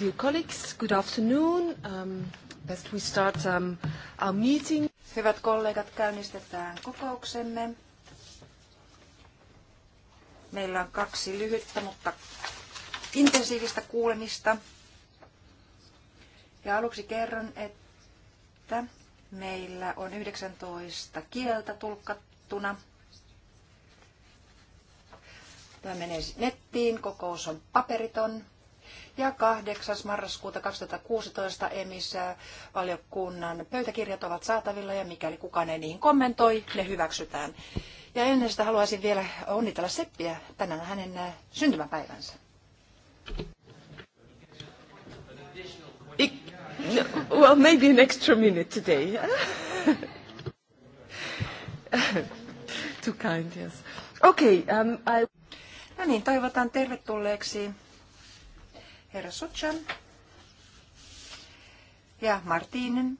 Dear colleagues, good afternoon. Um, best we start um, our meeting. Hyvät kollegat, käynnistetään kokouksemme. Meillä on kaksi lyhyttä, mutta intensiivistä kuulemista. Ja aluksi kerron, että meillä on 19 kieltä tulkattuna. Tämä menee nettiin, kokous on paperiton ja 8. marraskuuta 2016 emissä valiokunnan pöytäkirjat ovat saatavilla ja mikäli kukaan ei niihin kommentoi, ne hyväksytään. Ja ennen sitä haluaisin vielä onnitella Seppiä tänään hänen äh, syntymäpäivänsä. No, well, maybe an extra minute today. Too kind, yes. Okay, um, I... No niin, toivotan tervetulleeksi herra Sutchan ja Martinin.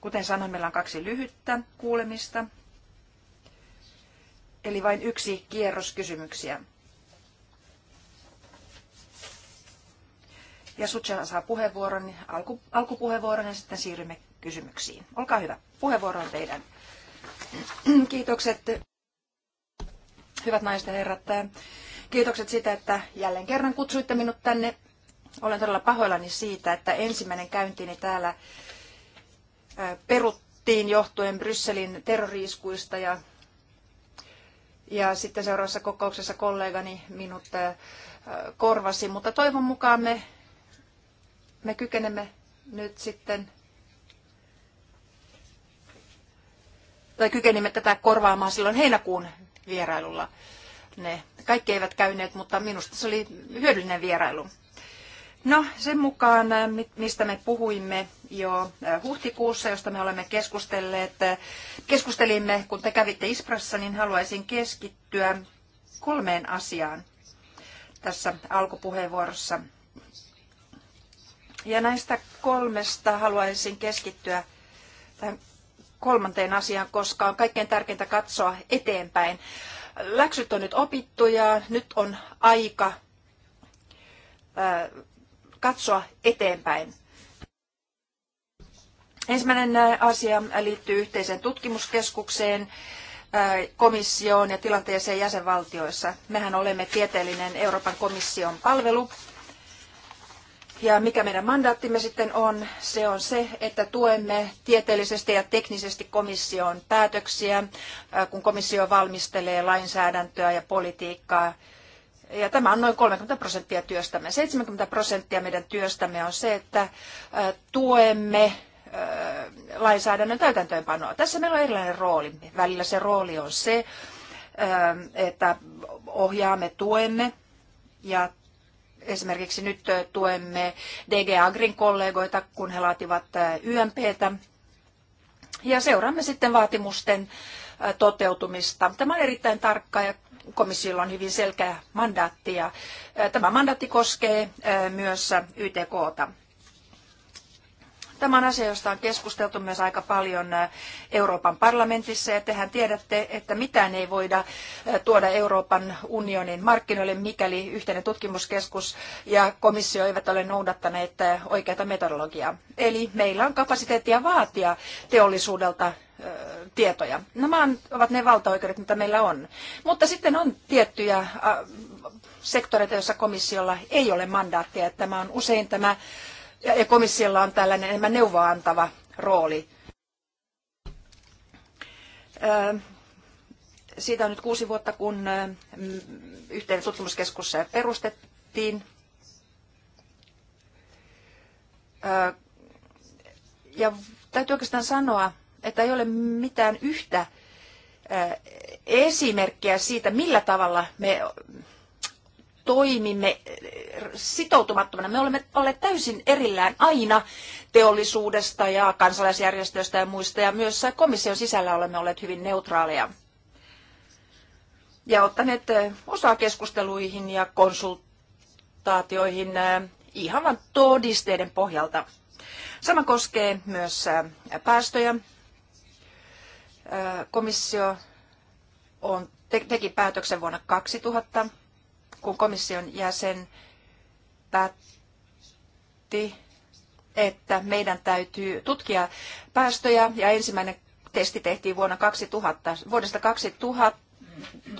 Kuten sanoin, meillä on kaksi lyhyttä kuulemista, eli vain yksi kierros kysymyksiä. Ja Sutja saa puheenvuoron, alku, alkupuheenvuoron ja sitten siirrymme kysymyksiin. Olkaa hyvä. Puheenvuoro on teidän. Kiitokset. Hyvät naiset ja herrat, kiitokset siitä, että jälleen kerran kutsuitte minut tänne. Olen todella pahoillani siitä, että ensimmäinen käyntini täällä peruttiin johtuen Brysselin terroriiskuista ja, ja sitten seuraavassa kokouksessa kollegani minut korvasi, mutta toivon mukaan me, me kykenemme nyt sitten tai kykenimme tätä korvaamaan silloin heinäkuun vierailulla ne. Kaikki eivät käyneet, mutta minusta se oli hyödyllinen vierailu. No, sen mukaan, äh, mistä me puhuimme jo äh, huhtikuussa, josta me olemme keskustelleet, äh, keskustelimme, kun te kävitte Isprassa, niin haluaisin keskittyä kolmeen asiaan tässä alkupuheenvuorossa. Ja näistä kolmesta haluaisin keskittyä tähän kolmanteen asiaan, koska on kaikkein tärkeintä katsoa eteenpäin läksyt on nyt opittu ja nyt on aika katsoa eteenpäin. Ensimmäinen asia liittyy yhteiseen tutkimuskeskukseen, komissioon ja tilanteeseen jäsenvaltioissa. Mehän olemme tieteellinen Euroopan komission palvelu ja mikä meidän mandaattimme sitten on, se on se, että tuemme tieteellisesti ja teknisesti komission päätöksiä, äh, kun komissio valmistelee lainsäädäntöä ja politiikkaa. Ja tämä on noin 30 prosenttia työstämme. 70 prosenttia meidän työstämme on se, että äh, tuemme äh, lainsäädännön täytäntöönpanoa. Tässä meillä on erilainen rooli. Välillä se rooli on se, että ohjaamme, tuemme ja Esimerkiksi nyt tuemme DG Agrin kollegoita, kun he laativat YMPtä. Ja seuraamme sitten vaatimusten toteutumista. Tämä on erittäin tarkka ja komissiolla on hyvin selkeä mandaatti ja tämä mandaatti koskee myös YTKta. Tämä on asia, josta on keskusteltu myös aika paljon äh, Euroopan parlamentissa ja tehän tiedätte, että mitään ei voida äh, tuoda Euroopan unionin markkinoille, mikäli yhteinen tutkimuskeskus ja komissio eivät ole noudattaneet äh, oikeata metodologiaa. Eli meillä on kapasiteettia vaatia teollisuudelta tietoja. Nämä ovat ne valtaoikeudet, mitä meillä on. Mutta sitten on tiettyjä sektoreita, joissa komissiolla ei ole mandaattia. Tämä on usein tämä ja komissiolla on tällainen enemmän neuvoa antava rooli. Siitä on nyt kuusi vuotta, kun yhteinen tutkimuskeskus perustettiin. Ja täytyy oikeastaan sanoa, että ei ole mitään yhtä esimerkkiä siitä, millä tavalla me toimimme sitoutumattomana. Me olemme olleet täysin erillään aina teollisuudesta ja kansalaisjärjestöistä ja muista, ja myös komission sisällä olemme olleet hyvin neutraaleja ja ottaneet eh, osaa keskusteluihin ja konsultaatioihin eh, ihan vain todisteiden pohjalta. Sama koskee myös eh, päästöjä. Komissio on, te, teki päätöksen vuonna 2000 kun komission jäsen päätti, että meidän täytyy tutkia päästöjä ja ensimmäinen testi tehtiin vuonna 2000. Vuodesta 2000,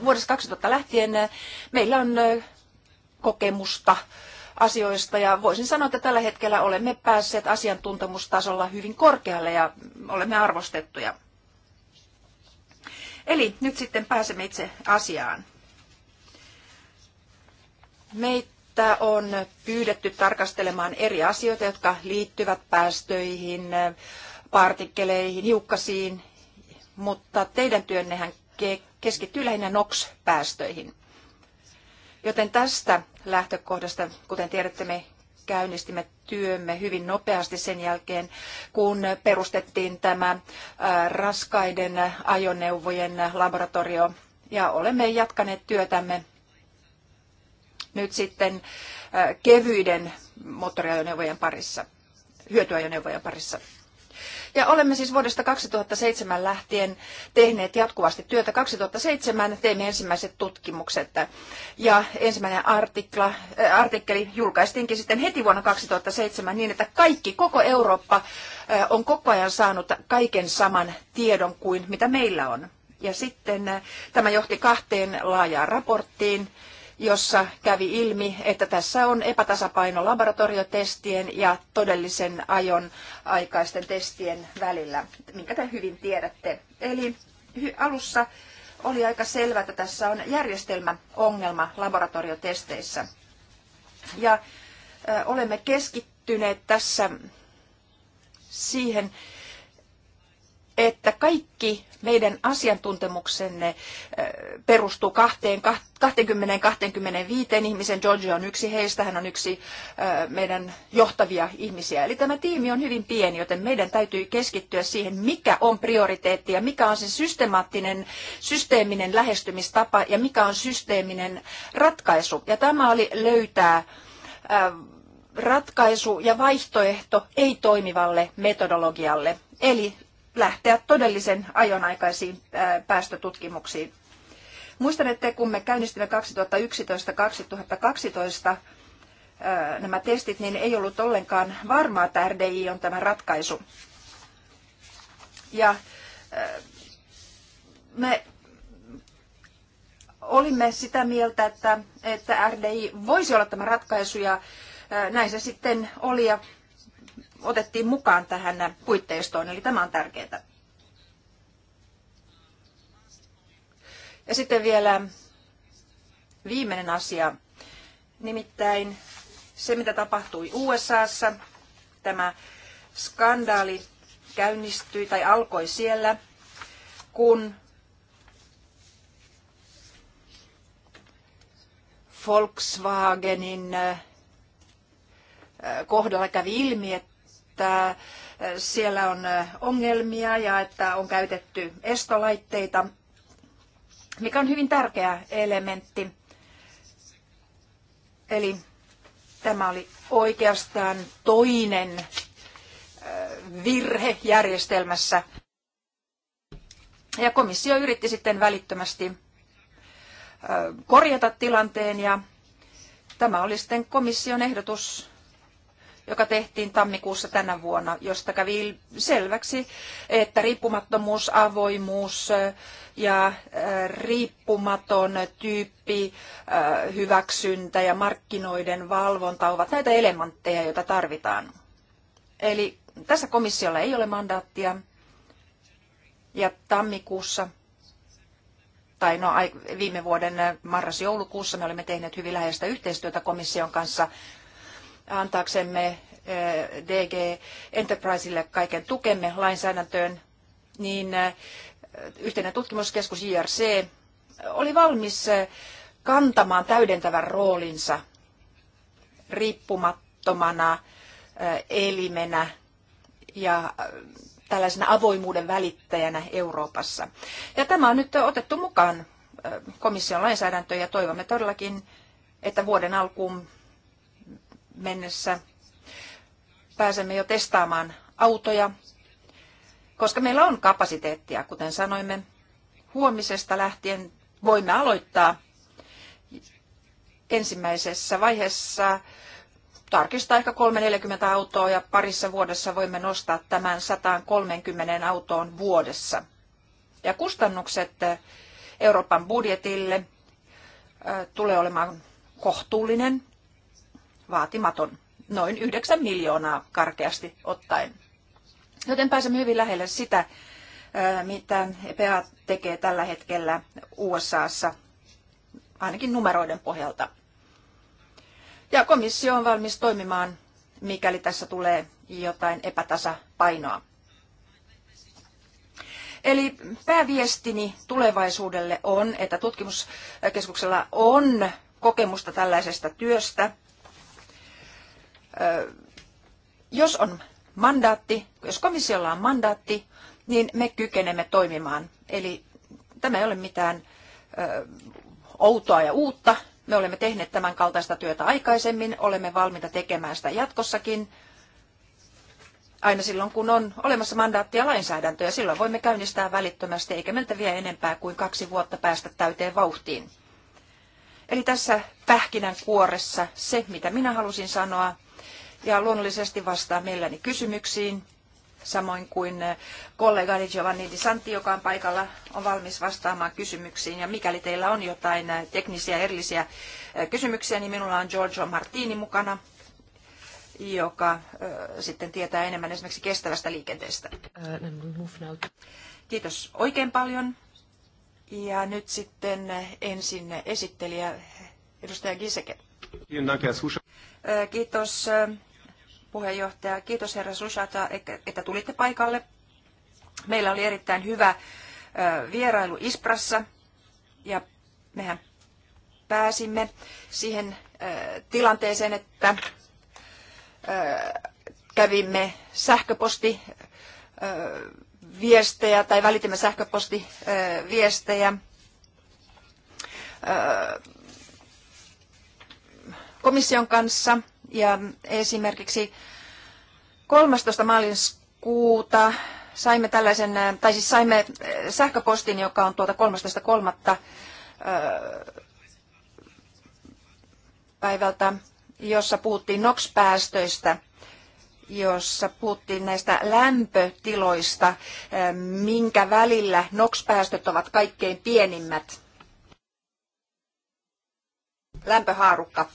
vuodesta 2000 lähtien meillä on kokemusta asioista ja voisin sanoa, että tällä hetkellä olemme päässeet asiantuntemustasolla hyvin korkealle ja olemme arvostettuja. Eli nyt sitten pääsemme itse asiaan. Meitä on pyydetty tarkastelemaan eri asioita, jotka liittyvät päästöihin, partikkeleihin, hiukkasiin, mutta teidän työnnehän keskittyy lähinnä NOx-päästöihin. Joten tästä lähtökohdasta, kuten tiedätte, me käynnistimme työmme hyvin nopeasti sen jälkeen, kun perustettiin tämä raskaiden ajoneuvojen laboratorio. Ja olemme jatkaneet työtämme nyt sitten kevyiden moottoriajoneuvojen parissa, hyötyajoneuvojen parissa. Ja olemme siis vuodesta 2007 lähtien tehneet jatkuvasti työtä. 2007 teimme ensimmäiset tutkimukset ja ensimmäinen artikla, artikkeli julkaistiinkin sitten heti vuonna 2007 niin, että kaikki, koko Eurooppa on koko ajan saanut kaiken saman tiedon kuin mitä meillä on. Ja sitten tämä johti kahteen laajaan raporttiin jossa kävi ilmi, että tässä on epätasapaino laboratoriotestien ja todellisen ajon aikaisten testien välillä, minkä te hyvin tiedätte. Eli alussa oli aika selvä, että tässä on järjestelmäongelma laboratoriotesteissä. Ja olemme keskittyneet tässä siihen, että kaikki meidän asiantuntemuksenne perustuu 20-25 ihmisen. George on yksi heistä, hän on yksi meidän johtavia ihmisiä. Eli tämä tiimi on hyvin pieni, joten meidän täytyy keskittyä siihen, mikä on prioriteetti ja mikä on se systemaattinen, systeeminen lähestymistapa ja mikä on systeeminen ratkaisu. Ja tämä oli löytää ratkaisu ja vaihtoehto ei-toimivalle metodologialle. Eli lähteä todellisen ajonaikaisiin päästötutkimuksiin. Muistan, että kun me käynnistimme 2011-2012 nämä testit, niin ei ollut ollenkaan varmaa, että RDI on tämä ratkaisu. Ja me olimme sitä mieltä, että, että RDI voisi olla tämä ratkaisu ja näin se sitten oli ja otettiin mukaan tähän puitteistoon, eli tämä on tärkeää. Ja sitten vielä viimeinen asia, nimittäin se, mitä tapahtui USAssa. Tämä skandaali käynnistyi tai alkoi siellä, kun Volkswagenin äh, kohdalla kävi ilmi, että että eh, siellä on eh, ongelmia ja että on käytetty estolaitteita, mikä on hyvin tärkeä elementti. Eli tämä oli oikeastaan toinen eh, virhe järjestelmässä. Ja komissio yritti sitten välittömästi korjata tilanteen ja tämä oli sitten komission ehdotus joka tehtiin tammikuussa tänä vuonna, josta kävi selväksi, että riippumattomuus, avoimuus ja riippumaton tyyppi, hyväksyntä ja markkinoiden valvonta ovat näitä elementtejä, joita tarvitaan. Eli tässä komissiolla ei ole mandaattia ja tammikuussa tai no, viime vuoden marras-joulukuussa me olemme tehneet hyvin läheistä yhteistyötä komission kanssa antaaksemme eh, DG Enterpriseille kaiken tukemme lainsäädäntöön, niin eh, yhteinen tutkimuskeskus JRC oli valmis eh, kantamaan täydentävän roolinsa riippumattomana elimenä ja tällaisena avoimuuden välittäjänä Euroopassa. Ja tämä on nyt otettu mukaan komission lainsäädäntöön ja toivomme todellakin, että vuoden alkuun mennessä pääsemme jo testaamaan autoja, koska meillä on kapasiteettia, kuten sanoimme. Huomisesta lähtien voimme aloittaa ensimmäisessä vaiheessa tarkistaa ehkä 340 autoa ja parissa vuodessa voimme nostaa tämän 130 autoon vuodessa. Ja kustannukset eh, Euroopan budjetille eh, tulee olemaan kohtuullinen vaatimaton, noin 9 miljoonaa karkeasti ottaen. Joten pääsemme hyvin lähelle sitä, mitä EPA tekee tällä hetkellä USAssa, ainakin numeroiden pohjalta. Ja komissio on valmis toimimaan, mikäli tässä tulee jotain epätasapainoa. Eli pääviestini tulevaisuudelle on, että tutkimuskeskuksella on kokemusta tällaisesta työstä – jos on mandaatti, jos komissiolla on mandaatti, niin me kykenemme toimimaan. Eli tämä ei ole mitään ö, outoa ja uutta. Me olemme tehneet tämän kaltaista työtä aikaisemmin, olemme valmiita tekemään sitä jatkossakin. Aina silloin, kun on olemassa mandaatti ja lainsäädäntö, ja silloin voimme käynnistää välittömästi, eikä meiltä vie enempää kuin kaksi vuotta päästä täyteen vauhtiin. Eli tässä pähkinän kuoressa se, mitä minä halusin sanoa, ja luonnollisesti vastaa mielelläni kysymyksiin, samoin kuin eh, kollegani Giovanni Di Santi, joka on paikalla, on valmis vastaamaan kysymyksiin. Ja mikäli teillä on jotain eh, teknisiä erillisiä eh, kysymyksiä, niin minulla on Giorgio Martini mukana, joka sitten tietää enemmän esimerkiksi kestävästä liikenteestä. Kiitos oikein paljon. Ja nyt sitten ensin esittelijä edustaja Giseke. Kiitos puheenjohtaja. Kiitos herra Sushata, että tulitte paikalle. Meillä oli erittäin hyvä vierailu Isprassa ja mehän pääsimme siihen tilanteeseen, että kävimme sähköposti viestejä tai välitimme sähköpostiviestejä komission kanssa – ja esimerkiksi 13. maaliskuuta saimme tällaisen, äh, tai siis saimme äh, sähköpostin, joka on tuolta 13.3. Äh, päivältä, jossa puhuttiin NOx-päästöistä jossa puhuttiin näistä lämpötiloista, minkä välillä NOx-päästöt ovat kaikkein pienimmät. Lämpöhaarukka.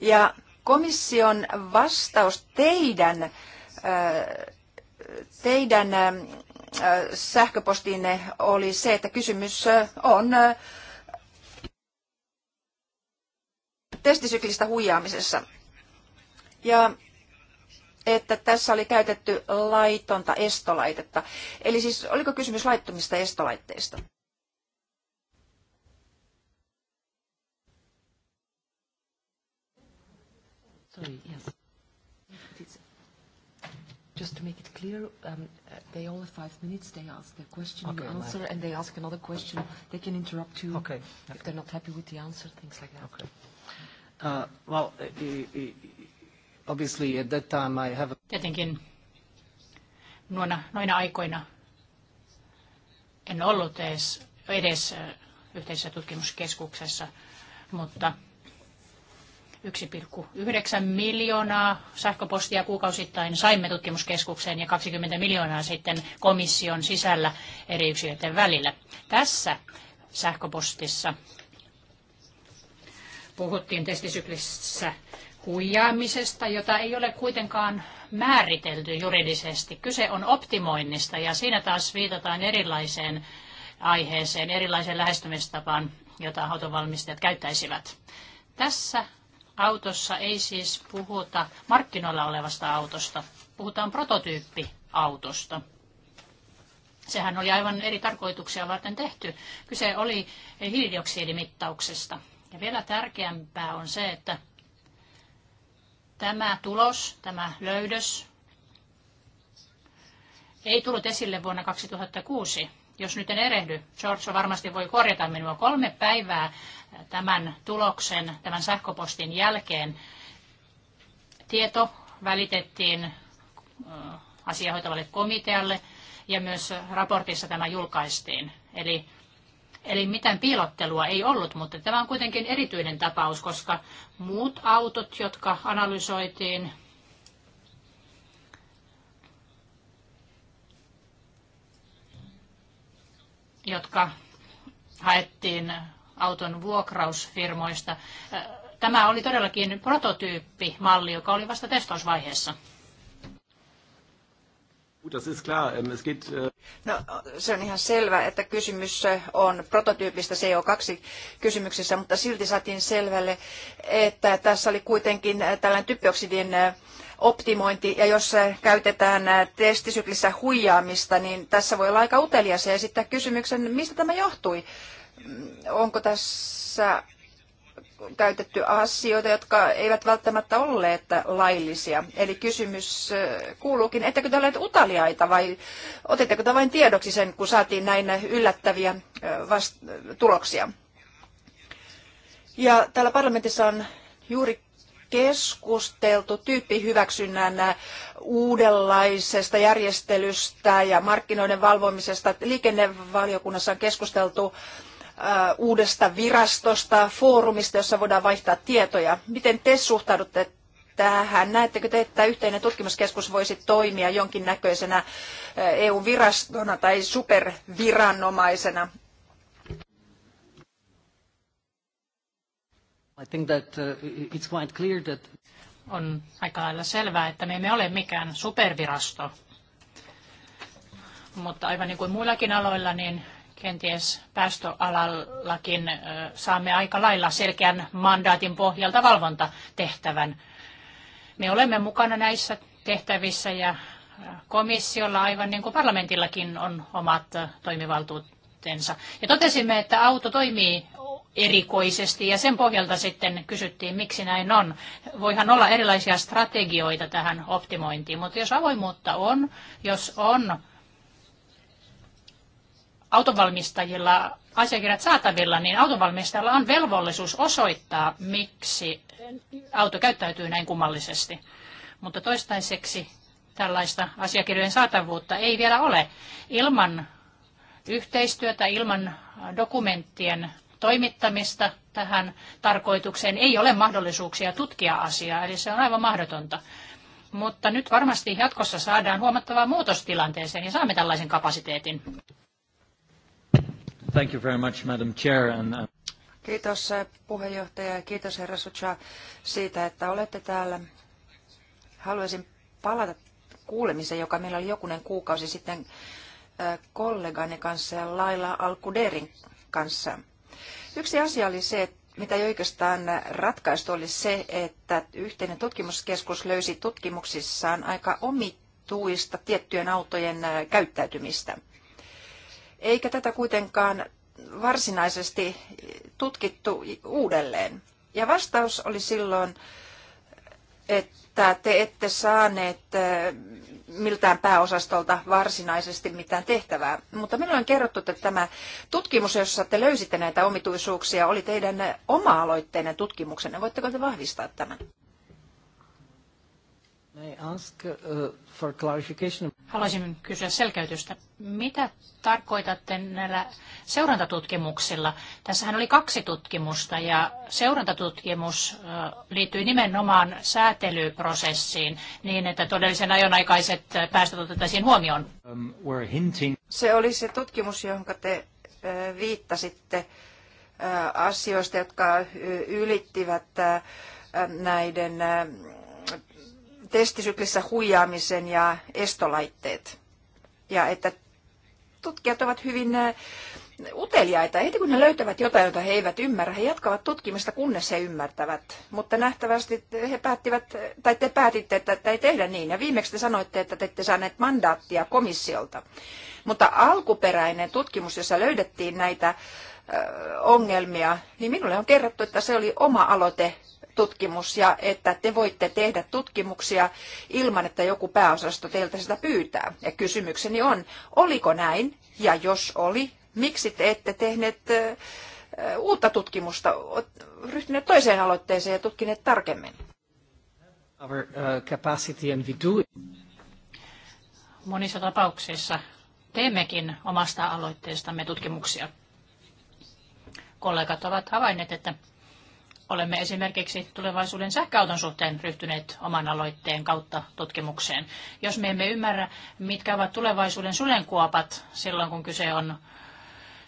Ja komission vastaus teidän, teidän sähköpostiinne oli se, että kysymys on testisyklistä huijaamisessa. Ja että tässä oli käytetty laitonta estolaitetta. Eli siis oliko kysymys laittomista estolaitteista? Sorry, yes. Just to make it clear, um, uh, they all have five minutes. They ask their question, okay, you answer, and they ask another question. They can interrupt you okay, okay. if they're not happy with the answer, things like that. Okay. Uh, well, uh, uh, uh obviously at that time I have... Tietenkin noina, noina aikoina en ollut edes, edes yhteisessä tutkimuskeskuksessa, mutta 1,9 miljoonaa sähköpostia kuukausittain saimme tutkimuskeskukseen ja 20 miljoonaa sitten komission sisällä eri yksiköiden välillä. Tässä sähköpostissa puhuttiin testisyklissä huijaamisesta, jota ei ole kuitenkaan määritelty juridisesti. Kyse on optimoinnista ja siinä taas viitataan erilaiseen aiheeseen, erilaiseen lähestymistapaan, jota autonvalmistajat käyttäisivät. Tässä Autossa ei siis puhuta markkinoilla olevasta autosta, puhutaan prototyyppiautosta. Sehän oli aivan eri tarkoituksia varten tehty. Kyse oli hiilidioksidimittauksesta. Ja vielä tärkeämpää on se, että tämä tulos, tämä löydös ei tullut esille vuonna 2006 jos nyt en erehdy, George varmasti voi korjata minua kolme päivää tämän tuloksen, tämän sähköpostin jälkeen. Tieto välitettiin äh, asiahoitavalle komitealle ja myös raportissa tämä julkaistiin. Eli, eli mitään piilottelua ei ollut, mutta tämä on kuitenkin erityinen tapaus, koska muut autot, jotka analysoitiin, jotka haettiin auton vuokrausfirmoista. Äh, tämä oli todellakin prototyyppimalli, joka oli vasta testausvaiheessa. Ähm, äh, no, se on ihan selvä, että kysymys on prototyypistä CO2-kysymyksessä, mutta silti saatiin selvälle, että tässä oli kuitenkin äh, tällainen typpioksidin optimointi ja jos käytetään testisyklissä huijaamista, niin tässä voi olla aika utelias ja esittää kysymyksen, mistä tämä johtui. Mm, onko tässä käytetty asioita, jotka eivät välttämättä olleet laillisia. Eli kysymys kuuluukin, ettekö te olleet utaliaita vai otetteko te vain tiedoksi sen, kun saatiin näin yllättäviä vast- tuloksia? Ja täällä parlamentissa on juuri keskusteltu tyyppihyväksynnän uudenlaisesta järjestelystä ja markkinoiden valvomisesta. Liikennevaliokunnassa on keskusteltu äh, uudesta virastosta, foorumista, jossa voidaan vaihtaa tietoja. Miten te suhtaudutte tähän? Näettekö te, että yhteinen tutkimuskeskus voisi toimia jonkinnäköisenä äh, EU-virastona tai superviranomaisena I think that uh, it's quite clear that... On aika lailla selvää, että me emme ole mikään supervirasto. Mutta aivan niin kuin muillakin aloilla, niin kenties päästöalallakin saamme aika lailla selkeän mandaatin pohjalta valvontatehtävän. Me olemme mukana näissä tehtävissä ja komissiolla, aivan niin kuin parlamentillakin, on omat toimivaltuutensa. Ja totesimme, että auto toimii erikoisesti ja sen pohjalta sitten kysyttiin, miksi näin on. Voihan olla erilaisia strategioita tähän optimointiin, mutta jos avoimuutta on, jos on autonvalmistajilla asiakirjat saatavilla, niin autonvalmistajalla on velvollisuus osoittaa, miksi auto käyttäytyy näin kummallisesti. Mutta toistaiseksi tällaista asiakirjojen saatavuutta ei vielä ole. Ilman yhteistyötä, ilman dokumenttien toimittamista tähän tarkoitukseen. Ei ole mahdollisuuksia tutkia asiaa, eli se on aivan mahdotonta. Mutta nyt varmasti jatkossa saadaan huomattavaa muutostilanteeseen ja saamme tällaisen kapasiteetin. Thank you very much, Madam Chair. And, uh... Kiitos eh, puheenjohtaja ja kiitos herra Sucha siitä, että olette täällä. Haluaisin palata kuulemiseen, joka meillä oli jokunen kuukausi sitten eh, kollegani kanssa ja Laila Alkuderin kanssa. Yksi asia oli se, mitä ei oikeastaan ratkaistu, oli se, että yhteinen tutkimuskeskus löysi tutkimuksissaan aika omituista tiettyjen autojen käyttäytymistä. Eikä tätä kuitenkaan varsinaisesti tutkittu uudelleen. Ja vastaus oli silloin, että te ette saaneet miltään pääosastolta varsinaisesti mitään tehtävää. Mutta minulle on kerrottu, että tämä tutkimus, jossa te löysitte näitä omituisuuksia, oli teidän oma-aloitteinen tutkimuksenne. Voitteko te vahvistaa tämän? Uh, Haluaisin kysyä selkeytystä. Mitä tarkoitatte näillä seurantatutkimuksilla? Tässähän oli kaksi tutkimusta ja seurantatutkimus liittyy nimenomaan säätelyprosessiin niin, että todellisen ajonaikaiset päästöt otettaisiin huomioon. Um, se oli se tutkimus, johon te viittasitte asioista, jotka ylittivät näiden testisyklissä huijaamisen ja estolaitteet. Ja että tutkijat ovat hyvin äh, uteliaita. Heti kun he löytävät jotain, jota he eivät ymmärrä, he jatkavat tutkimista, kunnes he ymmärtävät. Mutta nähtävästi he päättivät, tai te päätitte, että te ei tehdä niin. Ja viimeksi te sanoitte, että te ette saaneet mandaattia komissiolta. Mutta alkuperäinen tutkimus, jossa löydettiin näitä ongelmia, niin minulle on kerrottu, että se oli oma aloite tutkimus ja että te voitte tehdä tutkimuksia ilman, että joku pääosasto teiltä sitä pyytää. Ja kysymykseni on, oliko näin ja jos oli, miksi te ette tehneet uutta tutkimusta, ryhtyneet toiseen aloitteeseen ja tutkineet tarkemmin? Our, uh, capacity and we do. Monissa tapauksissa teemmekin omasta aloitteestamme tutkimuksia. Kollegat ovat havainneet, että Olemme esimerkiksi tulevaisuuden sähköauton suhteen ryhtyneet oman aloitteen kautta tutkimukseen. Jos me emme ymmärrä, mitkä ovat tulevaisuuden sulenkuopat silloin, kun kyse on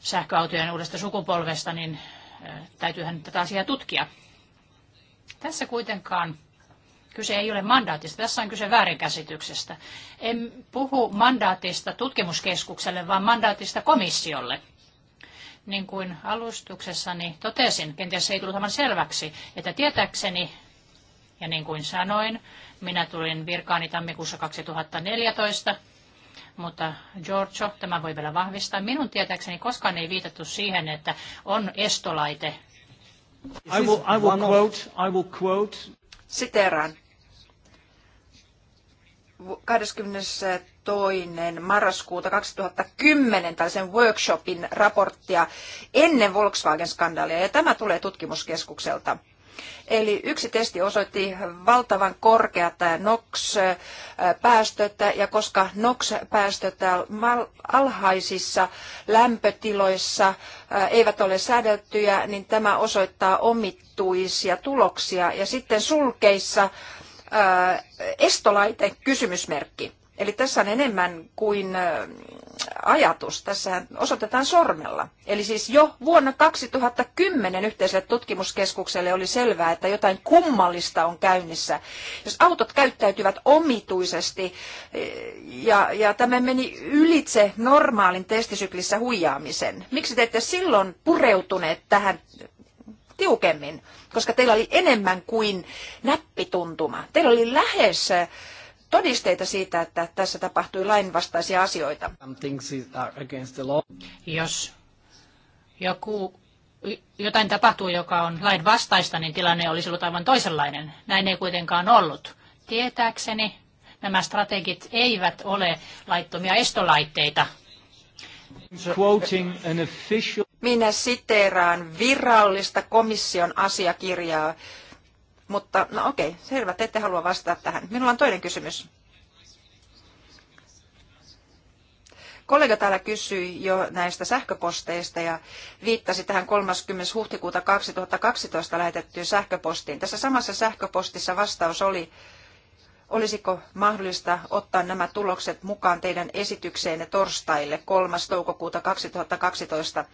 sähköautojen uudesta sukupolvesta, niin täytyyhän tätä asiaa tutkia. Tässä kuitenkaan kyse ei ole mandaatista, tässä on kyse väärinkäsityksestä. En puhu mandaatista tutkimuskeskukselle, vaan mandaatista komissiolle – niin kuin alustuksessani totesin, kenties ei tullut aivan selväksi, että tietääkseni, ja niin kuin sanoin, minä tulin virkaani tammikuussa 2014, mutta Giorgio, tämä voi vielä vahvistaa. Minun tietääkseni koskaan ei viitattu siihen, että on estolaite. I will, I will quote, I will quote. Siteeraan. 20 toinen marraskuuta 2010 tällaisen workshopin raporttia ennen Volkswagen-skandaalia, ja tämä tulee tutkimuskeskukselta. Eli yksi testi osoitti valtavan korkeat äh, NOx-päästöt, äh, ja koska NOx-päästöt alhaisissa lämpötiloissa äh, eivät ole säädeltyjä, niin tämä osoittaa omittuisia tuloksia. Ja sitten sulkeissa estolaite kysymysmerkki. Eli tässä on enemmän kuin ajatus. Tässä osoitetaan sormella. Eli siis jo vuonna 2010 yhteiselle tutkimuskeskukselle oli selvää, että jotain kummallista on käynnissä. Jos autot käyttäytyvät omituisesti ja, ja tämä meni ylitse normaalin testisyklissä huijaamisen. Miksi te ette silloin pureutuneet tähän tiukemmin? Koska teillä oli enemmän kuin näppituntuma. Teillä oli lähes todisteita siitä, että tässä tapahtui lainvastaisia asioita. Jos joku, jotain tapahtuu, joka on lain vastaista, niin tilanne olisi ollut aivan toisenlainen. Näin ei kuitenkaan ollut. Tietääkseni nämä strategit eivät ole laittomia estolaitteita. Minä siteeraan virallista komission asiakirjaa mutta no okei, selvä, te ette halua vastata tähän. Minulla on toinen kysymys. Kollega täällä kysyi jo näistä sähköposteista ja viittasi tähän 30. huhtikuuta 2012 lähetettyyn sähköpostiin. Tässä samassa sähköpostissa vastaus oli, Olisiko mahdollista ottaa nämä tulokset mukaan teidän esitykseenne torstaille 3. toukokuuta 2012?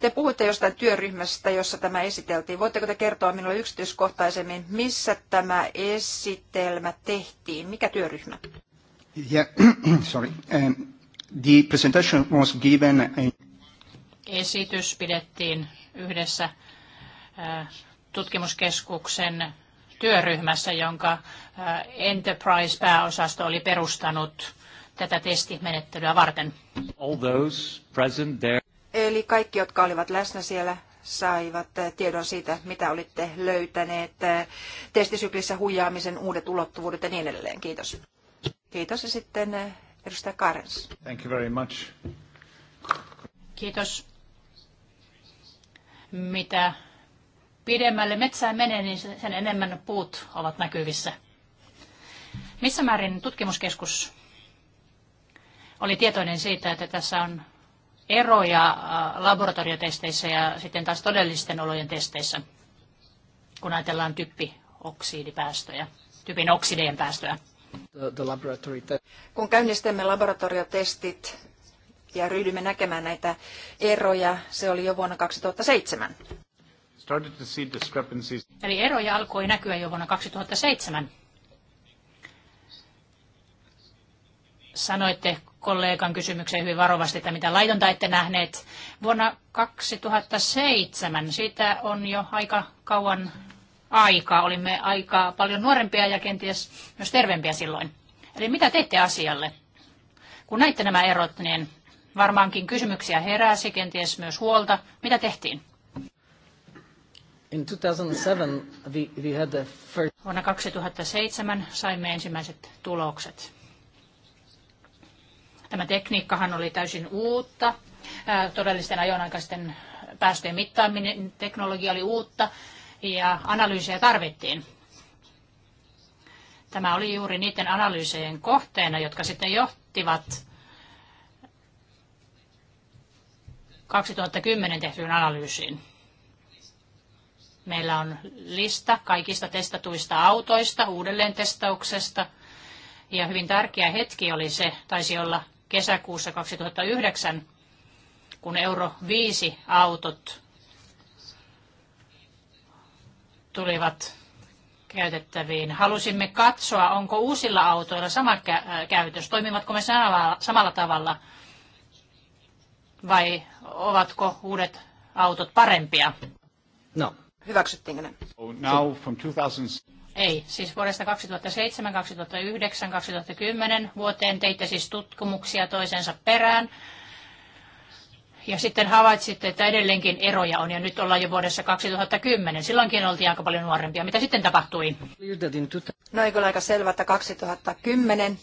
Te puhuitte jostain työryhmästä, jossa tämä esiteltiin. Voitteko te kertoa minulle yksityiskohtaisemmin, missä tämä esitelmä tehtiin? Mikä työryhmä? Yeah, sorry. Um, the presentation was given in... Esitys pidettiin yhdessä äh, tutkimuskeskuksen työryhmässä, jonka Enterprise-pääosasto oli perustanut tätä testimenettelyä varten. Eli kaikki, jotka olivat läsnä siellä, saivat tiedon siitä, mitä olitte löytäneet, testisyklissä huijaamisen uudet ulottuvuudet ja niin edelleen. Kiitos. Kiitos ja sitten edustaja Karens. Thank you very much. Kiitos. Mitä pidemmälle metsään menee, niin sen enemmän puut ovat näkyvissä. Missä määrin tutkimuskeskus oli tietoinen siitä, että tässä on eroja äh, laboratoriotesteissä ja sitten taas todellisten olojen testeissä, kun ajatellaan typpioksidipäästöjä, typin oksideen päästöjä? Kun käynnistämme laboratoriotestit ja ryhdymme näkemään näitä eroja, se oli jo vuonna 2007 started to see discrepancies. Eli eroja alkoi näkyä jo vuonna 2007. Sanoitte kollegan kysymykseen hyvin varovasti, että mitä laitonta ette nähneet. Vuonna 2007, siitä on jo aika kauan aikaa. Olimme aika paljon nuorempia ja kenties myös terveempiä silloin. Eli mitä teitte asialle? Kun näitte nämä erot, niin varmaankin kysymyksiä heräsi, kenties myös huolta. Mitä tehtiin? In 2007 we, we had the first... Vuonna 2007 saimme ensimmäiset tulokset. Tämä tekniikkahan oli täysin uutta. Todellisten ajonaikaisten päästöjen mittaaminen, teknologia oli uutta ja analyysejä tarvittiin. Tämä oli juuri niiden analyysejen kohteena, jotka sitten johtivat 2010 tehtyyn analyysiin. Meillä on lista kaikista testatuista autoista, uudelleen testauksesta. Ja hyvin tärkeä hetki oli se, taisi olla kesäkuussa 2009, kun Euro 5 autot tulivat käytettäviin. Halusimme katsoa, onko uusilla autoilla sama käytös, toimivatko me samalla tavalla vai ovatko uudet autot parempia? No, Hyväksyttiinkö ne? Now from 2000... Ei, siis vuodesta 2007, 2009, 2010 vuoteen teitte siis tutkimuksia toisensa perään. Ja sitten havaitsitte, että edelleenkin eroja on ja nyt ollaan jo vuodessa 2010. Silloinkin oltiin aika paljon nuorempia. Mitä sitten tapahtui? No ei aika selvä, että 2010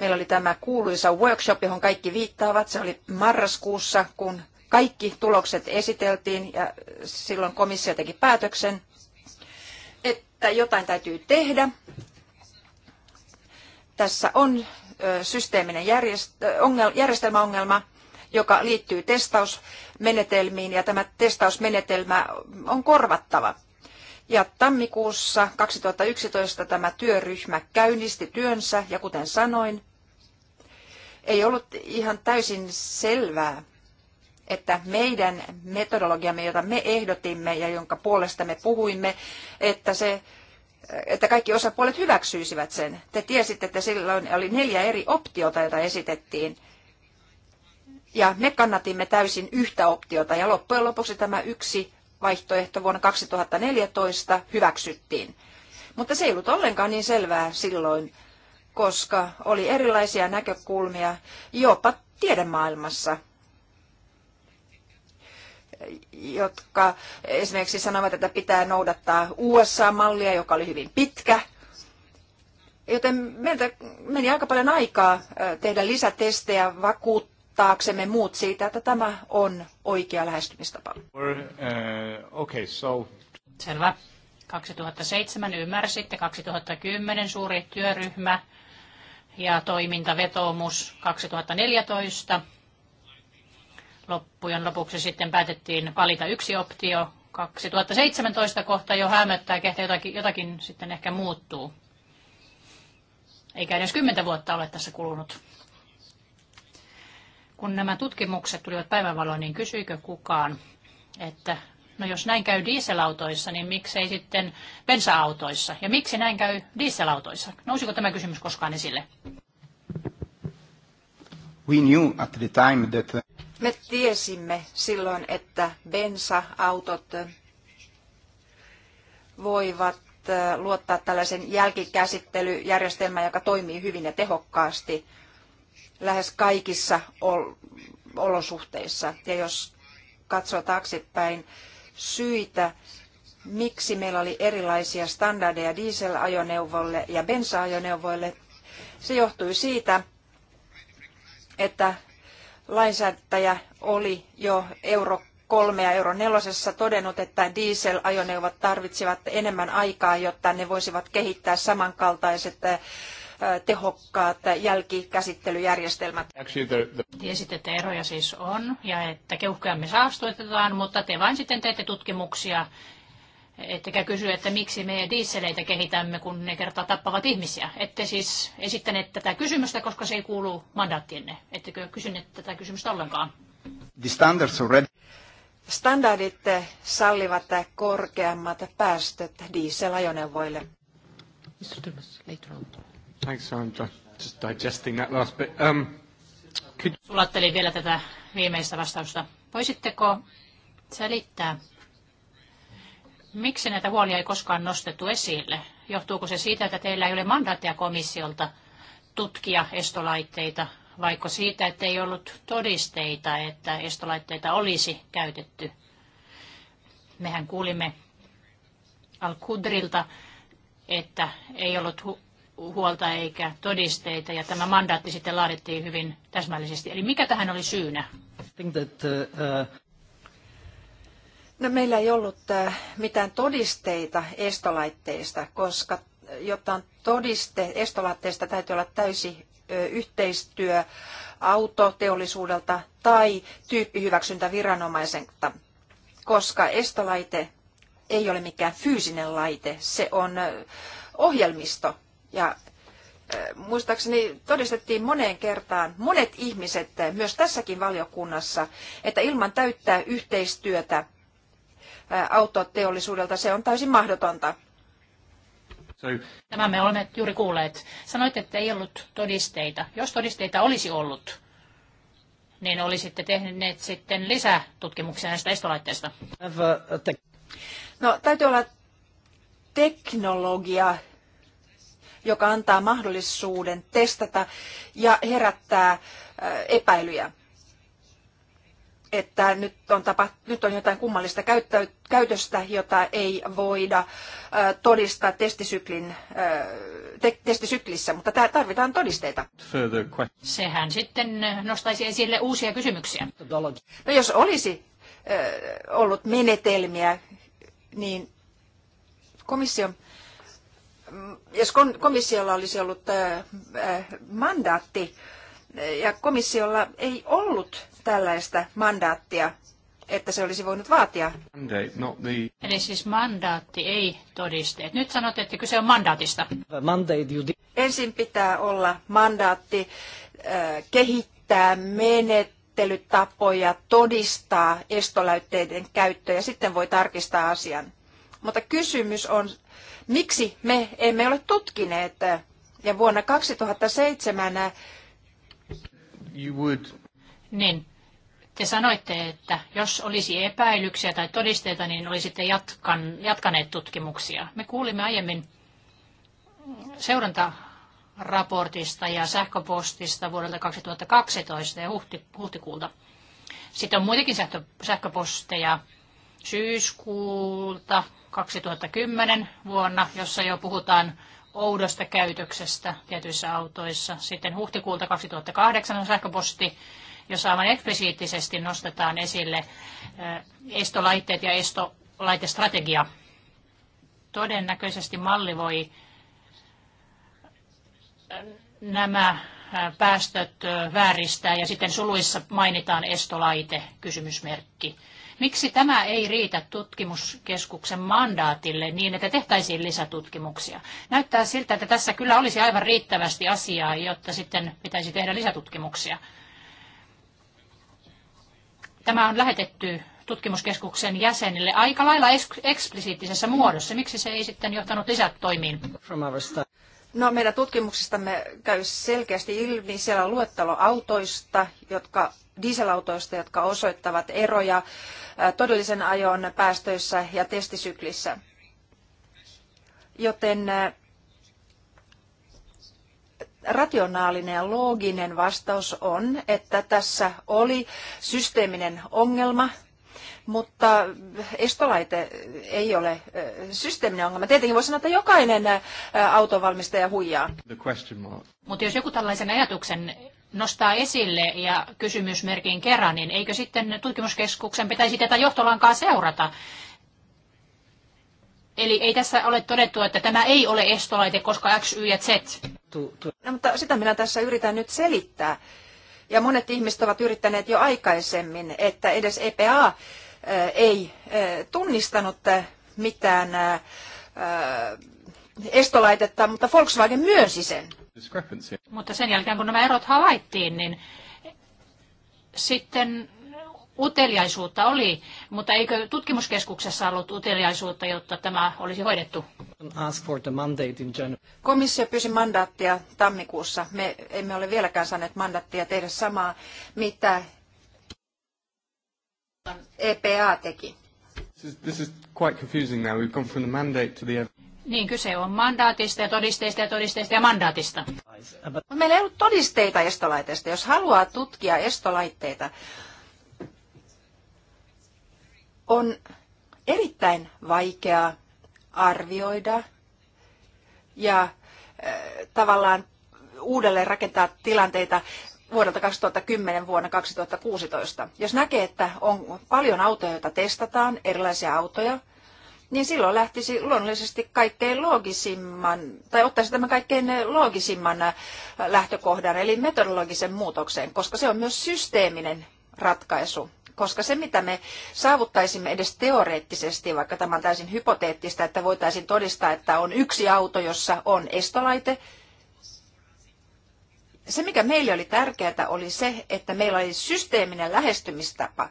meillä oli tämä kuuluisa workshop, johon kaikki viittaavat. Se oli marraskuussa, kun kaikki tulokset esiteltiin ja silloin komissio teki päätöksen, että jotain täytyy tehdä. Tässä on systeeminen järjestelmäongelma, joka liittyy testausmenetelmiin ja tämä testausmenetelmä on korvattava. Ja tammikuussa 2011 tämä työryhmä käynnisti työnsä ja kuten sanoin, ei ollut ihan täysin selvää, että meidän metodologiamme, jota me ehdotimme ja jonka puolesta me puhuimme, että se että kaikki osapuolet hyväksyisivät sen. Te tiesitte, että silloin oli neljä eri optiota, joita esitettiin. Ja me kannatimme täysin yhtä optiota ja loppujen lopuksi tämä yksi vaihtoehto vuonna 2014 hyväksyttiin. Mutta se ei ollut ollenkaan niin selvää silloin, koska oli erilaisia näkökulmia jopa tiedemaailmassa jotka esimerkiksi sanovat, että pitää noudattaa USA-mallia, joka oli hyvin pitkä. Joten meiltä meni aika paljon aikaa äh, tehdä lisätestejä vakuuttaaksemme muut siitä, että tämä on oikea lähestymistapa. Uh, okay, so... Selvä. 2007 ymmärsitte, 2010 suuri työryhmä ja toimintavetoomus 2014 loppujen lopuksi sitten päätettiin valita yksi optio. 2017 kohta jo hämöttää, että jotakin, jotakin sitten ehkä muuttuu. Eikä edes kymmentä vuotta ole tässä kulunut. Kun nämä tutkimukset tulivat päivänvaloon, niin kysyikö kukaan, että no jos näin käy dieselautoissa, niin miksei sitten bensa-autoissa? Ja miksi näin käy dieselautoissa? Nousiko tämä kysymys koskaan esille? We knew at the time that me tiesimme silloin, että bensa-autot voivat luottaa tällaisen jälkikäsittelyjärjestelmään, joka toimii hyvin ja tehokkaasti lähes kaikissa olosuhteissa. Ja jos katsoo taaksepäin syitä, miksi meillä oli erilaisia standardeja dieselajoneuvoille ja bensa-ajoneuvoille, se johtui siitä, että lainsäätäjä oli jo euro kolme ja euro nelosessa todennut, että dieselajoneuvot tarvitsevat enemmän aikaa, jotta ne voisivat kehittää samankaltaiset tehokkaat jälkikäsittelyjärjestelmät. Tiesitte, että eroja siis on ja että keuhkojamme saastutetaan, mutta te vain sitten teette tutkimuksia ettekä kysy, että miksi me diisseleitä kehitämme, kun ne kertaa tappavat ihmisiä. Ette siis esittäneet tätä kysymystä, koska se ei kuulu mandaattienne. Ettekö kysyneet tätä kysymystä ollenkaan? The standards already... Standardit sallivat korkeammat päästöt dieselajoneuvoille. Mr. Thomas, later on. Thanks, I'm just digesting that last bit. Um, could... Sulattelin vielä tätä viimeistä vastausta. Voisitteko selittää Miksi näitä huolia ei koskaan nostettu esille? Johtuuko se siitä, että teillä ei ole mandaattia komissiolta tutkia estolaitteita, vaikka siitä, että ei ollut todisteita, että estolaitteita olisi käytetty? Mehän kuulimme Al-Kudrilta, että ei ollut hu- huolta eikä todisteita, ja tämä mandaatti sitten laadittiin hyvin täsmällisesti. Eli mikä tähän oli syynä? That, uh, uh No, meillä ei ollut äh, mitään todisteita estolaitteista, koska äh, jotta on todiste estolaitteista, täytyy olla täysi yhteistyö autoteollisuudelta tai tyyppihyväksyntäviranomaiselta, koska estolaite ei ole mikään fyysinen laite, se on ohjelmisto. Ja muistaakseni todistettiin moneen kertaan monet ihmiset äh, myös tässäkin valiokunnassa, että ilman täyttää yhteistyötä autoteollisuudelta. Se on täysin mahdotonta. Tämä me olemme juuri kuulleet. Sanoit, että ei ollut todisteita. Jos todisteita olisi ollut, niin olisitte tehneet sitten lisätutkimuksia näistä estolaitteista. No, täytyy olla teknologia, joka antaa mahdollisuuden testata ja herättää epäilyjä että nyt on, tapa, nyt on jotain kummallista käyttä, käytöstä, jota ei voida ö, todistaa testisyklin, ö, te, testisyklissä, mutta tää, tarvitaan todisteita. Sehän sitten nostaisi esille uusia kysymyksiä. No jos olisi ö, ollut menetelmiä, niin komissio, mm, jos komissiolla olisi ollut mandaatti ja komissiolla ei ollut tällaista mandaattia, että se olisi voinut vaatia. Eli siis mandaatti, ei todisteet. Nyt sanot, että kyse on mandaatista. Ensin pitää olla mandaatti äh, kehittää menettelytapoja, todistaa estoläytteiden käyttö ja sitten voi tarkistaa asian. Mutta kysymys on, miksi me emme ole tutkineet ja vuonna 2007 you would... Niin, te sanoitte, että jos olisi epäilyksiä tai todisteita, niin olisitte jatkan, jatkaneet tutkimuksia. Me kuulimme aiemmin seurantaraportista ja sähköpostista vuodelta 2012 ja huhti, huhtikuulta. Sitten on muitakin sähkö, sähköposteja syyskuulta 2010 vuonna, jossa jo puhutaan oudosta käytöksestä tietyissä autoissa. Sitten huhtikuulta 2008 on sähköposti, jossa aivan eksplisiittisesti nostetaan esille eh, estolaitteet ja estolaitestrategia. Todennäköisesti malli voi eh, nämä eh, päästöt vääristää ja sitten suluissa mainitaan estolaite kysymysmerkki. Miksi tämä ei riitä tutkimuskeskuksen mandaatille niin, että tehtäisiin lisätutkimuksia? Näyttää siltä, että tässä kyllä olisi aivan riittävästi asiaa, jotta sitten pitäisi tehdä lisätutkimuksia. Tämä on lähetetty tutkimuskeskuksen jäsenille aika lailla eksplisiittisessä muodossa. Miksi se ei sitten johtanut lisätoimiin? No, meidän tutkimuksistamme käy selkeästi ilmi, siellä on luettelo autoista, jotka dieselautoista, jotka osoittavat eroja todellisen ajon päästöissä ja testisyklissä. Joten rationaalinen ja looginen vastaus on, että tässä oli systeeminen ongelma, mutta estolaite ei ole systeeminen ongelma. Tietenkin voi sanoa, että jokainen autovalmistaja huijaa. Mutta jos joku tällaisen ajatuksen nostaa esille ja kysymysmerkin kerran, niin eikö sitten tutkimuskeskuksen pitäisi tätä johtolankaa seurata? Eli ei tässä ole todettu, että tämä ei ole estolaite, koska X, Y ja Z. No, mutta sitä minä tässä yritän nyt selittää. Ja monet ihmiset ovat yrittäneet jo aikaisemmin, että edes EPA ei tunnistanut mitään estolaitetta, mutta Volkswagen myönsi sen. Mutta sen jälkeen, kun nämä erot havaittiin, niin sitten uteliaisuutta oli, mutta eikö tutkimuskeskuksessa ollut uteliaisuutta, jotta tämä olisi hoidettu? Komissio pyysi mandaattia tammikuussa. Me emme ole vieläkään saaneet mandaattia tehdä samaa, mitä EPA e teki. This is quite confusing now. We've gone from the mandate to the... Niin, kyse on mandaatista ja todisteista ja todisteista ja mandaatista. Meillä ei ollut todisteita estolaitteista. Jos haluaa tutkia estolaitteita, on erittäin vaikea arvioida ja äh, tavallaan uudelleen rakentaa tilanteita vuodelta 2010 vuonna 2016. Jos näkee, että on paljon autoja, joita testataan, erilaisia autoja, niin silloin lähtisi luonnollisesti kaikkein loogisimman, tai ottaisi tämän kaikkein loogisimman äh, lähtökohdan, eli metodologisen muutoksen, koska se on myös systeeminen ratkaisu. Koska se, mitä me saavuttaisimme edes teoreettisesti, vaikka tämä on täysin hypoteettista, että voitaisiin todistaa, että on yksi auto, jossa on estolaite, se, mikä meille oli tärkeää, oli se, että meillä oli systeeminen lähestymistapa,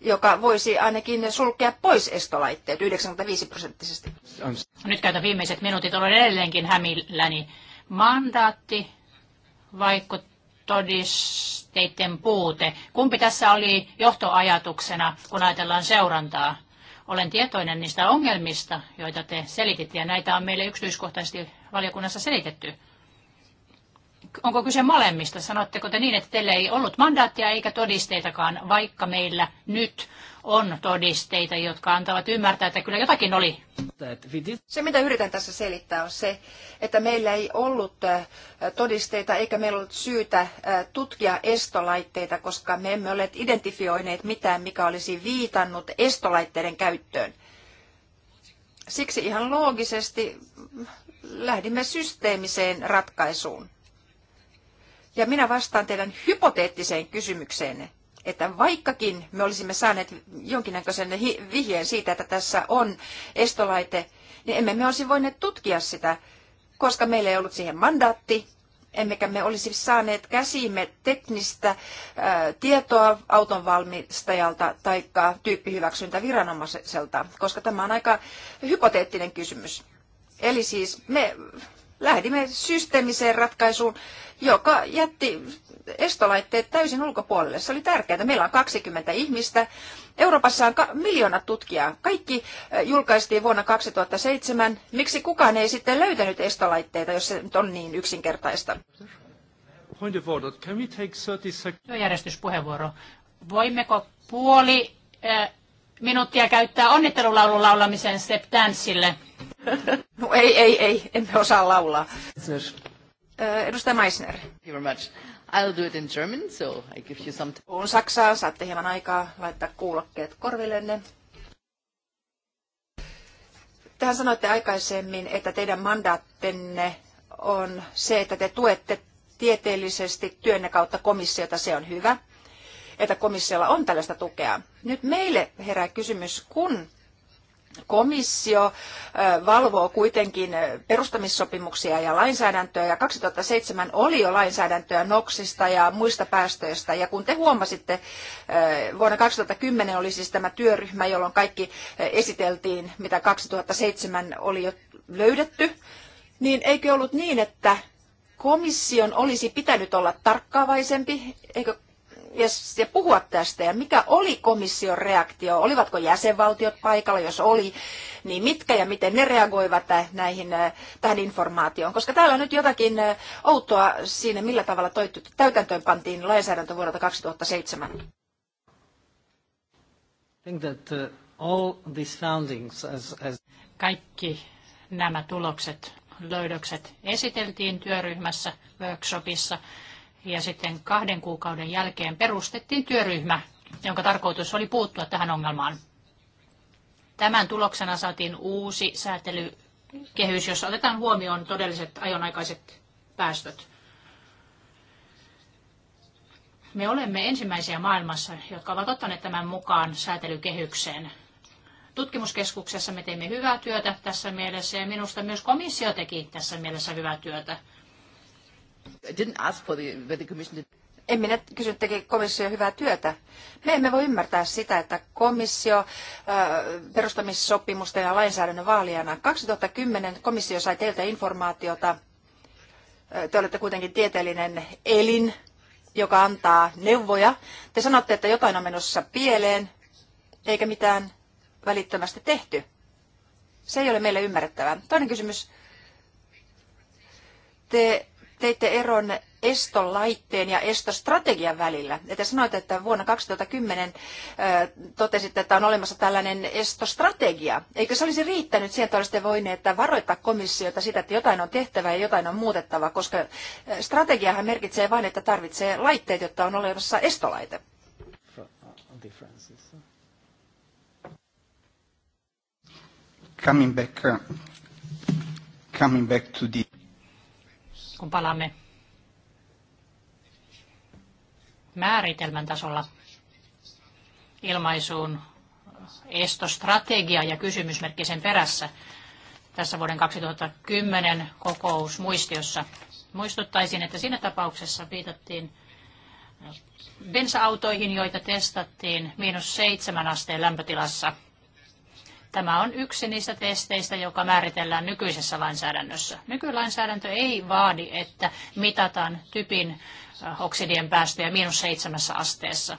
joka voisi ainakin sulkea pois estolaitteet 95 prosenttisesti. Nyt käytä viimeiset minuutit, olen edelleenkin hämilläni. Mandaatti vaikka todisteiden puute. Kumpi tässä oli johtoajatuksena, kun ajatellaan seurantaa? Olen tietoinen niistä ongelmista, joita te selititte, ja näitä on meille yksityiskohtaisesti valiokunnassa selitetty onko kyse molemmista? Sanotteko te niin, että teillä ei ollut mandaattia eikä todisteitakaan, vaikka meillä nyt on todisteita, jotka antavat ymmärtää, että kyllä jotakin oli. Se, mitä yritän tässä selittää, on se, että meillä ei ollut äh, todisteita eikä meillä ollut syytä äh, tutkia estolaitteita, koska me emme ole identifioineet mitään, mikä olisi viitannut estolaitteiden käyttöön. Siksi ihan loogisesti lähdimme systeemiseen ratkaisuun. Ja minä vastaan teidän hypoteettiseen kysymykseenne, että vaikkakin me olisimme saaneet jonkinnäköisen vihjeen siitä, että tässä on estolaite, niin emme me olisi voineet tutkia sitä, koska meillä ei ollut siihen mandaatti, emmekä me olisi saaneet käsiimme teknistä ää, tietoa auton valmistajalta tai tyyppihyväksyntäviranomaiselta, koska tämä on aika hypoteettinen kysymys. Eli siis me lähdimme systeemiseen ratkaisuun, joka jätti estolaitteet täysin ulkopuolelle. Se oli tärkeää. Meillä on 20 ihmistä. Euroopassa on miljoona tutkijaa. Kaikki julkaistiin vuonna 2007. Miksi kukaan ei sitten löytänyt estolaitteita, jos se nyt on niin yksinkertaista? Point Järjestyspuheenvuoro. Voimmeko puoli äh, minuuttia käyttää onnittelulaulun laulamiseen Step Danceille? No ei, ei, ei, emme osaa laulaa. Äh, edustaja Meissner. Thank you very much. I'll do it in German, so I give you some... Puhun saksaa, saatte hieman aikaa laittaa kuulokkeet korvillenne. Tähän sanoitte aikaisemmin, että teidän mandaattenne on se, että te tuette tieteellisesti työnne kautta komissiota, se on hyvä, että komissiolla on tällaista tukea. Nyt meille herää kysymys, kun Komissio valvoo kuitenkin perustamissopimuksia ja lainsäädäntöä ja 2007 oli jo lainsäädäntöä NOXista ja muista päästöistä ja kun te huomasitte, vuonna 2010 oli siis tämä työryhmä, jolloin kaikki esiteltiin, mitä 2007 oli jo löydetty, niin eikö ollut niin, että komission olisi pitänyt olla tarkkaavaisempi, eikö ja puhua tästä ja mikä oli komission reaktio? Olivatko jäsenvaltiot paikalla, jos oli, niin mitkä ja miten ne reagoivat näihin, äh, tähän informaatioon? Koska täällä on nyt jotakin äh, outoa siinä, millä tavalla toi, täytäntöön pantiin lainsäädäntö vuodelta 2007. Uh, Kaikki nämä tulokset, löydökset esiteltiin työryhmässä, workshopissa ja sitten kahden kuukauden jälkeen perustettiin työryhmä, jonka tarkoitus oli puuttua tähän ongelmaan. Tämän tuloksena saatiin uusi säätelykehys, jossa otetaan huomioon todelliset ajonaikaiset päästöt. Me olemme ensimmäisiä maailmassa, jotka ovat ottaneet tämän mukaan säätelykehykseen. Tutkimuskeskuksessa me teimme hyvää työtä tässä mielessä ja minusta myös komissio teki tässä mielessä hyvää työtä didn't ask En minä kysy, teki komissio hyvää työtä. Me emme voi ymmärtää sitä, että komissio perustamissopimusta ja lainsäädännön vaalijana. 2010 komissio sai teiltä informaatiota. Te olette kuitenkin tieteellinen elin, joka antaa neuvoja. Te sanotte, että jotain on menossa pieleen, eikä mitään välittömästi tehty. Se ei ole meille ymmärrettävää. Toinen kysymys. Te teitte eron estolaitteen ja estostrategian välillä. Te sanoitte, että vuonna 2010 totesitte, että on olemassa tällainen estostrategia. Eikö se olisi riittänyt siihen, että olisitte voineet varoittaa komissiota sitä, että jotain on tehtävä ja jotain on muutettava, koska strategiahan merkitsee vain, että tarvitsee laitteet, jotta on olemassa estolaite. Coming back, coming back to the kun palaamme määritelmän tasolla ilmaisuun estostrategia ja kysymysmerkki sen perässä tässä vuoden 2010 kokousmuistiossa. Muistuttaisin, että siinä tapauksessa viitattiin bensa-autoihin, joita testattiin miinus seitsemän asteen lämpötilassa. Tämä on yksi niistä testeistä, joka määritellään nykyisessä lainsäädännössä. Nykylainsäädäntö ei vaadi, että mitataan typin äh, oksidien päästöjä miinus seitsemässä asteessa.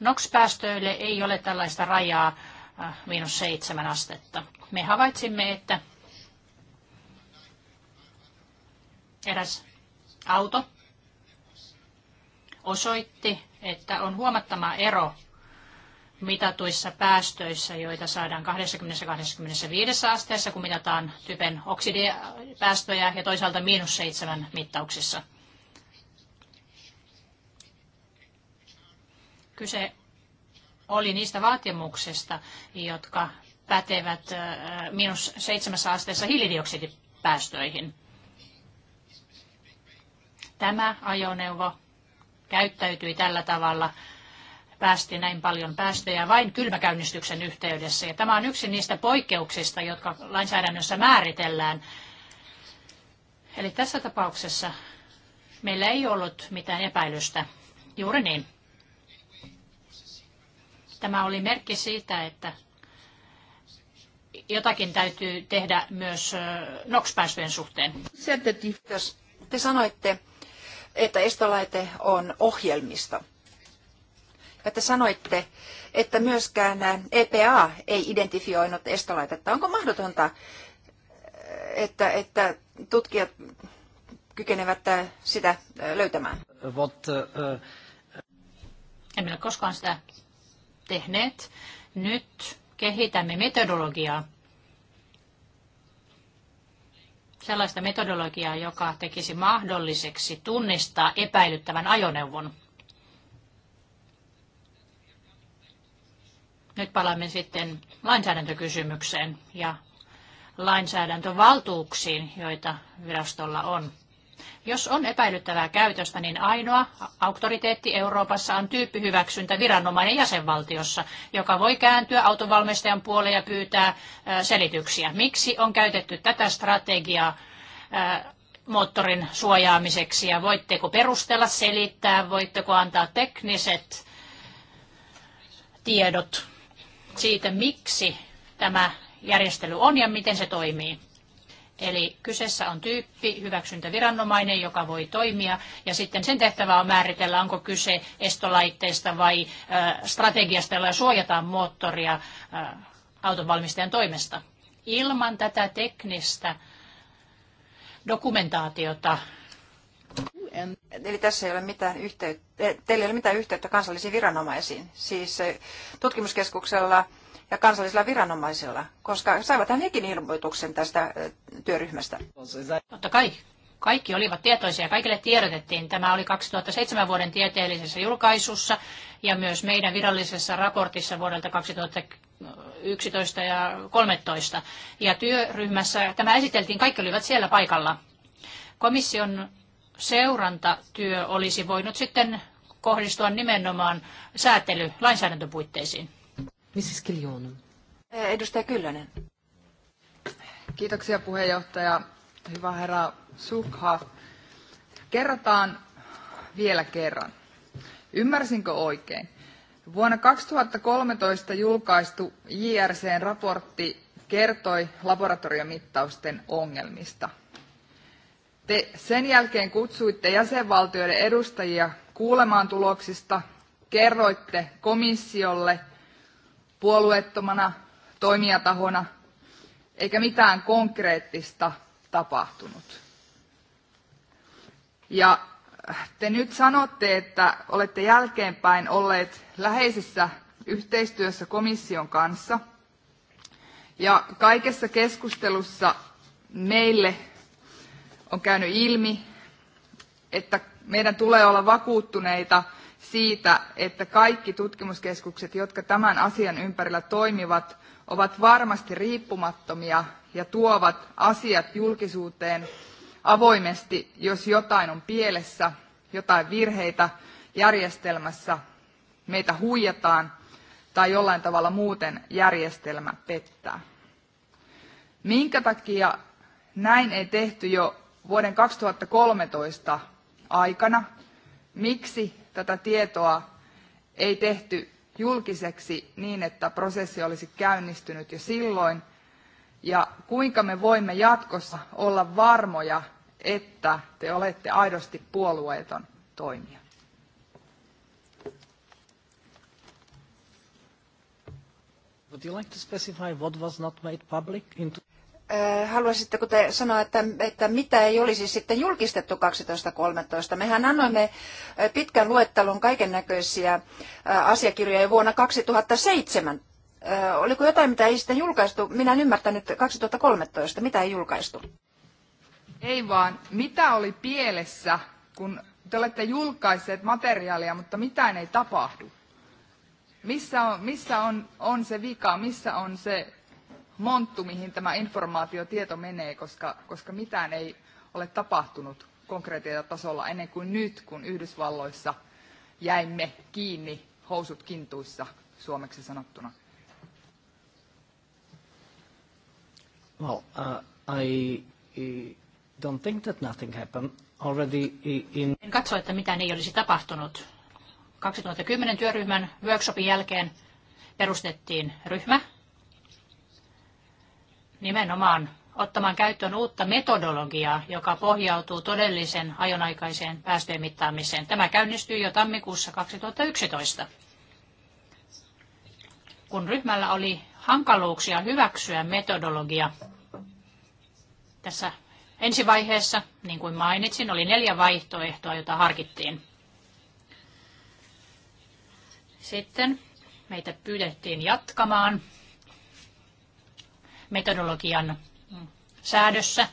NOx-päästöille ei ole tällaista rajaa äh, miinus seitsemän astetta. Me havaitsimme, että eräs auto osoitti, että on huomattava ero mitatuissa päästöissä, joita saadaan 20-25 asteessa, kun mitataan typen oksidipäästöjä ja toisaalta miinus seitsemän mittauksissa. Kyse oli niistä vaatimuksista, jotka pätevät miinus seitsemässä asteessa hiilidioksidipäästöihin. Tämä ajoneuvo käyttäytyi tällä tavalla päästi näin paljon päästöjä vain kylmäkäynnistyksen yhteydessä. Ja tämä on yksi niistä poikkeuksista, jotka lainsäädännössä määritellään. Eli tässä tapauksessa meillä ei ollut mitään epäilystä. Juuri niin. Tämä oli merkki siitä, että jotakin täytyy tehdä myös NOx-päästöjen suhteen. Te sanoitte, että estolaite on ohjelmisto että sanoitte, että myöskään EPA ei identifioinut estolaitetta. Onko mahdotonta, että, että tutkijat kykenevät sitä löytämään? What, uh, uh Emme ole koskaan sitä tehneet. Nyt kehitämme metodologiaa. Sellaista metodologiaa, joka tekisi mahdolliseksi tunnistaa epäilyttävän ajoneuvon Nyt palaamme sitten lainsäädäntökysymykseen ja lainsäädäntövaltuuksiin, joita virastolla on. Jos on epäilyttävää käytöstä, niin ainoa auktoriteetti Euroopassa on tyyppihyväksyntä viranomainen jäsenvaltiossa, joka voi kääntyä autovalmistajan puoleen ja pyytää selityksiä. Miksi on käytetty tätä strategiaa moottorin suojaamiseksi ja voitteko perustella, selittää, voitteko antaa tekniset tiedot siitä, miksi tämä järjestely on ja miten se toimii. Eli kyseessä on tyyppi, hyväksyntäviranomainen, joka voi toimia, ja sitten sen tehtävä on määritellä, onko kyse estolaitteesta vai strategiasta, jolla suojataan moottoria autonvalmistajan toimesta. Ilman tätä teknistä dokumentaatiota Eli tässä ei ole mitään yhteyttä, eh, teillä ei ole mitään yhteyttä kansallisiin viranomaisiin, siis eh, tutkimuskeskuksella ja kansallisilla viranomaisilla, koska hän hekin ilmoituksen tästä eh, työryhmästä. Totta kai. Kaikki olivat tietoisia, kaikille tiedotettiin. Tämä oli 2007 vuoden tieteellisessä julkaisussa ja myös meidän virallisessa raportissa vuodelta 2011 ja 2013. Ja työryhmässä tämä esiteltiin, kaikki olivat siellä paikalla. Komission seurantatyö olisi voinut sitten kohdistua nimenomaan säätely lainsäädäntöpuitteisiin. Mrs. Kiljonen. Edustaja Kyllönen. Kiitoksia puheenjohtaja. Hyvä herra Sukha. Kerrataan vielä kerran. Ymmärsinkö oikein? Vuonna 2013 julkaistu JRCn raportti kertoi laboratoriomittausten ongelmista – te sen jälkeen kutsuitte jäsenvaltioiden edustajia kuulemaan tuloksista, kerroitte komissiolle puolueettomana toimijatahona, eikä mitään konkreettista tapahtunut. Ja te nyt sanotte, että olette jälkeenpäin olleet läheisessä yhteistyössä komission kanssa. Ja kaikessa keskustelussa meille on käynyt ilmi, että meidän tulee olla vakuuttuneita siitä, että kaikki tutkimuskeskukset, jotka tämän asian ympärillä toimivat, ovat varmasti riippumattomia ja tuovat asiat julkisuuteen avoimesti, jos jotain on pielessä, jotain virheitä järjestelmässä, meitä huijataan tai jollain tavalla muuten järjestelmä pettää. Minkä takia näin ei tehty jo vuoden 2013 aikana, miksi tätä tietoa ei tehty julkiseksi niin, että prosessi olisi käynnistynyt jo silloin, ja kuinka me voimme jatkossa olla varmoja, että te olette aidosti puolueeton toimija. Would you like to specify what was not made public? Into Äh, haluaisitteko te sanoa, että, että mitä ei olisi sitten julkistettu 12.13? Mehän annoimme äh, pitkän luettelon kaiken näköisiä äh, asiakirjoja jo vuonna 2007. Oliko jotain, mitä ei sitten julkaistu? Minä en ymmärtänyt 2013. Mitä ei julkaistu? Ei vaan, mitä oli pielessä, kun te olette julkaisseet materiaalia, mutta mitään ei tapahdu? Missä on, missä on, on se vika, missä on se monttu, mihin tämä informaatiotieto menee, koska, koska mitään ei ole tapahtunut konkreettisella tasolla ennen kuin nyt, kun Yhdysvalloissa jäimme kiinni housut kintuissa suomeksi sanottuna. Well, uh, I don't think that nothing happened already in... En katso, että mitään ei olisi tapahtunut. 2010 työryhmän workshopin jälkeen perustettiin ryhmä, nimenomaan ottamaan käyttöön uutta metodologiaa, joka pohjautuu todellisen ajonaikaiseen päästöjen mittaamiseen. Tämä käynnistyy jo tammikuussa 2011. Kun ryhmällä oli hankaluuksia hyväksyä metodologia tässä ensivaiheessa, niin kuin mainitsin, oli neljä vaihtoehtoa, jota harkittiin. Sitten meitä pyydettiin jatkamaan metodologian säädössä.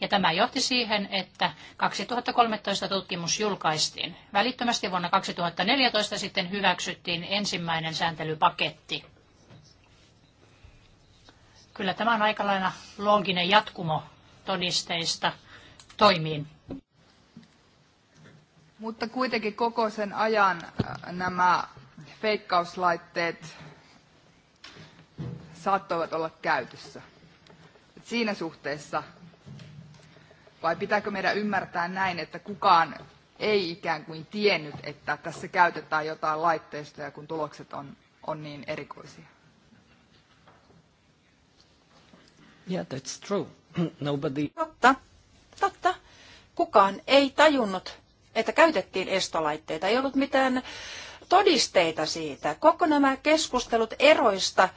Ja tämä johti siihen, että 2013 tutkimus julkaistiin. Välittömästi vuonna 2014 sitten hyväksyttiin ensimmäinen sääntelypaketti. Kyllä tämä on lailla looginen jatkumo todisteista toimiin. Mutta kuitenkin koko sen ajan äh, nämä feikkauslaitteet saattoivat olla käytössä. Et siinä suhteessa, vai pitääkö meidän ymmärtää näin, että kukaan ei ikään kuin tiennyt, että tässä käytetään jotain laitteistoja, kun tulokset on, on niin erikoisia? Yeah, that's true. Nobody... Totta, totta. Kukaan ei tajunnut, että käytettiin estolaitteita. Ei ollut mitään todisteita siitä. Koko nämä keskustelut eroista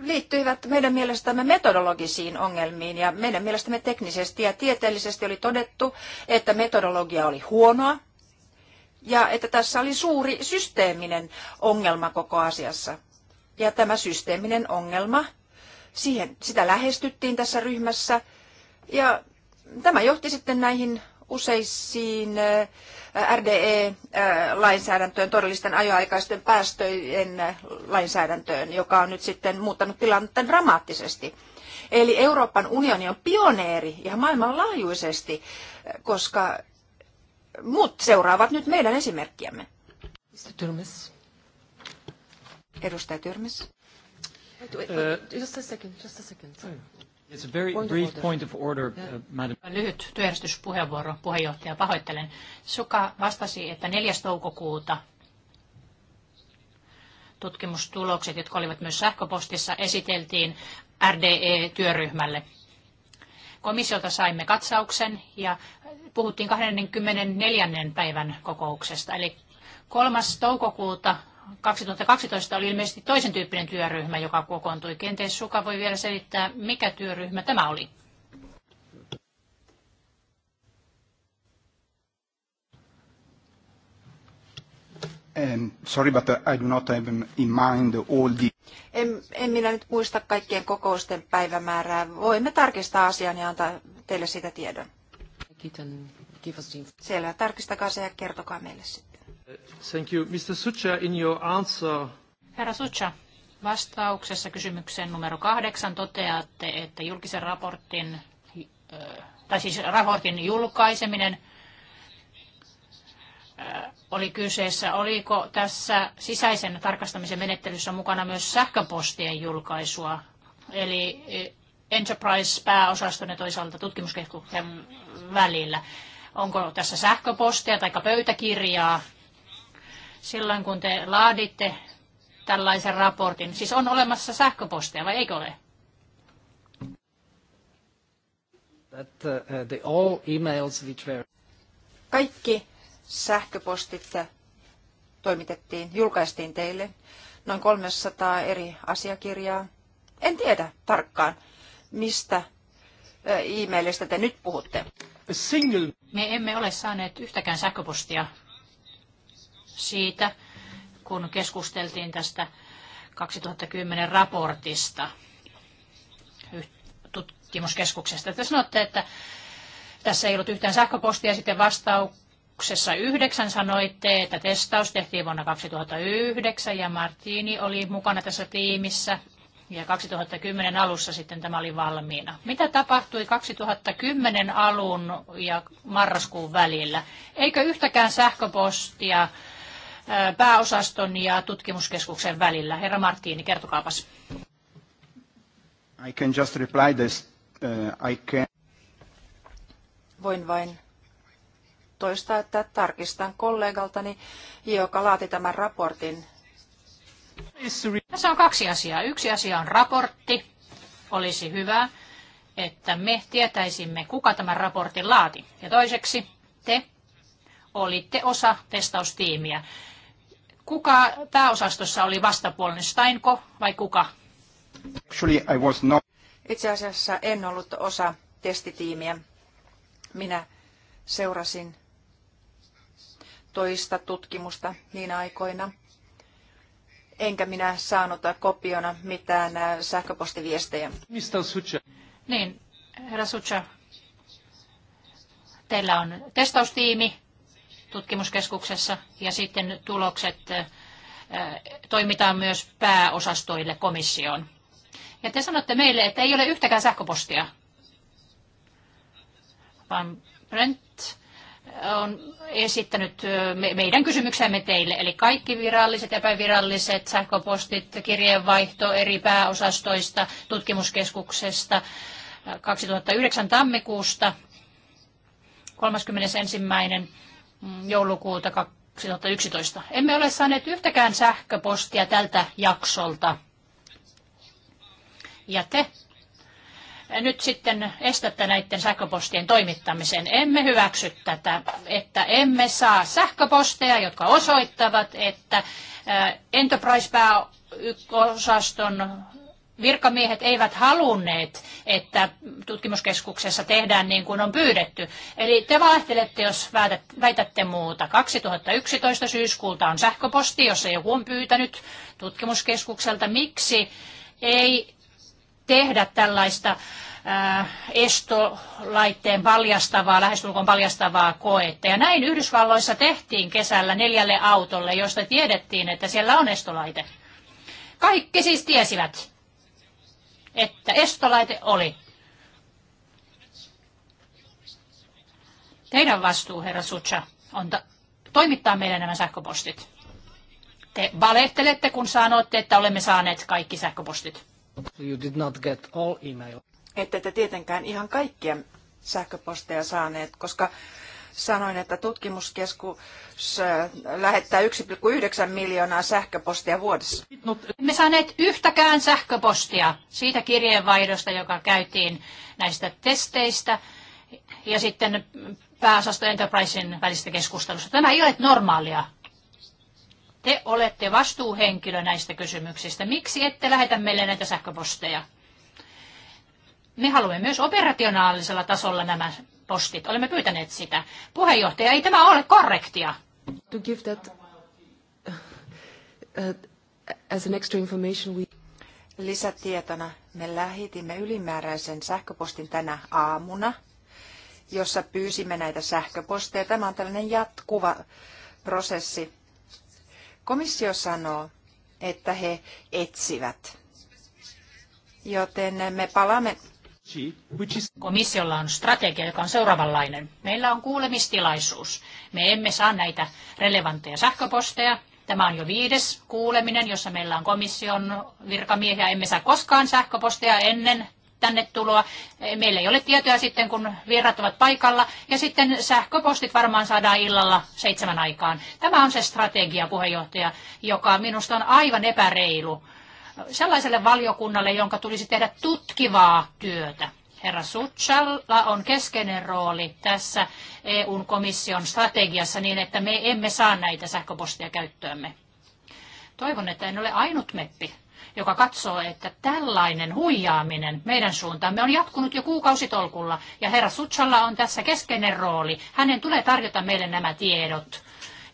liittyivät meidän mielestämme metodologisiin ongelmiin ja meidän mielestämme teknisesti ja tieteellisesti oli todettu, että metodologia oli huonoa ja että tässä oli suuri systeeminen ongelma koko asiassa. Ja tämä systeeminen ongelma, siihen, sitä lähestyttiin tässä ryhmässä ja tämä johti sitten näihin useisiin RDE-lainsäädäntöön, todellisten ajoaikaisten päästöjen lainsäädäntöön, joka on nyt sitten muuttanut tilanteen dramaattisesti. Eli Euroopan unioni on pioneeri ja maailmanlaajuisesti, koska muut seuraavat nyt meidän esimerkkiämme. Edustaja Wait, wait, wait. Uh, just a second, just a second. Mm. It's a very brief point of order, uh, madam. Lyhyt työjärjestyspuheenvuoro, puheenjohtaja, pahoittelen. Suka vastasi, että 4. toukokuuta tutkimustulokset, jotka olivat myös sähköpostissa, esiteltiin RDE-työryhmälle. Komissiolta saimme katsauksen ja puhuttiin 24. päivän kokouksesta, eli 3. toukokuuta 2012 oli ilmeisesti toisen tyyppinen työryhmä, joka kokoontui. Kenties Suka voi vielä selittää, mikä työryhmä tämä oli? Um, sorry, but uh, I do not have in mind all the... En, en minä nyt muista kaikkien kokousten päivämäärää. Voimme tarkistaa asian ja antaa teille sitä tiedon. Selvä, tarkistakaa se ja kertokaa meille sitten. Herra Sucha, vastauksessa kysymykseen numero kahdeksan toteatte, että julkisen raportin, tai siis raportin julkaiseminen oli kyseessä. Oliko tässä sisäisen tarkastamisen menettelyssä mukana myös sähköpostien julkaisua? Eli Enterprise-pääosaston ja toisaalta tutkimuskeskuksen välillä. Onko tässä sähköpostia tai pöytäkirjaa silloin, kun te laaditte tällaisen raportin? Siis on olemassa sähköpostia vai eikö ole? That, uh, the all emails which were... Kaikki sähköpostit toimitettiin, julkaistiin teille noin 300 eri asiakirjaa. En tiedä tarkkaan, mistä uh, e-mailista te nyt puhutte. Me emme ole saaneet yhtäkään sähköpostia siitä, kun keskusteltiin tästä 2010 raportista tutkimuskeskuksesta. Te sanotte, että tässä ei ollut yhtään sähköpostia, sitten vastauksessa yhdeksän sanoitte, että testaus tehtiin vuonna 2009 ja Martini oli mukana tässä tiimissä ja 2010 alussa sitten tämä oli valmiina. Mitä tapahtui 2010 alun ja marraskuun välillä? Eikö yhtäkään sähköpostia pääosaston ja tutkimuskeskuksen välillä. Herra Marttiini, kertokaapas. I can just reply this. Uh, I can... Voin vain toistaa, että tarkistan kollegaltani, joka laati tämän raportin. Tässä on kaksi asiaa. Yksi asia on raportti. Olisi hyvä, että me tietäisimme, kuka tämän raportin laati. Ja toiseksi te olitte osa testaustiimiä. Kuka pääosastossa oli vastapuolinen, Steinko vai kuka? Actually, I was not. Itse asiassa en ollut osa testitiimiä. Minä seurasin toista tutkimusta niin aikoina. Enkä minä saanut kopiona mitään äh, sähköpostiviestejä. Mr. on Sucha? Niin, herra Sucha, teillä on testaustiimi, tutkimuskeskuksessa ja sitten tulokset toimitaan myös pääosastoille komissioon. Ja te sanotte meille, että ei ole yhtäkään sähköpostia, vaan Brent on esittänyt meidän kysymyksemme teille, eli kaikki viralliset ja epäviralliset sähköpostit, kirjeenvaihto eri pääosastoista, tutkimuskeskuksesta 2009 tammikuusta 31. Mm, joulukuuta 2011. Emme ole saaneet yhtäkään sähköpostia tältä jaksolta. Ja te nyt sitten estätte näiden sähköpostien toimittamisen. Emme hyväksy tätä, että emme saa sähköposteja, jotka osoittavat, että Enterprise-pääosaston virkamiehet eivät halunneet, että tutkimuskeskuksessa tehdään niin kuin on pyydetty. Eli te vaihtelette, jos väitätte muuta. 2011 syyskuulta on sähköposti, jossa joku on pyytänyt tutkimuskeskukselta, miksi ei tehdä tällaista äh, estolaitteen paljastavaa, lähestulkoon paljastavaa koetta. Ja näin Yhdysvalloissa tehtiin kesällä neljälle autolle, josta tiedettiin, että siellä on estolaite. Kaikki siis tiesivät että estolaite oli. Teidän vastuu, herra Sucha, on toimittaa meille nämä sähköpostit. Te valehtelette, kun sanotte, että olemme saaneet kaikki sähköpostit. You did not get all email. Ette te tietenkään ihan kaikkia sähköposteja saaneet, koska sanoin, että tutkimuskeskus lähettää 1,9 miljoonaa sähköpostia vuodessa. Emme saaneet yhtäkään sähköpostia siitä kirjeenvaihdosta, joka käytiin näistä testeistä ja sitten pääosasto Enterprisein välistä keskustelusta. Tämä ei ole normaalia. Te olette vastuuhenkilö näistä kysymyksistä. Miksi ette lähetä meille näitä sähköposteja? Me haluamme myös operationaalisella tasolla nämä postit. Olemme pyytäneet sitä. Puheenjohtaja, ei tämä ole korrektia. To give that, uh, uh, as an extra information we... Lisätietona me lähetimme ylimääräisen sähköpostin tänä aamuna, jossa pyysimme näitä sähköposteja. Tämä on tällainen jatkuva prosessi. Komissio sanoo, että he etsivät. Joten me palaamme Komissiolla on strategia, joka on seuraavanlainen. Meillä on kuulemistilaisuus. Me emme saa näitä relevantteja sähköposteja. Tämä on jo viides kuuleminen, jossa meillä on komission virkamiehiä. Emme saa koskaan sähköposteja ennen tänne tuloa. Meillä ei ole tietoja sitten, kun vierat ovat paikalla. Ja sitten sähköpostit varmaan saadaan illalla seitsemän aikaan. Tämä on se strategia, puheenjohtaja, joka minusta on aivan epäreilu sellaiselle valiokunnalle, jonka tulisi tehdä tutkivaa työtä. Herra Sutsalla on keskeinen rooli tässä eu komission strategiassa niin, että me emme saa näitä sähköpostia käyttöömme. Toivon, että en ole ainut meppi, joka katsoo, että tällainen huijaaminen meidän suuntaamme on jatkunut jo kuukausitolkulla. Ja herra Sutsalla on tässä keskeinen rooli. Hänen tulee tarjota meille nämä tiedot.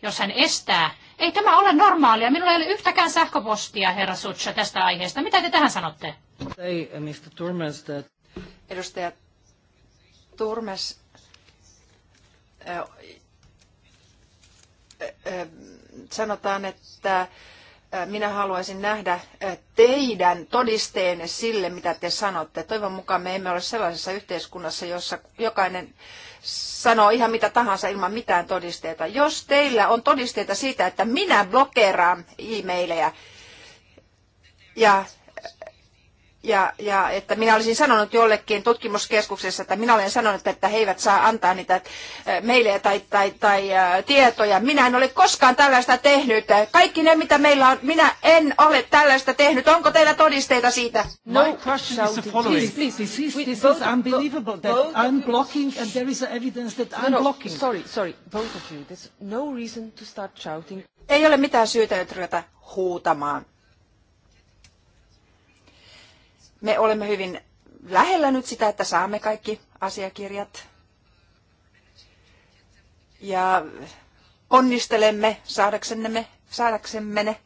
Jos hän estää ei tämä ole normaalia. Minulla ei ole yhtäkään sähköpostia, herra Sutsa, tästä aiheesta. Mitä te tähän sanotte? Uh, Turmes, Edustaja Turmes, uh, uh, sanotaan, että minä haluaisin nähdä teidän todisteenne sille, mitä te sanotte. Toivon mukaan me emme ole sellaisessa yhteiskunnassa, jossa jokainen sanoo ihan mitä tahansa ilman mitään todisteita. Jos teillä on todisteita siitä, että minä blokeeraan e-maileja ja ja, ja että minä olisin sanonut jollekin tutkimuskeskuksessa, että minä olen sanonut, että he eivät saa antaa niitä äh, meille tai, tai, tai äh, tietoja. Minä en ole koskaan tällaista tehnyt. Kaikki ne, mitä meillä on, minä en ole tällaista tehnyt. Onko teillä todisteita siitä? No, My question is the following. Please, please, this is, this is unbelievable that I'm blocking and there is evidence that no, I'm no, no, blocking. Sorry, sorry, both of you. There's no reason to start shouting. Ei ole mitään syytä, että ruveta huutamaan. Me olemme hyvin lähellä nyt sitä, että saamme kaikki asiakirjat. Ja onnistelemme saadaksemme, saadaksemme ne.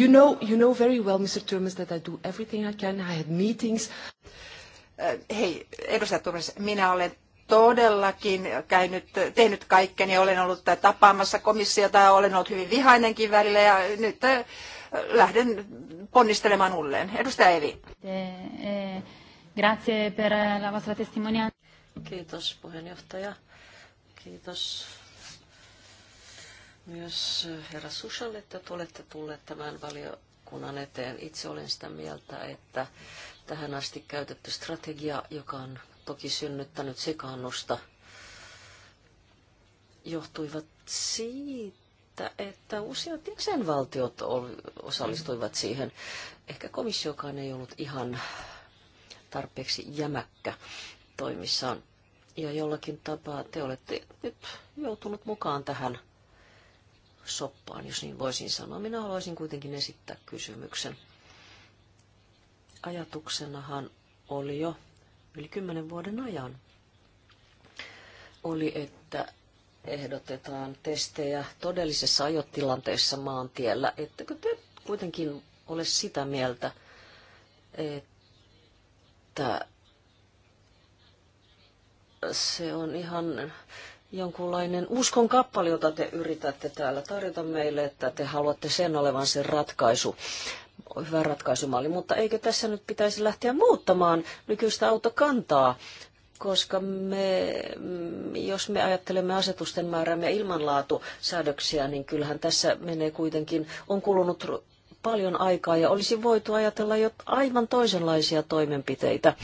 You know, you know very well, Mr. Turmes, that I do everything I can. I had meetings. Äh, hei, edustaja Turmes, minä olen todellakin käynyt, tehnyt kaikkeni. Olen ollut tapaamassa komissiota ja olen ollut hyvin vihainenkin välillä. Ja nyt äh, lähden ponnistelemaan ulleen. Edustaja Evi. E, grazie per la vostra testimonianza. Kiitos puheenjohtaja. Kiitos myös herra Sushalle, että olette tulleet tämän valiokunnan eteen. Itse olen sitä mieltä, että tähän asti käytetty strategia, joka on toki synnyttänyt sekaannusta, johtuivat siitä, että, että useat jäsenvaltiot osallistuivat siihen. Ehkä komissiokaan ei ollut ihan tarpeeksi jämäkkä toimissaan. Ja jollakin tapaa te olette nyt joutunut mukaan tähän soppaan, jos niin voisin sanoa. Minä haluaisin kuitenkin esittää kysymyksen. Ajatuksenahan oli jo yli kymmenen vuoden ajan, oli, että ehdotetaan testejä todellisessa ajotilanteessa maantiellä. Ettekö te kuitenkin ole sitä mieltä, että se on ihan jonkunlainen uskon kappale, jota te yritätte täällä tarjota meille, että te haluatte sen olevan se ratkaisu, hyvä ratkaisumalli. Mutta eikö tässä nyt pitäisi lähteä muuttamaan nykyistä autokantaa koska me, mm, jos me ajattelemme asetusten määräämiä ilmanlaatusäädöksiä, niin kyllähän tässä menee kuitenkin, on kulunut paljon aikaa ja olisi voitu ajatella jo aivan toisenlaisia toimenpiteitä.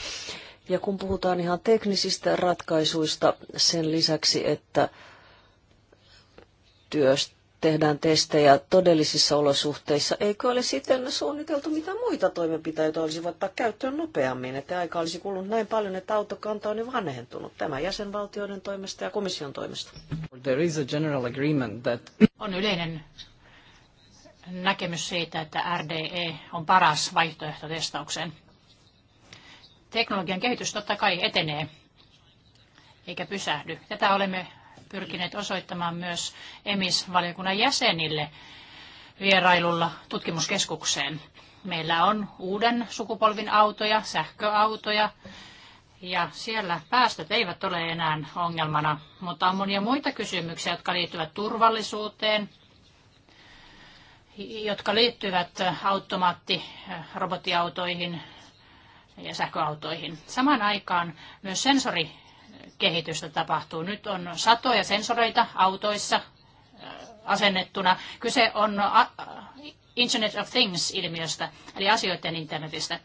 Ja kun puhutaan ihan teknisistä ratkaisuista sen lisäksi, että työstä tehdään testejä todellisissa olosuhteissa. Eikö ole sitten suunniteltu mitä muita toimenpiteitä olisi ottaa käyttöön nopeammin, että aika olisi kulunut näin paljon, että autokanta on jo vanhentunut tämä jäsenvaltioiden toimesta ja komission toimesta? There is a general agreement that... On yleinen näkemys siitä, että RDE on paras vaihtoehto testaukseen. Teknologian kehitys totta kai etenee eikä pysähdy. Tätä olemme pyrkineet osoittamaan myös EMIS-valiokunnan jäsenille vierailulla tutkimuskeskukseen. Meillä on uuden sukupolvin autoja, sähköautoja, ja siellä päästöt eivät ole enää ongelmana, mutta on monia muita kysymyksiä, jotka liittyvät turvallisuuteen, jotka liittyvät automaattirobottiautoihin ja sähköautoihin. Samaan aikaan myös sensori kehitystä tapahtuu. Nyt on satoja sensoreita autoissa äh, asennettuna. Kyse on äh, Internet of Things-ilmiöstä, eli asioiden internetistä.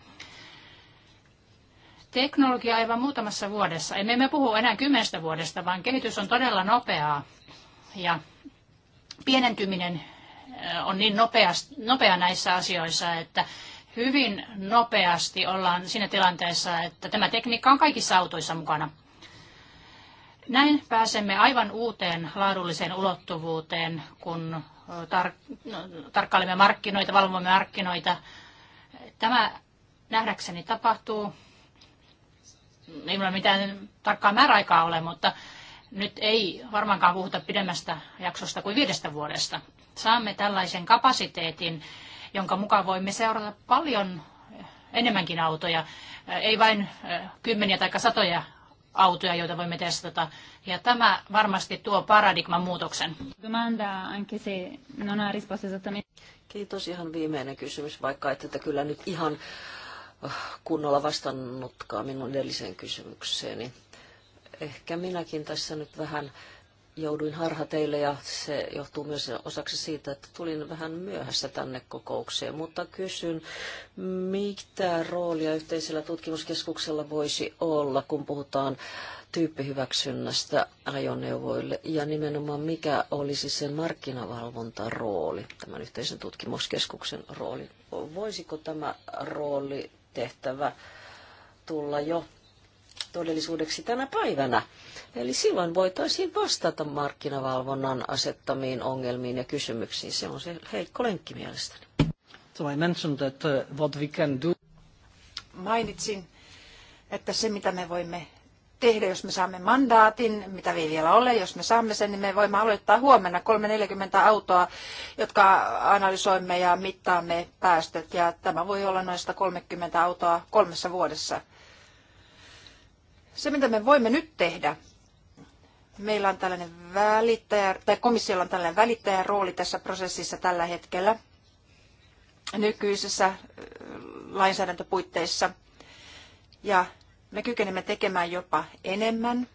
Teknologia aivan muutamassa vuodessa. Emme me puhu enää kymmenestä vuodesta, vaan kehitys on todella nopeaa. Ja pienentyminen äh, on niin nopea, nopea näissä asioissa, että hyvin nopeasti ollaan siinä tilanteessa, että tämä tekniikka on kaikissa autoissa mukana. Näin pääsemme aivan uuteen laadulliseen ulottuvuuteen, kun tar- no, tarkkailemme markkinoita, valvomme markkinoita. Tämä nähdäkseni tapahtuu, ei ole mitään tarkkaa määräaikaa ole, mutta nyt ei varmaankaan puhuta pidemmästä jaksosta kuin viidestä vuodesta. Saamme tällaisen kapasiteetin, jonka mukaan voimme seurata paljon enemmänkin autoja, ei vain kymmeniä tai satoja autoja, joita voimme testata. Ja tämä varmasti tuo paradigman muutoksen. Kiitos. Ihan viimeinen kysymys, vaikka et että kyllä nyt ihan äh, kunnolla vastannutkaan minun edelliseen kysymykseeni. Ehkä minäkin tässä nyt vähän jouduin harha teille ja se johtuu myös osaksi siitä, että tulin vähän myöhässä tänne kokoukseen, mutta kysyn, mitä roolia yhteisellä tutkimuskeskuksella voisi olla, kun puhutaan tyyppihyväksynnästä ajoneuvoille ja nimenomaan mikä olisi sen markkinavalvontarooli, tämän yhteisen tutkimuskeskuksen rooli. Voisiko tämä rooli tehtävä tulla jo todellisuudeksi tänä päivänä? Eli silloin voitaisiin vastata markkinavalvonnan asettamiin ongelmiin ja kysymyksiin. Se on se heikko lenkki mielestäni. So I mentioned that uh, what we can do. Mainitsin, että se mitä me voimme tehdä, jos me saamme mandaatin, mitä ei vielä ole, jos me saamme sen, niin me voimme aloittaa huomenna 340 autoa, jotka analysoimme ja mittaamme päästöt, ja tämä voi olla noin 130 autoa kolmessa vuodessa. Se, mitä me voimme nyt tehdä, Meillä on tällainen välittäjä, tai komissiolla on tällainen välittäjän rooli tässä prosessissa tällä hetkellä nykyisessä äh, lainsäädäntöpuitteissa. Ja me kykenemme tekemään jopa enemmän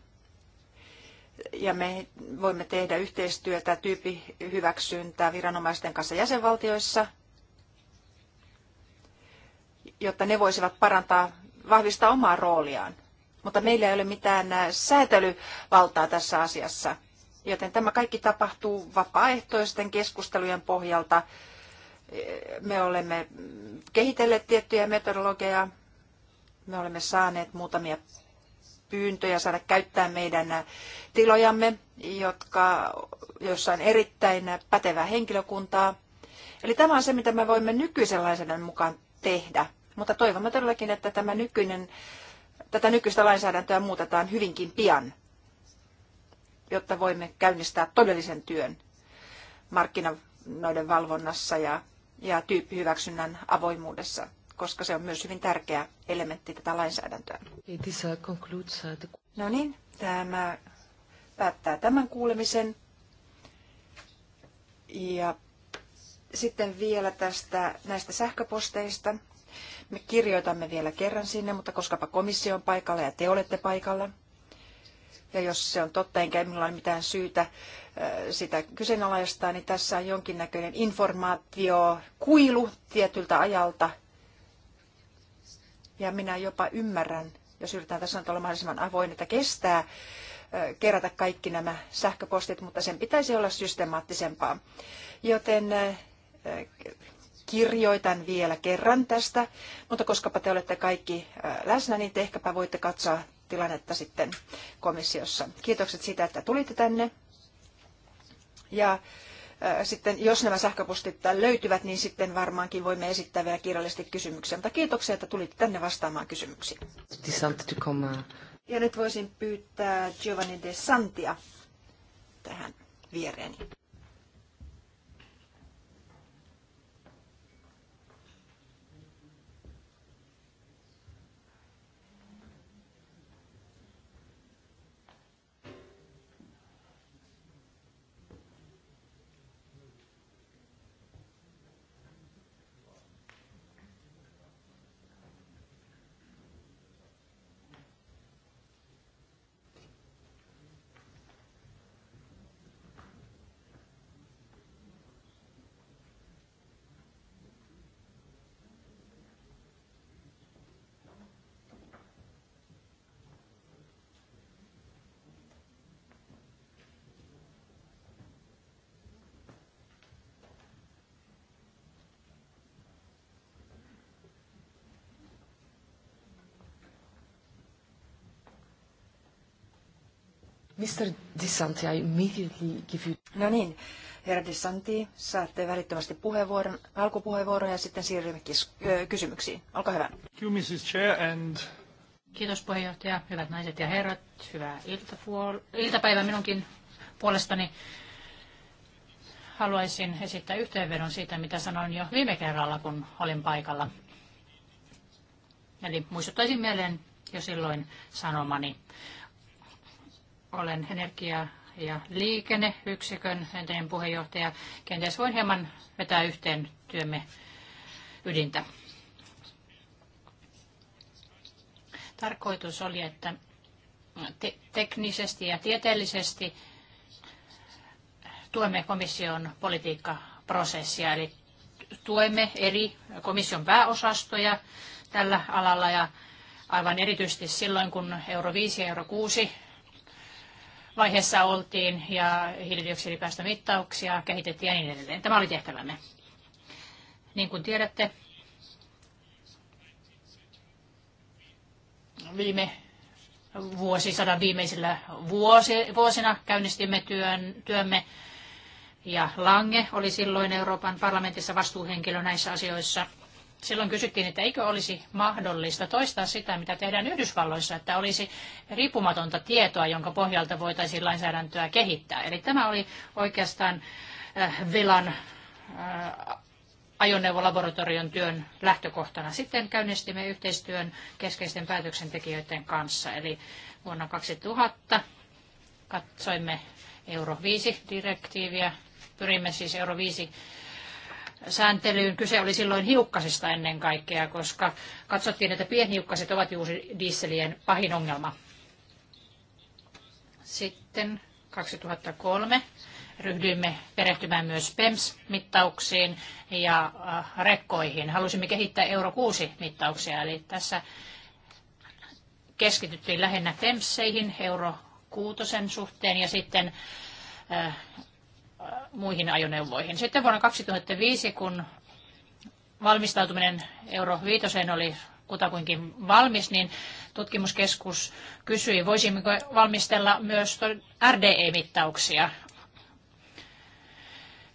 ja me voimme tehdä yhteistyötä tyyppihyväksyntää viranomaisten kanssa jäsenvaltioissa, jotta ne voisivat parantaa, vahvistaa omaa rooliaan mutta meillä ei ole mitään äh, säätelyvaltaa tässä asiassa. Joten tämä kaikki tapahtuu vapaaehtoisten keskustelujen pohjalta. Äh, me olemme kehitelleet tiettyjä metodologeja, Me olemme saaneet muutamia pyyntöjä saada käyttää meidän äh, tilojamme, jotka, joissa on erittäin pätevää henkilökuntaa. Eli tämä on se, mitä me voimme nykyisen lainsäädännön mukaan tehdä. Mutta toivomme todellakin, että tämä nykyinen tätä nykyistä lainsäädäntöä muutetaan hyvinkin pian, jotta voimme käynnistää todellisen työn markkinoiden valvonnassa ja, ja tyyppihyväksynnän avoimuudessa, koska se on myös hyvin tärkeä elementti tätä lainsäädäntöä. Uh, uh, no niin, tämä päättää tämän kuulemisen. Ja sitten vielä tästä näistä sähköposteista. Me kirjoitamme vielä kerran sinne, mutta koskapa komissio on paikalla ja te olette paikalla. Ja jos se on totta, enkä minulla ole mitään syytä sitä kyseenalaistaa, niin tässä on jonkinnäköinen informaatio, kuilu tietyltä ajalta. Ja minä jopa ymmärrän, jos yritetään tässä olla mahdollisimman avoin, että kestää kerätä kaikki nämä sähköpostit, mutta sen pitäisi olla systemaattisempaa. Joten kirjoitan vielä kerran tästä, mutta koskapa te olette kaikki äh, läsnä, niin te ehkäpä voitte katsoa tilannetta sitten komissiossa. Kiitokset siitä, että tulitte tänne. Ja äh, sitten jos nämä sähköpostit löytyvät, niin sitten varmaankin voimme esittää vielä kirjallisesti kysymyksiä. Mutta kiitoksia, että tulitte tänne vastaamaan kysymyksiin. Ja nyt voisin pyytää Giovanni de Santia tähän viereeni. Mr. DeSanti, I immediately give you... No niin, herra DeSanti, saatte välittömästi puheenvuoron, alkupuheenvuoron ja sitten siirrymme kysymyksiin. Olkaa hyvä. Thank you, Mrs. Chair, and... Kiitos puheenjohtaja, hyvät naiset ja herrat, hyvää iltapuol- iltapäivää minunkin puolestani. Haluaisin esittää yhteenvedon siitä, mitä sanoin jo viime kerralla, kun olin paikalla. Eli muistuttaisin mieleen jo silloin sanomani. Olen energia- ja liikenneyksikön entinen puheenjohtaja. Kenties voin hieman vetää yhteen työmme ydintä. Tarkoitus oli, että te- teknisesti ja tieteellisesti tuemme komission politiikkaprosessia, eli tuemme eri komission pääosastoja tällä alalla ja aivan erityisesti silloin, kun euro 5 ja euro 6 vaiheessa oltiin ja hiilidioksidipäästömittauksia kehitettiin ja niin edelleen. Tämä oli tehtävämme. Niin kuin tiedätte, viime vuosisadan viimeisillä vuosi, vuosina käynnistimme työn, työmme ja Lange oli silloin Euroopan parlamentissa vastuuhenkilö näissä asioissa – Silloin kysyttiin, että eikö olisi mahdollista toistaa sitä, mitä tehdään Yhdysvalloissa, että olisi riippumatonta tietoa, jonka pohjalta voitaisiin lainsäädäntöä kehittää. Eli tämä oli oikeastaan äh, Velan äh, ajoneuvolaboratorion työn lähtökohtana. Sitten käynnistimme yhteistyön keskeisten päätöksentekijöiden kanssa. Eli vuonna 2000 katsoimme Euro 5-direktiiviä. Pyrimme siis Euro 5 sääntelyyn. Kyse oli silloin hiukkasista ennen kaikkea, koska katsottiin, että pienhiukkaset ovat juuri dieselien pahin ongelma. Sitten 2003 ryhdyimme perehtymään myös PEMS-mittauksiin ja äh, rekkoihin. Halusimme kehittää Euro 6-mittauksia, eli tässä keskityttiin lähinnä PEMSseihin Euro 6 suhteen ja sitten äh, muihin ajoneuvoihin. Sitten vuonna 2005, kun valmistautuminen Euro 5 oli kutakuinkin valmis, niin tutkimuskeskus kysyi, voisimmeko valmistella myös RDE-mittauksia.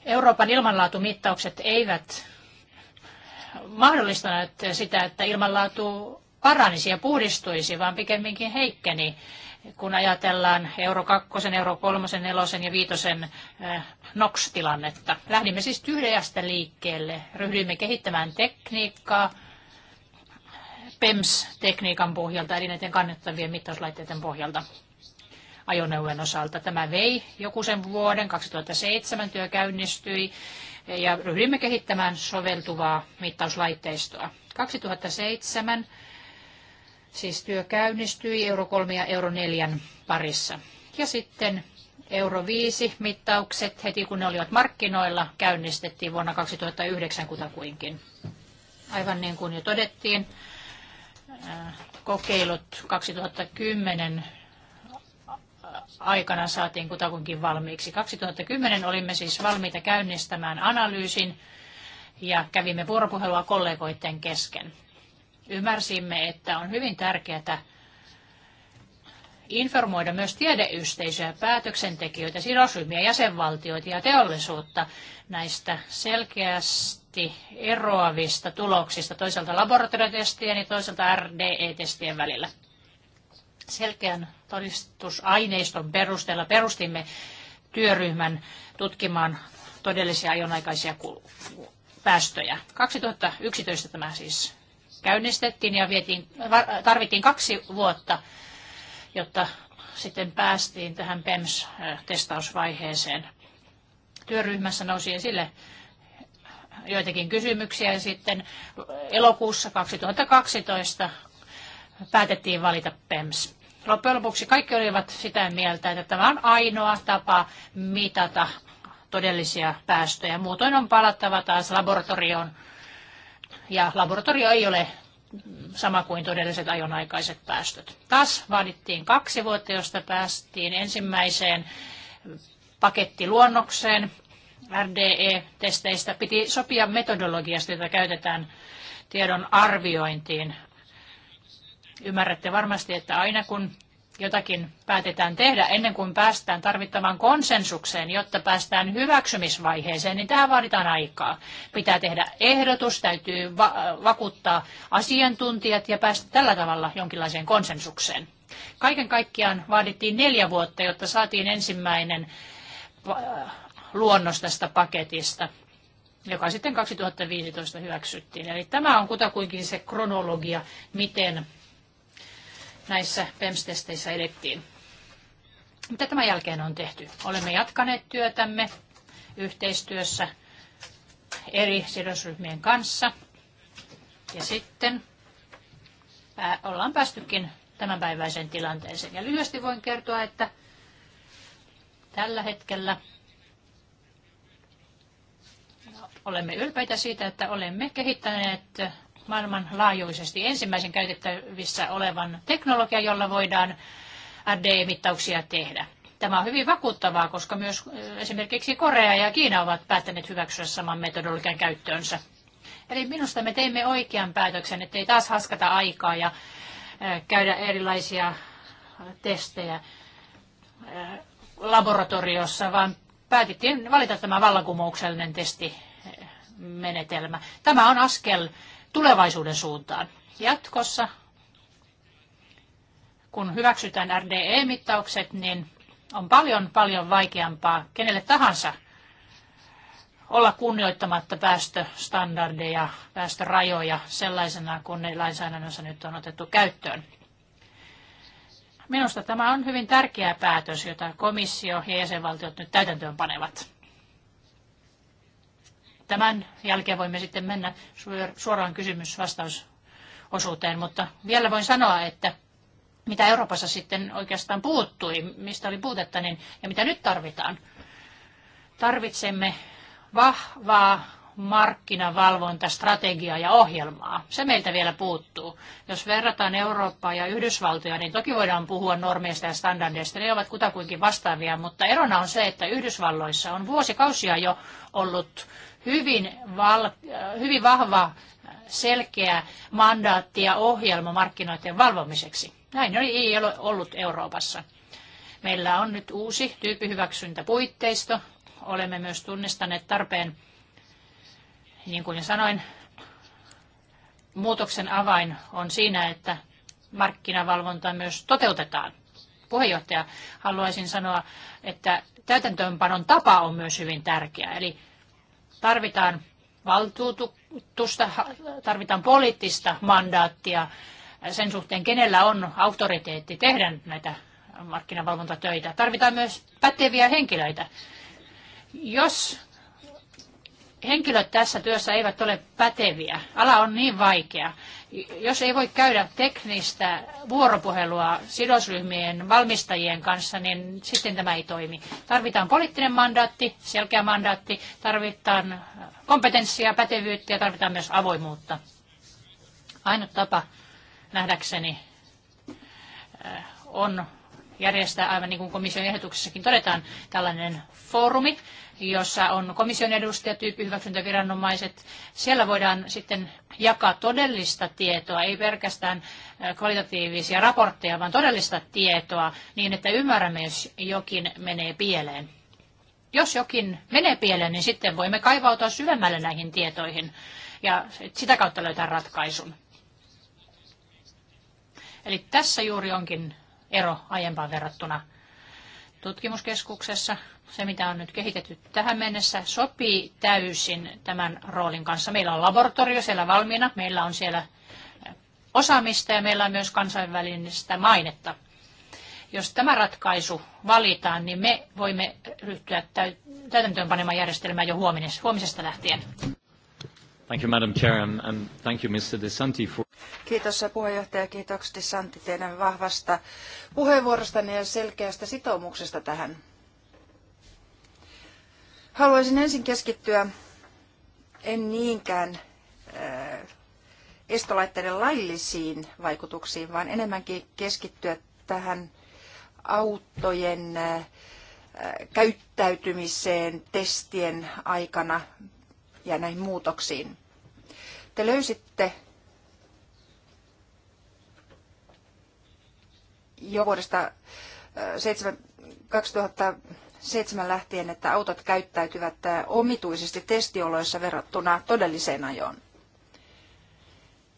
Euroopan ilmanlaatumittaukset eivät mahdollistaneet sitä, että ilmanlaatu paranisi ja puhdistuisi, vaan pikemminkin heikkeni kun ajatellaan euro 2, euro 3, 4 ja 5 eh, NOx-tilannetta. Lähdimme siis tyhjästä liikkeelle, ryhdyimme kehittämään tekniikkaa PEMS-tekniikan pohjalta, eli näiden kannettavien mittauslaitteiden pohjalta ajoneuvojen osalta. Tämä vei joku sen vuoden, 2007 työ käynnistyi ja ryhdyimme kehittämään soveltuvaa mittauslaitteistoa. 2007 Siis työ käynnistyi euro 3 ja euro 4 parissa. Ja sitten euro 5 mittaukset heti kun ne olivat markkinoilla käynnistettiin vuonna 2009 kutakuinkin. Aivan niin kuin jo todettiin, äh, kokeilut 2010 aikana saatiin kutakuinkin valmiiksi. 2010 olimme siis valmiita käynnistämään analyysin ja kävimme vuoropuhelua kollegoiden kesken ymmärsimme, että on hyvin tärkeää informoida myös tiedeyhteisöä, päätöksentekijöitä, sidosryhmiä, jäsenvaltioita ja teollisuutta näistä selkeästi eroavista tuloksista toisaalta laboratoriotestien ja toisaalta RDE-testien välillä. Selkeän todistusaineiston perusteella perustimme työryhmän tutkimaan todellisia ajonaikaisia päästöjä. 2011 tämä siis käynnistettiin ja vietiin, tarvittiin kaksi vuotta, jotta sitten päästiin tähän PEMS-testausvaiheeseen. Työryhmässä nousi esille joitakin kysymyksiä ja sitten elokuussa 2012 päätettiin valita PEMS. Loppujen lopuksi kaikki olivat sitä mieltä, että tämä on ainoa tapa mitata todellisia päästöjä. Muutoin on palattava taas laboratorioon ja laboratorio ei ole sama kuin todelliset ajonaikaiset päästöt. Taas vaadittiin kaksi vuotta, josta päästiin ensimmäiseen pakettiluonnokseen RDE-testeistä. Piti sopia metodologiasta, jota käytetään tiedon arviointiin. Ymmärrätte varmasti, että aina kun jotakin päätetään tehdä ennen kuin päästään tarvittavaan konsensukseen, jotta päästään hyväksymisvaiheeseen, niin tähän vaaditaan aikaa. Pitää tehdä ehdotus, täytyy va- vakuuttaa asiantuntijat ja päästä tällä tavalla jonkinlaiseen konsensukseen. Kaiken kaikkiaan vaadittiin neljä vuotta, jotta saatiin ensimmäinen luonnos tästä paketista joka sitten 2015 hyväksyttiin. Eli tämä on kutakuinkin se kronologia, miten näissä PEMS-testeissä edettiin. Mitä tämän jälkeen on tehty? Olemme jatkaneet työtämme yhteistyössä eri sidosryhmien kanssa. Ja sitten ollaan päästykin tämänpäiväiseen tilanteeseen. Ja lyhyesti voin kertoa, että tällä hetkellä olemme ylpeitä siitä, että olemme kehittäneet maailmanlaajuisesti ensimmäisen käytettävissä olevan teknologian, jolla voidaan rd mittauksia tehdä. Tämä on hyvin vakuuttavaa, koska myös esimerkiksi Korea ja Kiina ovat päättäneet hyväksyä saman metodologian käyttöönsä. Eli minusta me teimme oikean päätöksen, ettei taas haskata aikaa ja käydä erilaisia testejä laboratoriossa, vaan päätettiin valita tämä vallankumouksellinen testimenetelmä. Tämä on askel tulevaisuuden suuntaan. Jatkossa, kun hyväksytään RDE-mittaukset, niin on paljon paljon vaikeampaa kenelle tahansa olla kunnioittamatta päästöstandardeja, päästörajoja sellaisena, kun ne lainsäädännössä nyt on otettu käyttöön. Minusta tämä on hyvin tärkeä päätös, jota komissio ja jäsenvaltiot nyt täytäntöön panevat. Tämän jälkeen voimme sitten mennä suoraan kysymysvastausosuuteen, mutta vielä voin sanoa, että mitä Euroopassa sitten oikeastaan puuttui, mistä oli puutetta niin, ja mitä nyt tarvitaan. Tarvitsemme vahvaa markkinavalvontastrategiaa ja ohjelmaa. Se meiltä vielä puuttuu. Jos verrataan Eurooppaa ja Yhdysvaltoja, niin toki voidaan puhua normeista ja standardeista. Ne ovat kutakuinkin vastaavia, mutta erona on se, että Yhdysvalloissa on vuosikausia jo ollut hyvin, val, hyvin vahva, selkeä mandaatti ja ohjelma markkinoiden valvomiseksi. Näin ei ole ollut Euroopassa. Meillä on nyt uusi tyyppihyväksyntäpuitteisto. Olemme myös tunnistaneet tarpeen niin kuin sanoin, muutoksen avain on siinä, että markkinavalvonta myös toteutetaan. Puheenjohtaja, haluaisin sanoa, että täytäntöönpanon tapa on myös hyvin tärkeä. Eli tarvitaan valtuutusta, tarvitaan poliittista mandaattia sen suhteen, kenellä on autoriteetti tehdä näitä markkinavalvontatöitä. Tarvitaan myös päteviä henkilöitä. Jos henkilöt tässä työssä eivät ole päteviä. Ala on niin vaikea. Jos ei voi käydä teknistä vuoropuhelua sidosryhmien valmistajien kanssa, niin sitten tämä ei toimi. Tarvitaan poliittinen mandaatti, selkeä mandaatti, tarvitaan kompetenssia, pätevyyttä ja tarvitaan myös avoimuutta. Ainut tapa nähdäkseni äh, on järjestää, aivan niin kuin komission ehdotuksessakin todetaan, tällainen foorumi, jossa on komission edustajat, tyyppihyväksyntäviranomaiset. Siellä voidaan sitten jakaa todellista tietoa, ei pelkästään kvalitatiivisia raportteja, vaan todellista tietoa niin, että ymmärrämme, jos jokin menee pieleen. Jos jokin menee pieleen, niin sitten voimme kaivautua syvemmälle näihin tietoihin ja sitä kautta löytää ratkaisun. Eli tässä juuri onkin ero aiempaan verrattuna. Tutkimuskeskuksessa se, mitä on nyt kehitetty tähän mennessä, sopii täysin tämän roolin kanssa. Meillä on laboratorio siellä valmiina, meillä on siellä eh, osaamista ja meillä on myös kansainvälistä mainetta. Jos tämä ratkaisu valitaan, niin me voimme ryhtyä täytäntöönpanemaan järjestelmää jo huomisesta lähtien. Thank you, Kiitos puheenjohtaja, kiitokset DeSanti teidän vahvasta puheenvuorostanne ja selkeästä sitoumuksesta tähän. Haluaisin ensin keskittyä en niinkään eh, estolaitteiden laillisiin vaikutuksiin, vaan enemmänkin keskittyä tähän autojen eh, käyttäytymiseen testien aikana ja näihin muutoksiin. Te löysitte jo vuodesta 2007 äh, lähtien, että autot käyttäytyvät äh, omituisesti testioloissa verrattuna todelliseen ajoon.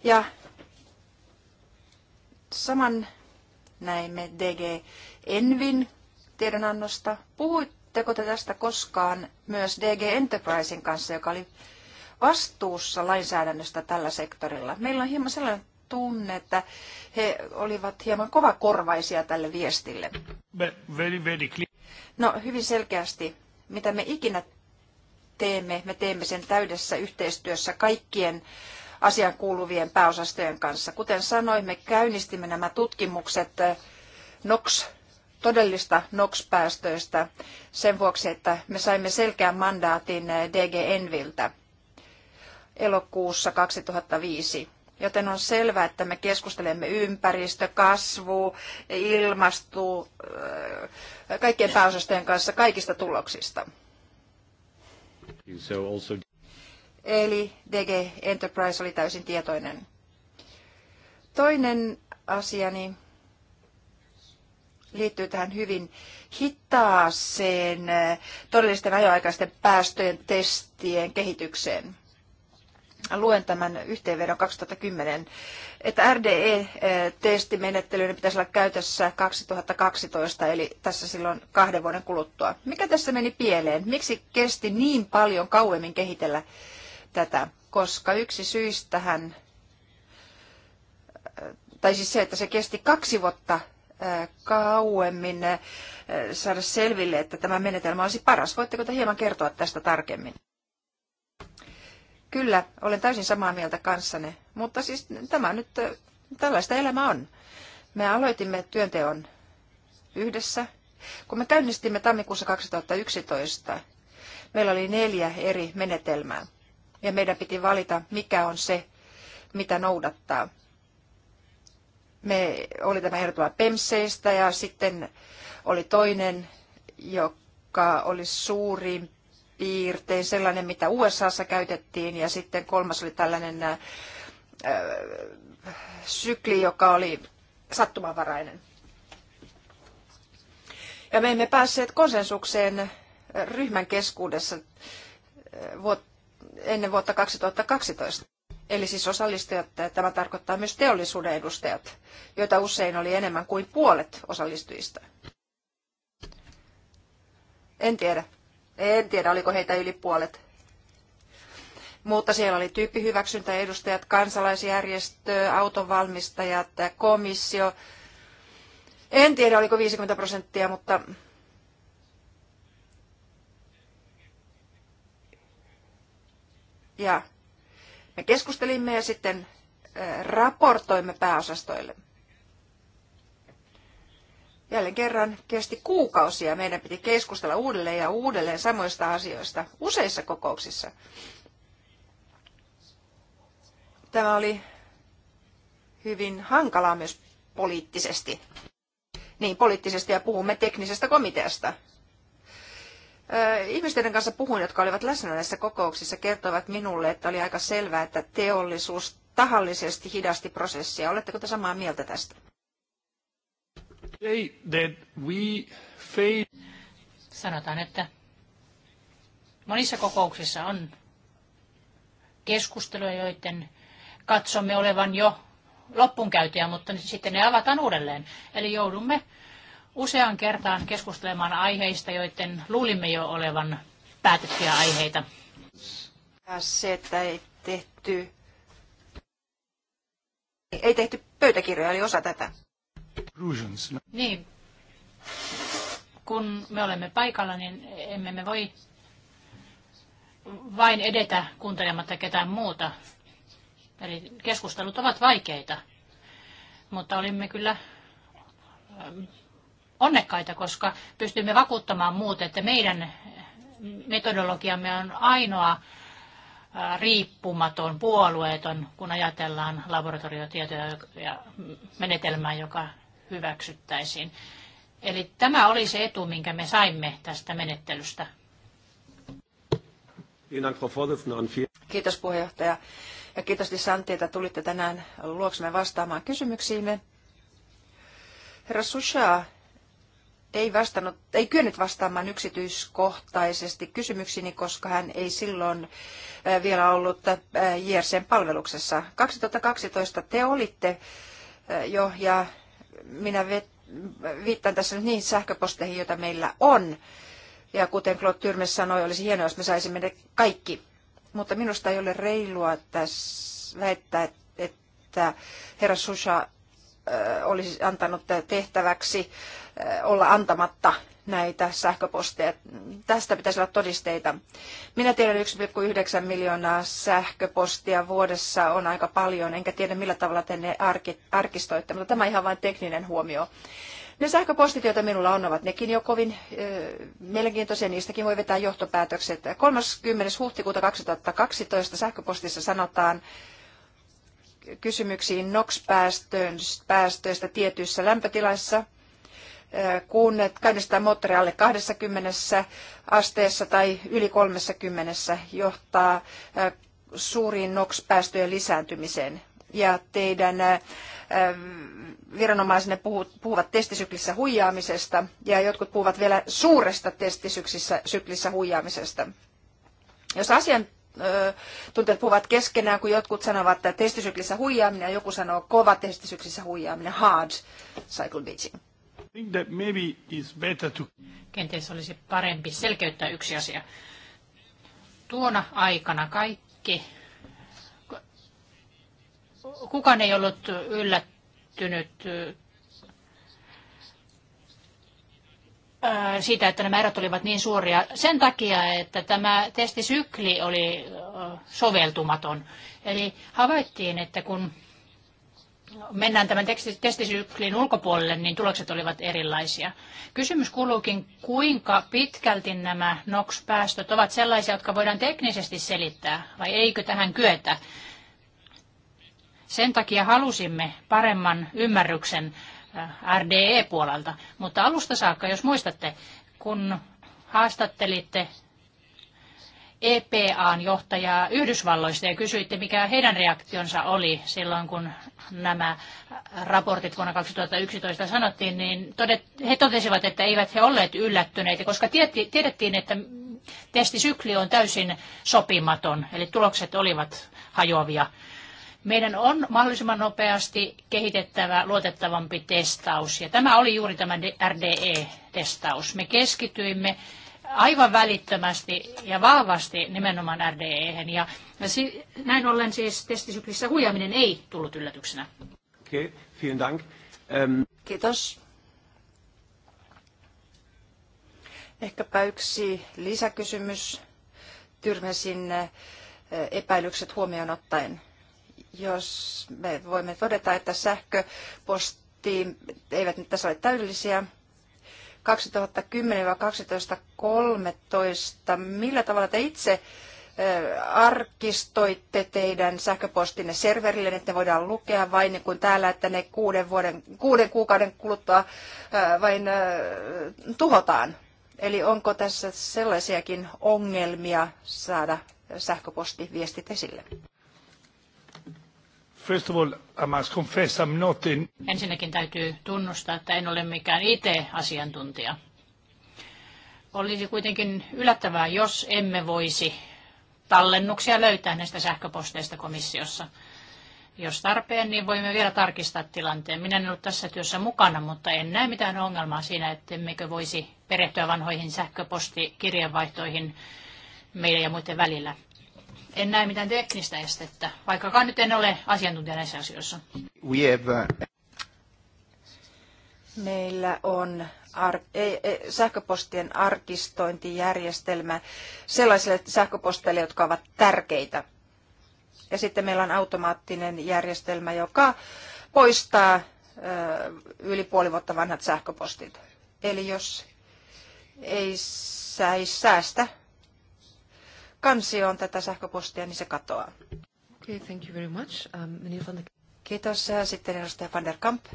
Ja saman näimme DG Envin tiedonannosta. Puhuitteko te tästä koskaan myös DG Enterprisen kanssa, joka oli vastuussa lainsäädännöstä tällä sektorilla. Meillä on hieman sellainen tunne, että he olivat hieman kovakorvaisia tälle viestille. Very, very no hyvin selkeästi, mitä me ikinä teemme, me teemme sen täydessä yhteistyössä kaikkien asian kuuluvien pääosastojen kanssa. Kuten sanoin, me käynnistimme nämä tutkimukset eh, NOx, todellista NOx-päästöistä sen vuoksi, että me saimme selkeän mandaatin eh, DG Enviltä – elokuussa 2005. Joten on selvää, että me keskustelemme ympäristö, kasvu, ilmastu, äh, kaikkien pääosastojen kanssa kaikista tuloksista. Eli DG Enterprise oli täysin tietoinen. Toinen asiani liittyy tähän hyvin hitaaseen äh, todellisten ajoaikaisten päästöjen testien kehitykseen luen tämän yhteenvedon 2010, että RDE-testimenettelyiden pitäisi olla käytössä 2012, eli tässä silloin kahden vuoden kuluttua. Mikä tässä meni pieleen? Miksi kesti niin paljon kauemmin kehitellä tätä? Koska yksi syystähän, äh, tai siis se, että se kesti kaksi vuotta äh, kauemmin äh, saada selville, että tämä menetelmä olisi paras. Voitteko te hieman kertoa tästä tarkemmin? Kyllä, olen täysin samaa mieltä kanssanne, mutta siis tämä nyt, tällaista elämä on. Me aloitimme työnteon yhdessä. Kun me käynnistimme tammikuussa 2011, meillä oli neljä eri menetelmää. Ja meidän piti valita, mikä on se, mitä noudattaa. Me oli tämä ehdotuva PEMSeistä ja sitten oli toinen, joka oli suurin piirtein sellainen, mitä USAssa käytettiin, ja sitten kolmas oli tällainen ää, äh, sykli, joka oli sattumanvarainen. Ja me emme päässeet konsensukseen äh, ryhmän keskuudessa äh, ennen vuotta 2012. Eli siis osallistujat, tämä tarkoittaa myös teollisuuden edustajat, joita usein oli enemmän kuin puolet osallistujista. En tiedä, en tiedä, oliko heitä yli puolet. Mutta siellä oli tyyppihyväksyntäedustajat, kansalaisjärjestö, autonvalmistajat, komissio. En tiedä, oliko 50 prosenttia, mutta ja me keskustelimme ja sitten raportoimme pääosastoille jälleen kerran kesti kuukausia. Meidän piti keskustella uudelleen ja uudelleen samoista asioista useissa kokouksissa. Tämä oli hyvin hankalaa myös poliittisesti. Niin, poliittisesti ja puhumme teknisestä komiteasta. Ihmisten kanssa puhuin, jotka olivat läsnä näissä kokouksissa, kertoivat minulle, että oli aika selvää, että teollisuus tahallisesti hidasti prosessia. Oletteko te samaa mieltä tästä? Sanotaan, että monissa kokouksissa on keskusteluja, joiden katsomme olevan jo loppuun mutta sitten ne avataan uudelleen. Eli joudumme useaan kertaan keskustelemaan aiheista, joiden luulimme jo olevan päätettyjä aiheita. Se, että ei tehty, ei tehty pöytäkirjoja, oli osa tätä. Niin. Kun me olemme paikalla, niin emme me voi vain edetä kuuntelematta ketään muuta. Eli keskustelut ovat vaikeita, mutta olimme kyllä ähm, onnekkaita, koska pystymme vakuuttamaan muut, että meidän metodologiamme on ainoa äh, riippumaton, puolueeton, kun ajatellaan laboratoriotietoja ja menetelmää, joka hyväksyttäisiin. Eli tämä oli se etu, minkä me saimme tästä menettelystä. Kiitos puheenjohtaja ja kiitos Santi, että tulitte tänään luoksemme vastaamaan kysymyksiimme. Herra Susha ei, vastannut, ei kyennyt vastaamaan yksityiskohtaisesti kysymyksiini, koska hän ei silloin äh, vielä ollut äh, JRCn palveluksessa. 2012 te olitte äh, jo ja minä viittaan tässä nyt niihin sähköposteihin, joita meillä on. Ja kuten Claude Tyrmes sanoi, olisi hienoa, jos me saisimme ne kaikki. Mutta minusta ei ole reilua tässä väittää, että herra Susha olisi antanut tehtäväksi olla antamatta näitä sähköposteja. Tästä pitäisi olla todisteita. Minä tiedän 1,9 miljoonaa sähköpostia vuodessa on aika paljon, enkä tiedä millä tavalla te ne arkistoitte, mutta tämä on ihan vain tekninen huomio. Ne sähköpostit, joita minulla on, ovat nekin jo kovin ö, mielenkiintoisia. Niistäkin voi vetää johtopäätökset. 30. huhtikuuta 2012 sähköpostissa sanotaan, kysymyksiin NOx-päästöistä tietyissä lämpötilassa kun käynnistää moottori alle 20 asteessa tai yli 30 johtaa suuriin NOx-päästöjen lisääntymiseen. Ja teidän viranomaisenne puhuvat testisyklissä huijaamisesta ja jotkut puhuvat vielä suuresta testisyklissä huijaamisesta. Jos asian tunteet puhuvat keskenään, kun jotkut sanovat, että testisyklissä huijaaminen ja joku sanoo kova testisyklissä huijaaminen, hard cycle beating think that maybe it's better to... Kenties olisi parempi selkeyttää yksi asia. Tuona aikana kaikki, kukaan ei ollut yllättynyt siitä, että nämä erot olivat niin suuria sen takia, että tämä testisykli oli soveltumaton. Eli havaittiin, että kun mennään tämän testisyklin ulkopuolelle, niin tulokset olivat erilaisia. Kysymys kuuluukin, kuinka pitkälti nämä NOx-päästöt ovat sellaisia, jotka voidaan teknisesti selittää, vai eikö tähän kyetä? Sen takia halusimme paremman ymmärryksen äh, RDE-puolelta, mutta alusta saakka, jos muistatte, kun haastattelitte EPAn johtajaa Yhdysvalloista ja kysyitte, mikä heidän reaktionsa oli silloin, kun nämä raportit vuonna 2011 sanottiin, niin todet, he totesivat, että eivät he olleet yllättyneitä, koska tiedettiin, tiedettiin, että testisykli on täysin sopimaton, eli tulokset olivat hajoavia. Meidän on mahdollisimman nopeasti kehitettävä luotettavampi testaus, ja tämä oli juuri tämä RDE-testaus. Me keskityimme aivan välittömästi ja vahvasti nimenomaan RDEhen. Ja näin ollen siis testisyklissä huijaminen ei tullut yllätyksenä. okay, dank. Um... Kiitos. Ehkäpä yksi lisäkysymys Tyrmesin äh, epäilykset huomioon ottaen. Jos me voimme todeta, että sähköposti eivät nyt tässä ole täydellisiä, 2010-2013. Millä tavalla te itse arkistoitte teidän sähköpostinne serverille, että ne voidaan lukea vain niin kuin täällä, että ne kuuden, vuoden, kuuden kuukauden kuluttua vain tuhotaan? Eli onko tässä sellaisiakin ongelmia saada sähköpostiviestit esille? First of all, I must confess I'm not in... Ensinnäkin täytyy tunnustaa, että en ole mikään IT-asiantuntija. Olisi kuitenkin yllättävää, jos emme voisi tallennuksia löytää näistä sähköposteista komissiossa. Jos tarpeen, niin voimme vielä tarkistaa tilanteen. Minä en ollut tässä työssä mukana, mutta en näe mitään ongelmaa siinä, että emmekö voisi perehtyä vanhoihin sähköpostikirjeenvaihtoihin meidän ja muiden välillä. En näe mitään teknistä estettä, vaikkakaan nyt en ole asiantuntija näissä asioissa. We have, uh... Meillä on ar- ei, ei, sähköpostien arkistointijärjestelmä sellaisille sähköposteille, jotka ovat tärkeitä. Ja sitten meillä on automaattinen järjestelmä, joka poistaa ö, yli puoli vuotta vanhat sähköpostit. Eli jos ei sä säästä kansioon tätä sähköpostia, niin se katoaa. Okay, thank you very much. Um, van de... Kiitos. Sitten edustaja Van der Kamp.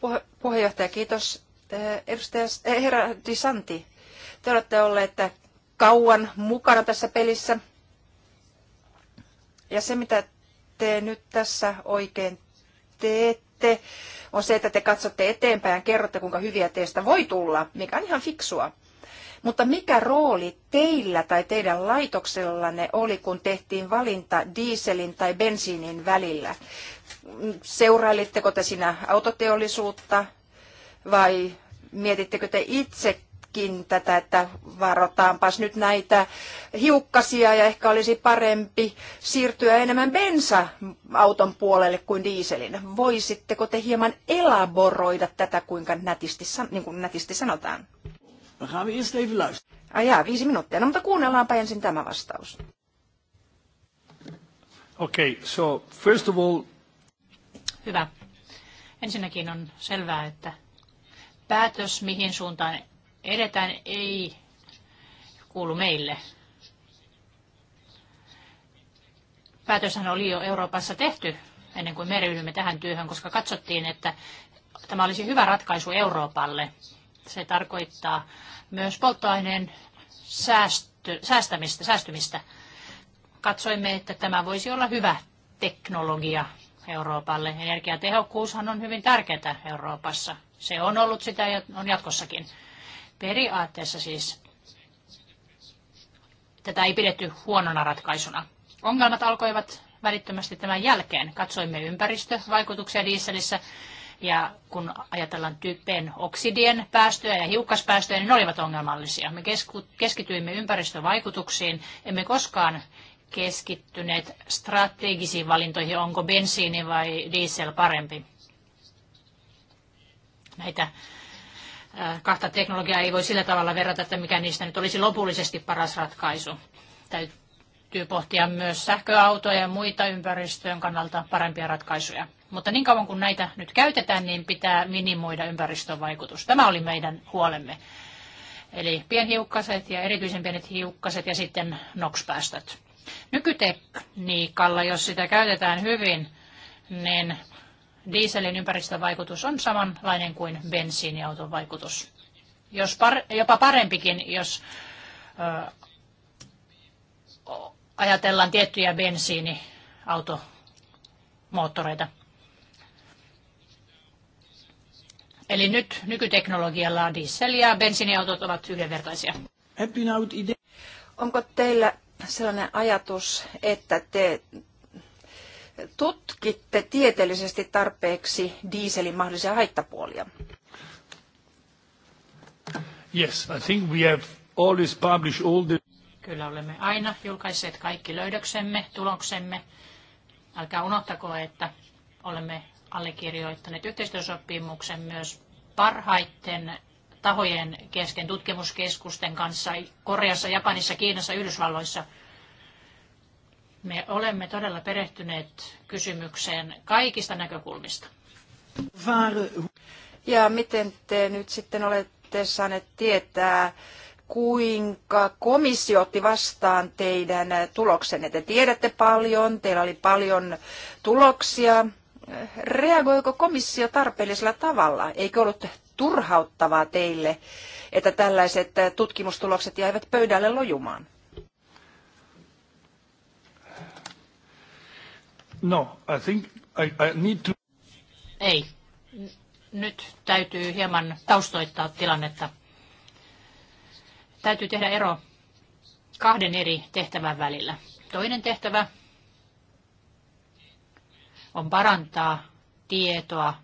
Puhe- puheenjohtaja, kiitos. Eh, edustaja, eh, herra Disanti, te olette olleet kauan mukana tässä pelissä. Ja se, mitä te nyt tässä oikein teette, on se, että te katsotte eteenpäin ja kerrotte, kuinka hyviä teistä voi tulla, mikä on ihan fiksua. Mutta mikä rooli teillä tai teidän laitoksellanne oli, kun tehtiin valinta dieselin tai bensiinin välillä? Seurailitteko te siinä autoteollisuutta vai mietittekö te itsekin tätä, että varotaanpas nyt näitä hiukkasia ja ehkä olisi parempi siirtyä enemmän bensa-auton puolelle kuin dieselin? Voisitteko te hieman elaboroida tätä, kuinka nätisti, niin kuin nätisti sanotaan? Dan gaan we eerst even luisteren. Ah jaa, viisi minuuttia. No mutta kuunnellaanpa ensin tämä vastaus. Okei, okay, so first of all... Hyvä. Ensinnäkin on selvää, että päätös, mihin suuntaan edetään, ei kuulu meille. Päätöshän oli jo Euroopassa tehty ennen kuin me ryhdyimme tähän työhön, koska katsottiin, että tämä olisi hyvä ratkaisu Euroopalle se tarkoittaa myös polttoaineen säästö, säästämistä, säästymistä. Katsoimme, että tämä voisi olla hyvä teknologia Euroopalle. Energiatehokkuushan on hyvin tärkeää Euroopassa. Se on ollut sitä ja on jatkossakin. Periaatteessa siis tätä ei pidetty huonona ratkaisuna. Ongelmat alkoivat välittömästi tämän jälkeen. Katsoimme ympäristövaikutuksia dieselissä. Ja kun ajatellaan typen oksidien päästöjä ja hiukkaspäästöjä, niin ne olivat ongelmallisia. Me keskityimme ympäristövaikutuksiin, emme koskaan keskittyneet strategisiin valintoihin, onko bensiini vai diesel parempi. Näitä kahta teknologiaa ei voi sillä tavalla verrata, että mikä niistä nyt olisi lopullisesti paras ratkaisu. Täytyy pohtia myös sähköautoja ja muita ympäristöön kannalta parempia ratkaisuja. Mutta niin kauan kuin näitä nyt käytetään, niin pitää minimoida ympäristövaikutus. Tämä oli meidän huolemme. Eli pienhiukkaset ja erityisen pienet hiukkaset ja sitten NOx-päästöt. Nykytekniikalla, jos sitä käytetään hyvin, niin dieselin ympäristövaikutus on samanlainen kuin bensiiniauton vaikutus. Jos par, jopa parempikin, jos ö, ajatellaan tiettyjä bensiiniautomoottoreita. Eli nyt nykyteknologialla diesel- ja bensiiniautot ovat yhdenvertaisia. Onko teillä sellainen ajatus, että te tutkitte tieteellisesti tarpeeksi dieselin mahdollisia haittapuolia? Yes, I think we have always published all the... Kyllä olemme aina julkaisseet kaikki löydöksemme, tuloksemme. Älkää unohtako, että olemme allekirjoittaneet yhteistyösopimuksen myös parhaiten tahojen kesken tutkimuskeskusten kanssa Koreassa, Japanissa, Kiinassa, Yhdysvalloissa. Me olemme todella perehtyneet kysymykseen kaikista näkökulmista. Ja miten te nyt sitten olette saaneet tietää, kuinka komissio otti vastaan teidän tuloksenne? Te tiedätte paljon, teillä oli paljon tuloksia, reagoiko komissio tarpeellisella tavalla? Eikö ollut turhauttavaa teille, että tällaiset eh, tutkimustulokset jäivät pöydälle lojumaan? No, I think I, I need to... Ei. Nyt täytyy hieman taustoittaa tilannetta. Täytyy tehdä ero kahden eri tehtävän välillä. Toinen tehtävä on parantaa tietoa,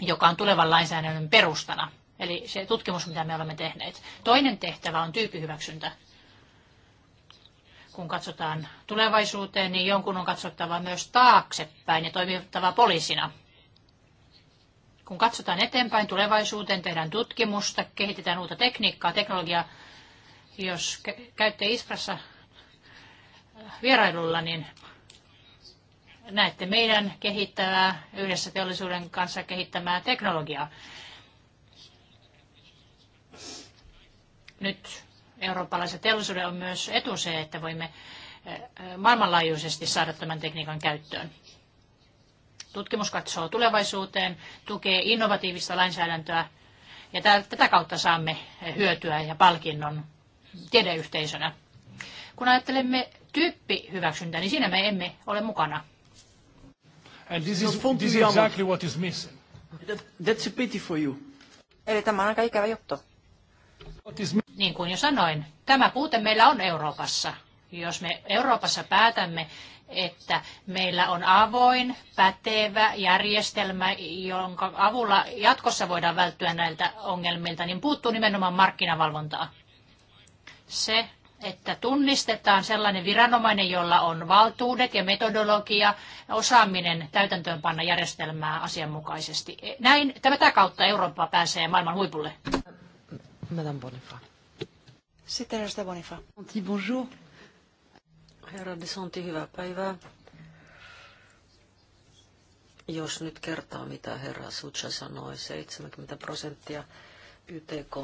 joka on tulevan lainsäädännön perustana. Eli se tutkimus, mitä me olemme tehneet. Toinen tehtävä on tyyppihyväksyntä. Kun katsotaan tulevaisuuteen, niin jonkun on katsottava myös taaksepäin ja toimittava poliisina. Kun katsotaan eteenpäin tulevaisuuteen, tehdään tutkimusta, kehitetään uutta tekniikkaa, teknologiaa. Jos käytte Isprassa vierailulla, niin näette meidän kehittävää, yhdessä teollisuuden kanssa kehittämää teknologiaa. Nyt eurooppalaisen teollisuuden on myös etu se, että voimme maailmanlaajuisesti saada tämän tekniikan käyttöön. Tutkimus katsoo tulevaisuuteen, tukee innovatiivista lainsäädäntöä ja tätä kautta saamme hyötyä ja palkinnon tiedeyhteisönä. Kun ajattelemme tyyppihyväksyntää, niin siinä me emme ole mukana. And this is, this is exactly what is missing. That, that's a pity for you. Eli tämä on aika ikävä juttu. Niin kuin jo sanoin, tämä puute meillä on Euroopassa. Jos me Euroopassa päätämme, että meillä on avoin, pätevä järjestelmä, jonka avulla jatkossa voidaan välttyä näiltä ongelmilta, niin puuttuu nimenomaan markkinavalvontaa. Se että tunnistetaan sellainen viranomainen, jolla on valtuudet ja metodologia, osaaminen täytäntöönpanna järjestelmää asianmukaisesti. E, näin tätä kautta Eurooppa pääsee maailman huipulle. Madame Bonifa. Sitten edustaja Bonifa. Bonjour. Herra Desonti, hyvää päivää. Jos nyt kertaa, mitä herra Sucha sanoi, 70 prosenttia YTK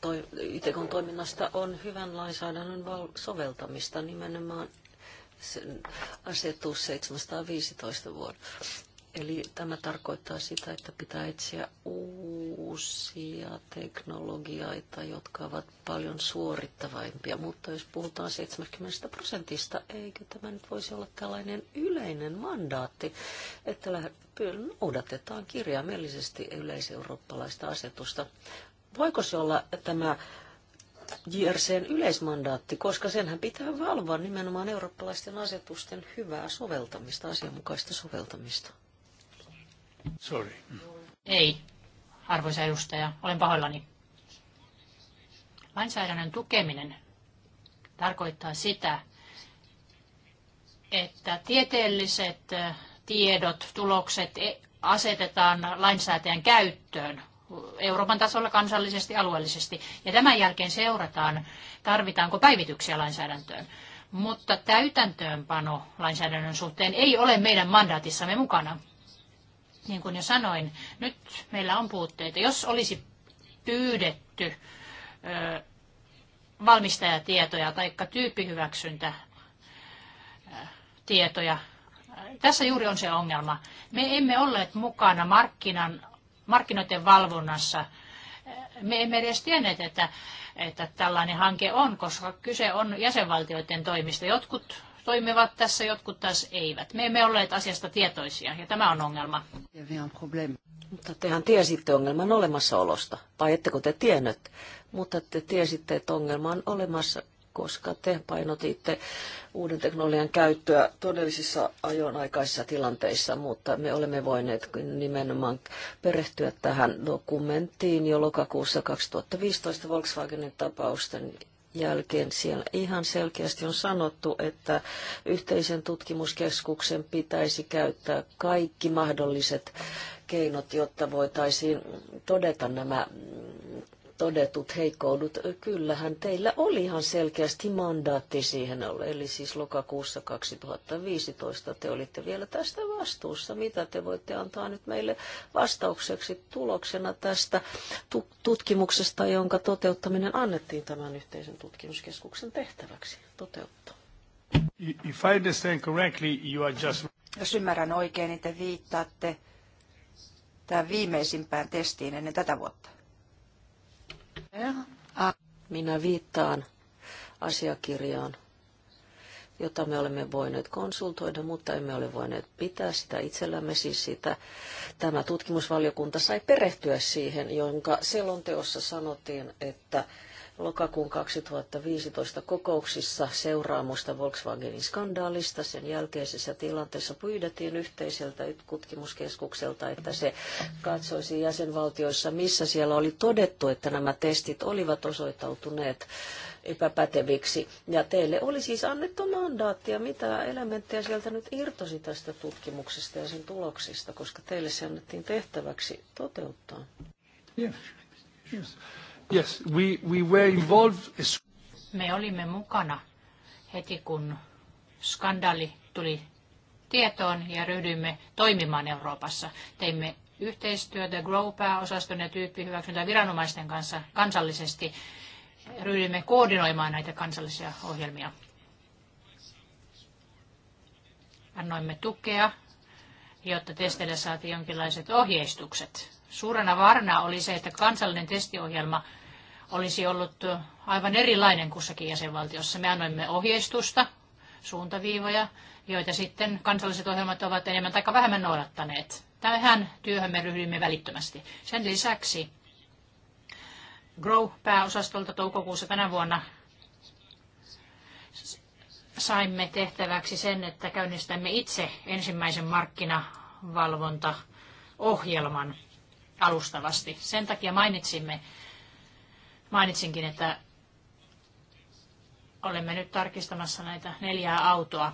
toi, Itekon toiminnasta on hyvän lainsäädännön soveltamista nimenomaan asetus 715 vuonna. Eli tämä tarkoittaa sitä, että pitää etsiä uusia teknologioita, jotka ovat paljon suorittavaimpia. Mutta jos puhutaan 70 prosentista, eikö tämä nyt voisi olla tällainen yleinen mandaatti, että noudatetaan kirjaimellisesti yleiseurooppalaista asetusta voiko se olla tämä JRCn yleismandaatti, koska senhän pitää valvoa nimenomaan eurooppalaisten asetusten hyvää soveltamista, asianmukaista soveltamista. Sorry. Ei, arvoisa edustaja, olen pahoillani. Lainsäädännön tukeminen tarkoittaa sitä, että tieteelliset tiedot, tulokset e- asetetaan lainsäätäjän käyttöön Euroopan tasolla, kansallisesti, alueellisesti. Ja tämän jälkeen seurataan, tarvitaanko päivityksiä lainsäädäntöön. Mutta täytäntöönpano lainsäädännön suhteen ei ole meidän mandaatissamme mukana. Niin kuin jo sanoin, nyt meillä on puutteita. Jos olisi pyydetty ö, valmistajatietoja tai tyyppihyväksyntä tietoja. Tässä juuri on se ongelma. Me emme olleet mukana markkinan markkinoiden valvonnassa. Me emme edes tienneet, että, että tällainen hanke on, koska kyse on jäsenvaltioiden toimista. Jotkut toimivat tässä, jotkut taas eivät. Me emme olleet asiasta tietoisia ja tämä on ongelma. Mutta tehän tiesitte ongelman olemassaolosta, vai ettekö te tiennyt, mutta te tiesitte, että ongelma on olemassa koska te painotitte uuden teknologian käyttöä todellisissa ajonaikaisissa tilanteissa, mutta me olemme voineet nimenomaan perehtyä tähän dokumenttiin jo lokakuussa 2015 Volkswagenin tapausten jälkeen siellä ihan selkeästi on sanottu, että yhteisen tutkimuskeskuksen pitäisi käyttää kaikki mahdolliset keinot, jotta voitaisiin todeta nämä todetut heikkoudut, kyllähän teillä oli ihan selkeästi mandaatti siihen, eli siis lokakuussa 2015 te olitte vielä tästä vastuussa. Mitä te voitte antaa nyt meille vastaukseksi tuloksena tästä tutkimuksesta, jonka toteuttaminen annettiin tämän yhteisen tutkimuskeskuksen tehtäväksi toteuttaa? If I understand correctly, you are just... Jos ymmärrän oikein, niin te viittaatte tämän viimeisimpään testiin ennen tätä vuotta. Minä viittaan asiakirjaan, jota me olemme voineet konsultoida, mutta emme ole voineet pitää sitä itsellämme. Siis sitä, tämä tutkimusvaliokunta sai perehtyä siihen, jonka selonteossa sanottiin, että lokakuun 2015 kokouksissa seuraamusta Volkswagenin skandaalista. Sen jälkeisessä tilanteessa pyydettiin yhteiseltä tutkimuskeskukselta, että se katsoisi jäsenvaltioissa, missä siellä oli todettu, että nämä testit olivat osoittautuneet epäpäteviksi. Ja teille oli siis annettu ja mitä elementtejä sieltä nyt irtosi tästä tutkimuksesta ja sen tuloksista, koska teille se annettiin tehtäväksi toteuttaa. Yes, we, we were involved. Me olimme mukana heti kun skandaali tuli tietoon ja ryhdyimme toimimaan Euroopassa. Teimme yhteistyötä Grow-pääosaston ja tyyppihyväksyntä viranomaisten kanssa kansallisesti. Ryhdyimme koordinoimaan näitä kansallisia ohjelmia. Annoimme tukea, jotta testeille saatiin jonkinlaiset ohjeistukset. Suurena varna oli se, että kansallinen testiohjelma – olisi ollut aivan erilainen kussakin jäsenvaltiossa. Me annoimme ohjeistusta, suuntaviivoja, joita sitten kansalliset ohjelmat ovat enemmän tai vähemmän noudattaneet. Tähän työhön me ryhdyimme välittömästi. Sen lisäksi Grow-pääosastolta toukokuussa tänä vuonna saimme tehtäväksi sen, että käynnistämme itse ensimmäisen markkinavalvontaohjelman alustavasti. Sen takia mainitsimme Mainitsinkin, että olemme nyt tarkistamassa näitä neljää autoa.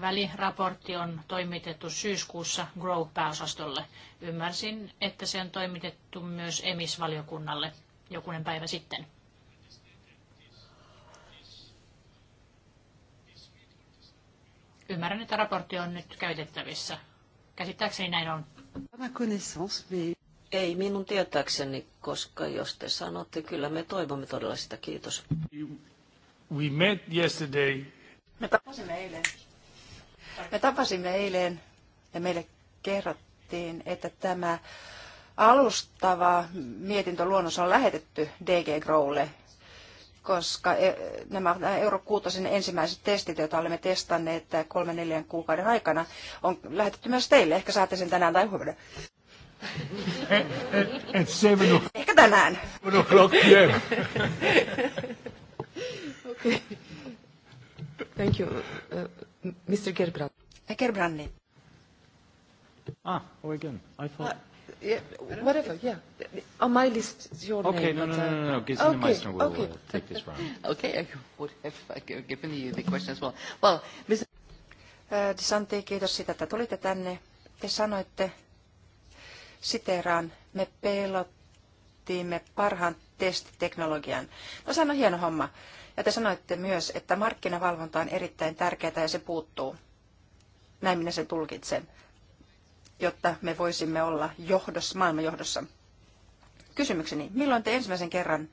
Väliraportti on toimitettu syyskuussa Grow-pääosastolle. Ymmärsin, että se on toimitettu myös emisvaliokunnalle jokunen päivä sitten. Ymmärrän, että raportti on nyt käytettävissä. Käsittääkseni näin on. Ei minun tietääkseni, koska jos te sanotte, kyllä me toivomme todella sitä. Kiitos. We met yesterday. Me tapasimme eilen. Me tapasimme eilen ja meille kerrottiin, että tämä alustava mietintöluonnos on lähetetty DG Growlle, koska e- nämä Euro 6 ensimmäiset testit, joita olemme testanneet kolmen neljän kuukauden aikana, on lähetetty myös teille. Ehkä saatte sen tänään tai huomenna at, at, at seven o'clock. Ehkä tänään. Seven o'clock p.m. okay. Thank you. Uh, Mr. Gerbrand. Gerbrandi. Ah, oh again. I thought... Uh, yeah, whatever, yeah. On my list, it's your okay, name. Okay, no, no, no, no, no, no. Gesine okay, Meissner will uh, okay. uh, take this round. okay, I would have uh, given you the question as well. Well, Mr. Uh, Santi, kiitos siitä, että tulitte tänne. Te sanoitte, siteraan, me peilottiimme parhaan testiteknologian. No sehän on hieno homma. Ja te sanoitte myös, että markkinavalvonta on erittäin tärkeää ja se puuttuu. Näin minä sen tulkitsen, jotta me voisimme olla johdossa, maailman johdossa. Kysymykseni, milloin te ensimmäisen kerran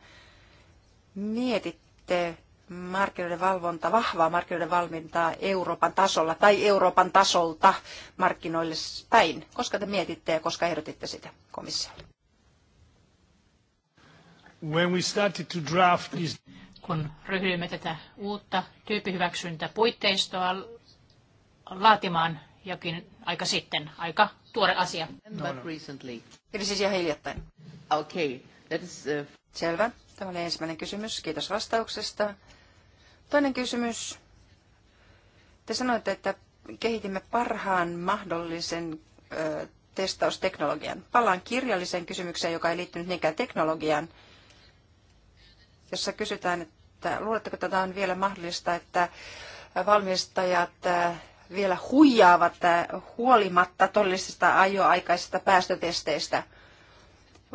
mietitte markkinoiden valvonta, vahvaa markkinoiden valvontaa Euroopan tasolla tai Euroopan tasolta markkinoille päin? Koska te mietitte ja koska ehdotitte sitä komissiolle? When we started to draft this... Kun ryhdyimme tätä uutta tyyppihyväksyntäpuitteistoa laatimaan jokin aika sitten, aika tuore asia. Eli siis ihan hiljattain. Okay. That is, uh... Selvä. Tämä oli ensimmäinen kysymys. Kiitos vastauksesta. Toinen kysymys. Te sanoitte, että kehitimme parhaan mahdollisen ö, testausteknologian. Palaan kirjalliseen kysymykseen, joka ei liittynyt niinkään teknologiaan, jossa kysytään, että luuletteko tätä on vielä mahdollista, että valmistajat vielä huijaavat huolimatta todellisista ajoaikaisista päästötesteistä –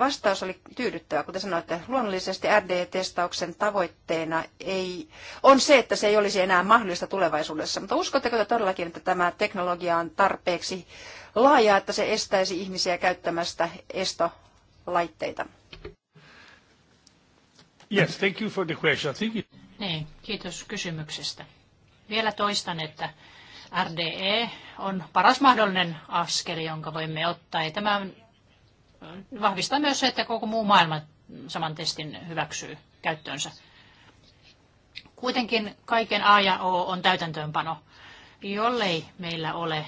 Vastaus oli tyydyttävä, kuten sanoitte. Luonnollisesti RD-testauksen e tavoitteena ei, on se, että se ei olisi enää mahdollista tulevaisuudessa. Mutta uskotteko te todellakin, että tämä teknologia on tarpeeksi laaja, että se estäisi ihmisiä käyttämästä estolaitteita? Yes, thank you for the question. Thank you. Niin, kiitos kysymyksestä. Vielä toistan, että RDE on paras mahdollinen askel, jonka voimme ottaa. Ja tämä on vahvistaa myös se, että koko muu maailma saman testin hyväksyy käyttöönsä. Kuitenkin kaiken A ja O on täytäntöönpano. Jollei meillä ole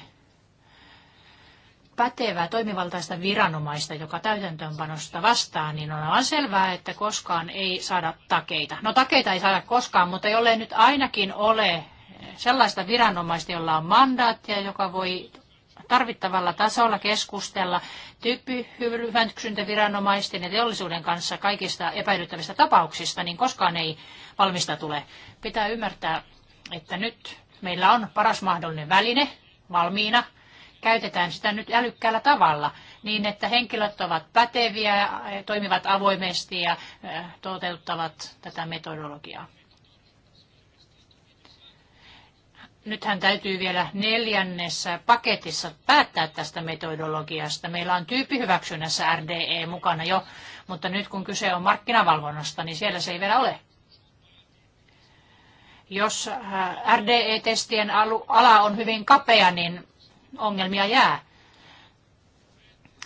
pätevää toimivaltaista viranomaista, joka täytäntöönpanosta vastaa, niin on aivan selvää, että koskaan ei saada takeita. No takeita ei saada koskaan, mutta jollei nyt ainakin ole sellaista viranomaista, jolla on mandaattia, joka voi tarvittavalla tasolla keskustella tyyppihyväksyntäviranomaisten ja teollisuuden kanssa kaikista epäilyttävistä tapauksista, niin koskaan ei valmista tule. Pitää ymmärtää, että nyt meillä on paras mahdollinen väline valmiina. Käytetään sitä nyt älykkäällä tavalla niin, että henkilöt ovat päteviä, toimivat avoimesti ja toteuttavat tätä metodologiaa. nythän täytyy vielä neljännessä paketissa päättää tästä metodologiasta. Meillä on tyyppihyväksynnässä RDE mukana jo, mutta nyt kun kyse on markkinavalvonnasta, niin siellä se ei vielä ole. Jos äh, RDE-testien ala on hyvin kapea, niin ongelmia jää.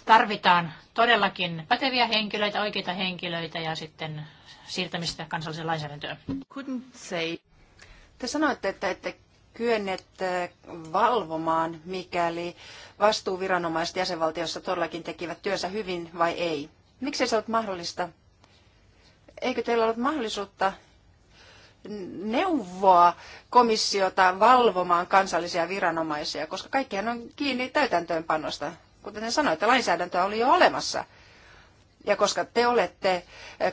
Tarvitaan todellakin päteviä henkilöitä, oikeita henkilöitä ja sitten siirtämistä kansalliseen lainsäädäntöön. Te sanoitte, että ette kyenneet valvomaan, mikäli vastuuviranomaiset jäsenvaltiossa todellakin tekivät työnsä hyvin vai ei? Miksi se ollut mahdollista? Eikö teillä ollut mahdollisuutta neuvoa komissiota valvomaan kansallisia viranomaisia, koska kaikkihan on kiinni täytäntöönpanosta. Kuten sanoitte, lainsäädäntöä oli jo olemassa. Ja koska te olette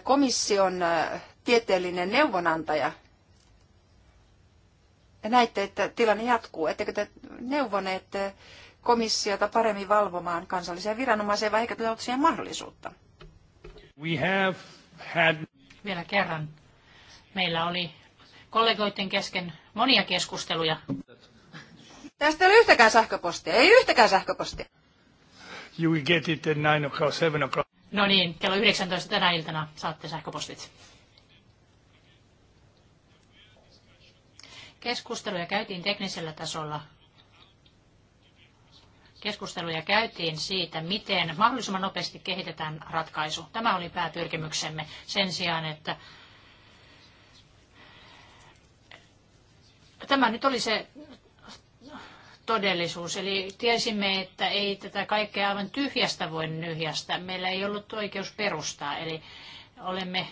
komission tieteellinen neuvonantaja, näitte, että tilanne jatkuu. Ettekö te neuvoneet komissiota paremmin valvomaan kansallisia viranomaisia vai eikö ollut siihen mahdollisuutta? We have had... Vielä kerran. Meillä oli kollegoiden kesken monia keskusteluja. Tästä ei ole yhtäkään sähköpostia. Ei yhtäkään sähköpostia. You will get it at 9 o'clock, 7 o'clock. No niin, kello 19 tänä iltana saatte sähköpostit. Keskusteluja käytiin teknisellä tasolla. Keskusteluja käytiin siitä, miten mahdollisimman nopeasti kehitetään ratkaisu. Tämä oli pääpyrkimyksemme sen sijaan, että tämä nyt oli se todellisuus. Eli tiesimme, että ei tätä kaikkea aivan tyhjästä voi nyhjästä. Meillä ei ollut oikeus perustaa. Eli olemme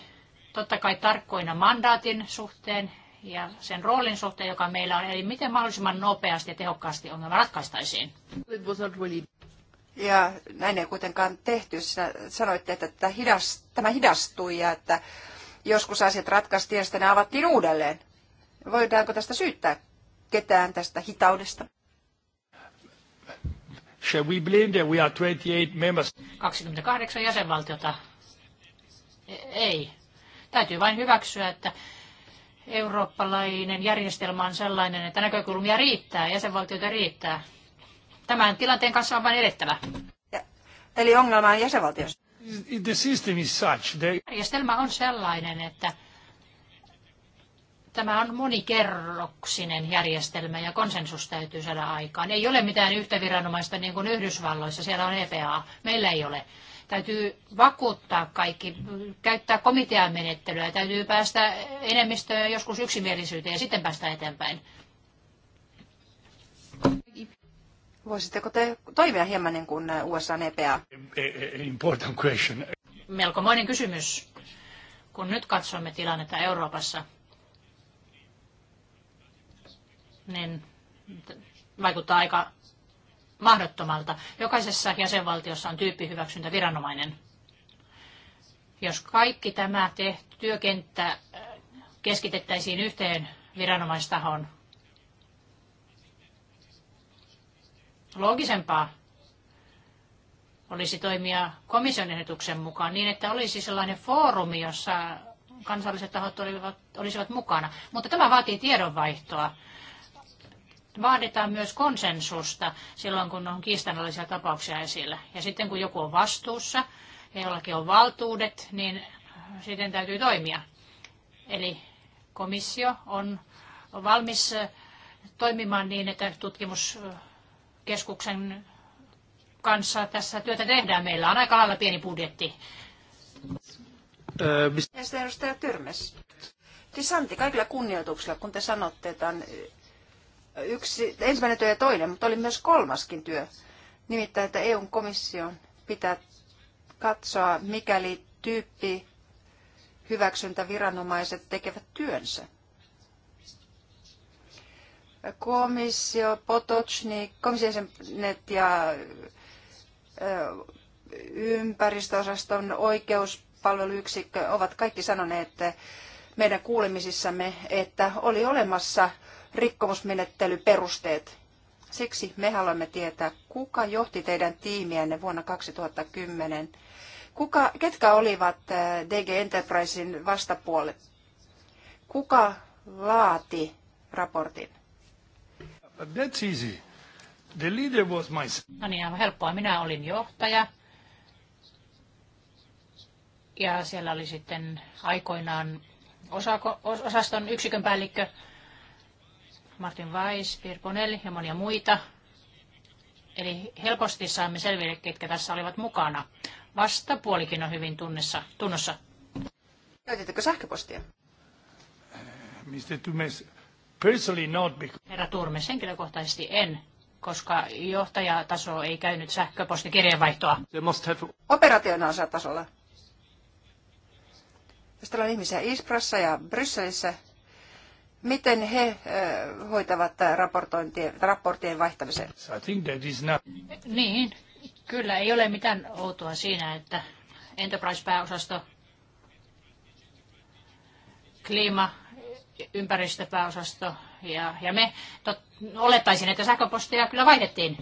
totta kai tarkkoina mandaatin suhteen ja sen roolin suhteen, joka meillä on, eli miten mahdollisimman nopeasti ja tehokkaasti ongelma ratkaistaisiin. Ja näin ei kuitenkaan tehty. Sinä sanoitte, että tämä, hidas, tämä hidastui ja että joskus asiat ratkaistiin ja sitten ne avattiin uudelleen. Voidaanko tästä syyttää ketään tästä hitaudesta? Shall we blame that we are 28 members? 28 jäsenvaltiota. E- ei. Täytyy vain hyväksyä, että eurooppalainen järjestelmä on sellainen, että näkökulmia riittää, jäsenvaltioita riittää. Tämän tilanteen kanssa on vain edettävä. Ja, eli ongelma on jäsenvaltiossa. Mm. The system is such that... Järjestelmä on sellainen, että tämä on monikerroksinen järjestelmä ja konsensus täytyy saada aikaan. Ei ole mitään yhtä viranomaista niin kuin Yhdysvalloissa, siellä on EPA, meillä ei ole. Täytyy vakuuttaa kaikki, käyttää komitean menettelyä, täytyy päästä enemmistöön joskus yksimielisyyteen ja sitten päästä eteenpäin. Voisitteko te toimia hieman niin kuin USA EPA? Important question. Melkomoinen kysymys. Kun nyt katsomme tilannetta Euroopassa, niin vaikuttaa aika mahdottomalta. Jokaisessa jäsenvaltiossa on viranomainen. Jos kaikki tämä työkenttä äh, keskitettäisiin yhteen viranomaistahoon, loogisempaa olisi toimia komission ehdotuksen mukaan niin, että olisi sellainen foorumi, jossa kansalliset tahot olivat, olisivat mukana. Mutta tämä vaatii tiedonvaihtoa vaaditaan myös konsensusta silloin, kun on kiistanalaisia tapauksia esillä. Ja sitten kun joku on vastuussa ja jollakin on valtuudet, niin sitten täytyy toimia. Eli komissio on valmis toimimaan niin, että tutkimuskeskuksen kanssa tässä työtä tehdään. Meillä on aika lailla pieni budjetti. Ää, mistä edustaja Tyrmes? Siis kaikilla kunnioituksilla, kun te sanotte, että on yksi, ensimmäinen työ ja toinen, mutta oli myös kolmaskin työ. Nimittäin, että EUn komission pitää katsoa, mikäli tyyppi hyväksyntäviranomaiset tekevät työnsä. Komissio, Potocnik, komission ja ympäristöosaston oikeuspalveluyksikkö ovat kaikki sanoneet meidän kuulemisissamme, että oli olemassa rikkomusmenettelyperusteet. Siksi me haluamme tietää, kuka johti teidän tiimiänne vuonna 2010. Kuka, ketkä olivat eh, DG Enterprisein vastapuolet? Kuka laati raportin? That's easy. The leader was myself. No niin, aivan helppoa. Minä olin johtaja. Ja siellä oli sitten aikoinaan osako, osaston yksikön päällikkö Martin Weiss, Pierre Bonell ja monia muita. Eli helposti saamme selville, ketkä tässä olivat mukana. Vastapuolikin on hyvin tunnissa, tunnossa. Käytettekö sähköpostia? Mr. Tumes, personally not because... Herra Turmes, henkilökohtaisesti en, koska johtajataso ei käynyt sähköpostikirjeenvaihtoa. Have... Operationaalisella tasolla. Jos täällä on ihmisiä Isprassa ja Brysselissä, miten he eh, hoitavat raportointien, raporttien vaihtamisen? Niin, kyllä ei ole mitään outoa siinä, että Enterprise-pääosasto, klima, ympäristöpääosasto ja, ja me tot, olettaisin, että sähköpostia kyllä vaihdettiin.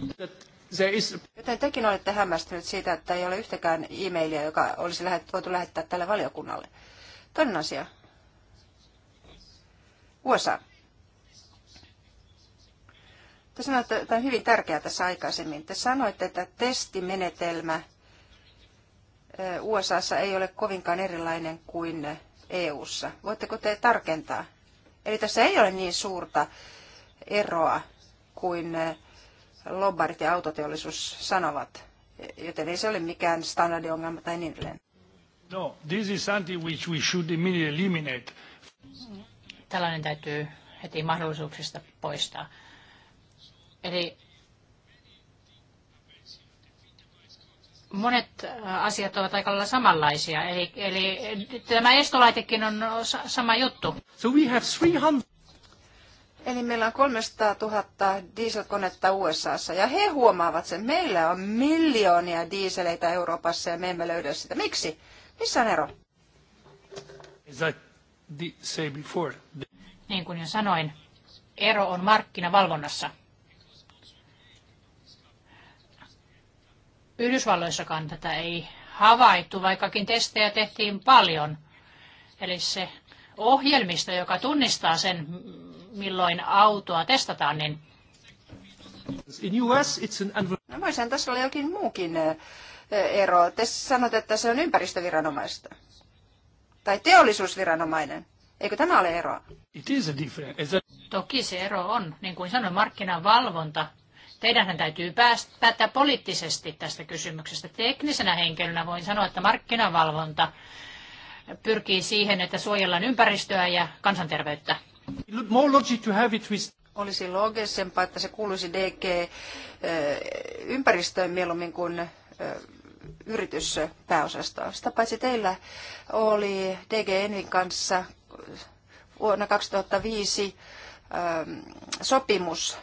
Joten tekin olette hämmästynyt siitä, että ei ole yhtäkään e-mailia, joka olisi lähet, voitu lähettää tälle valiokunnalle. Toinen asia. USA. Te sanoitte, että tämä on hyvin tärkeää tässä aikaisemmin. Te sanoitte, että testimenetelmä USAssa ei ole kovinkaan erilainen kuin EUssa. Voitteko te tarkentaa? Eli tässä ei ole niin suurta eroa kuin lobbarit ja autoteollisuus sanovat, joten ei se ole mikään standardiongelma tai niin edelleen. No, this is something which we should immediately eliminate. Tällainen täytyy heti mahdollisuuksista poistaa. Eli monet äh, asiat ovat aika lailla samanlaisia. Eli, eli tämä estolaitekin on sama juttu. So we have 300... Eli meillä on 300 000 dieselkonetta USAssa ja he huomaavat sen. Meillä on miljoonia dieseleitä Euroopassa ja me emme löydä sitä. Miksi? Missä on ero? Is that say before. Niin kuin jo sanoin, ero on markkinavalvonnassa. Yhdysvalloissakaan tätä ei havaittu, vaikkakin testejä tehtiin paljon. Eli se ohjelmisto, joka tunnistaa sen, milloin autoa testataan, niin In US it's an... No voisihan tässä olla jokin muukin ero. Te sanotte, että se on ympäristöviranomaista tai teollisuusviranomainen. Eikö tämä ole eroa? It is a Is That... Toki se ero on. Niin kuin sanoin, markkinavalvonta. Teidänhän täytyy päästä, päättää poliittisesti tästä kysymyksestä. Teknisenä henkilönä voin sanoa, että markkinavalvonta pyrkii siihen, että suojellaan ympäristöä ja kansanterveyttä. More logic to have it with... Olisi loogisempaa, että se kuuluisi DG ympäristöön mieluummin kuin yrityspääosastoa. Sitä paitsi teillä oli DG kanssa vuonna 2005 ähm, sopimus,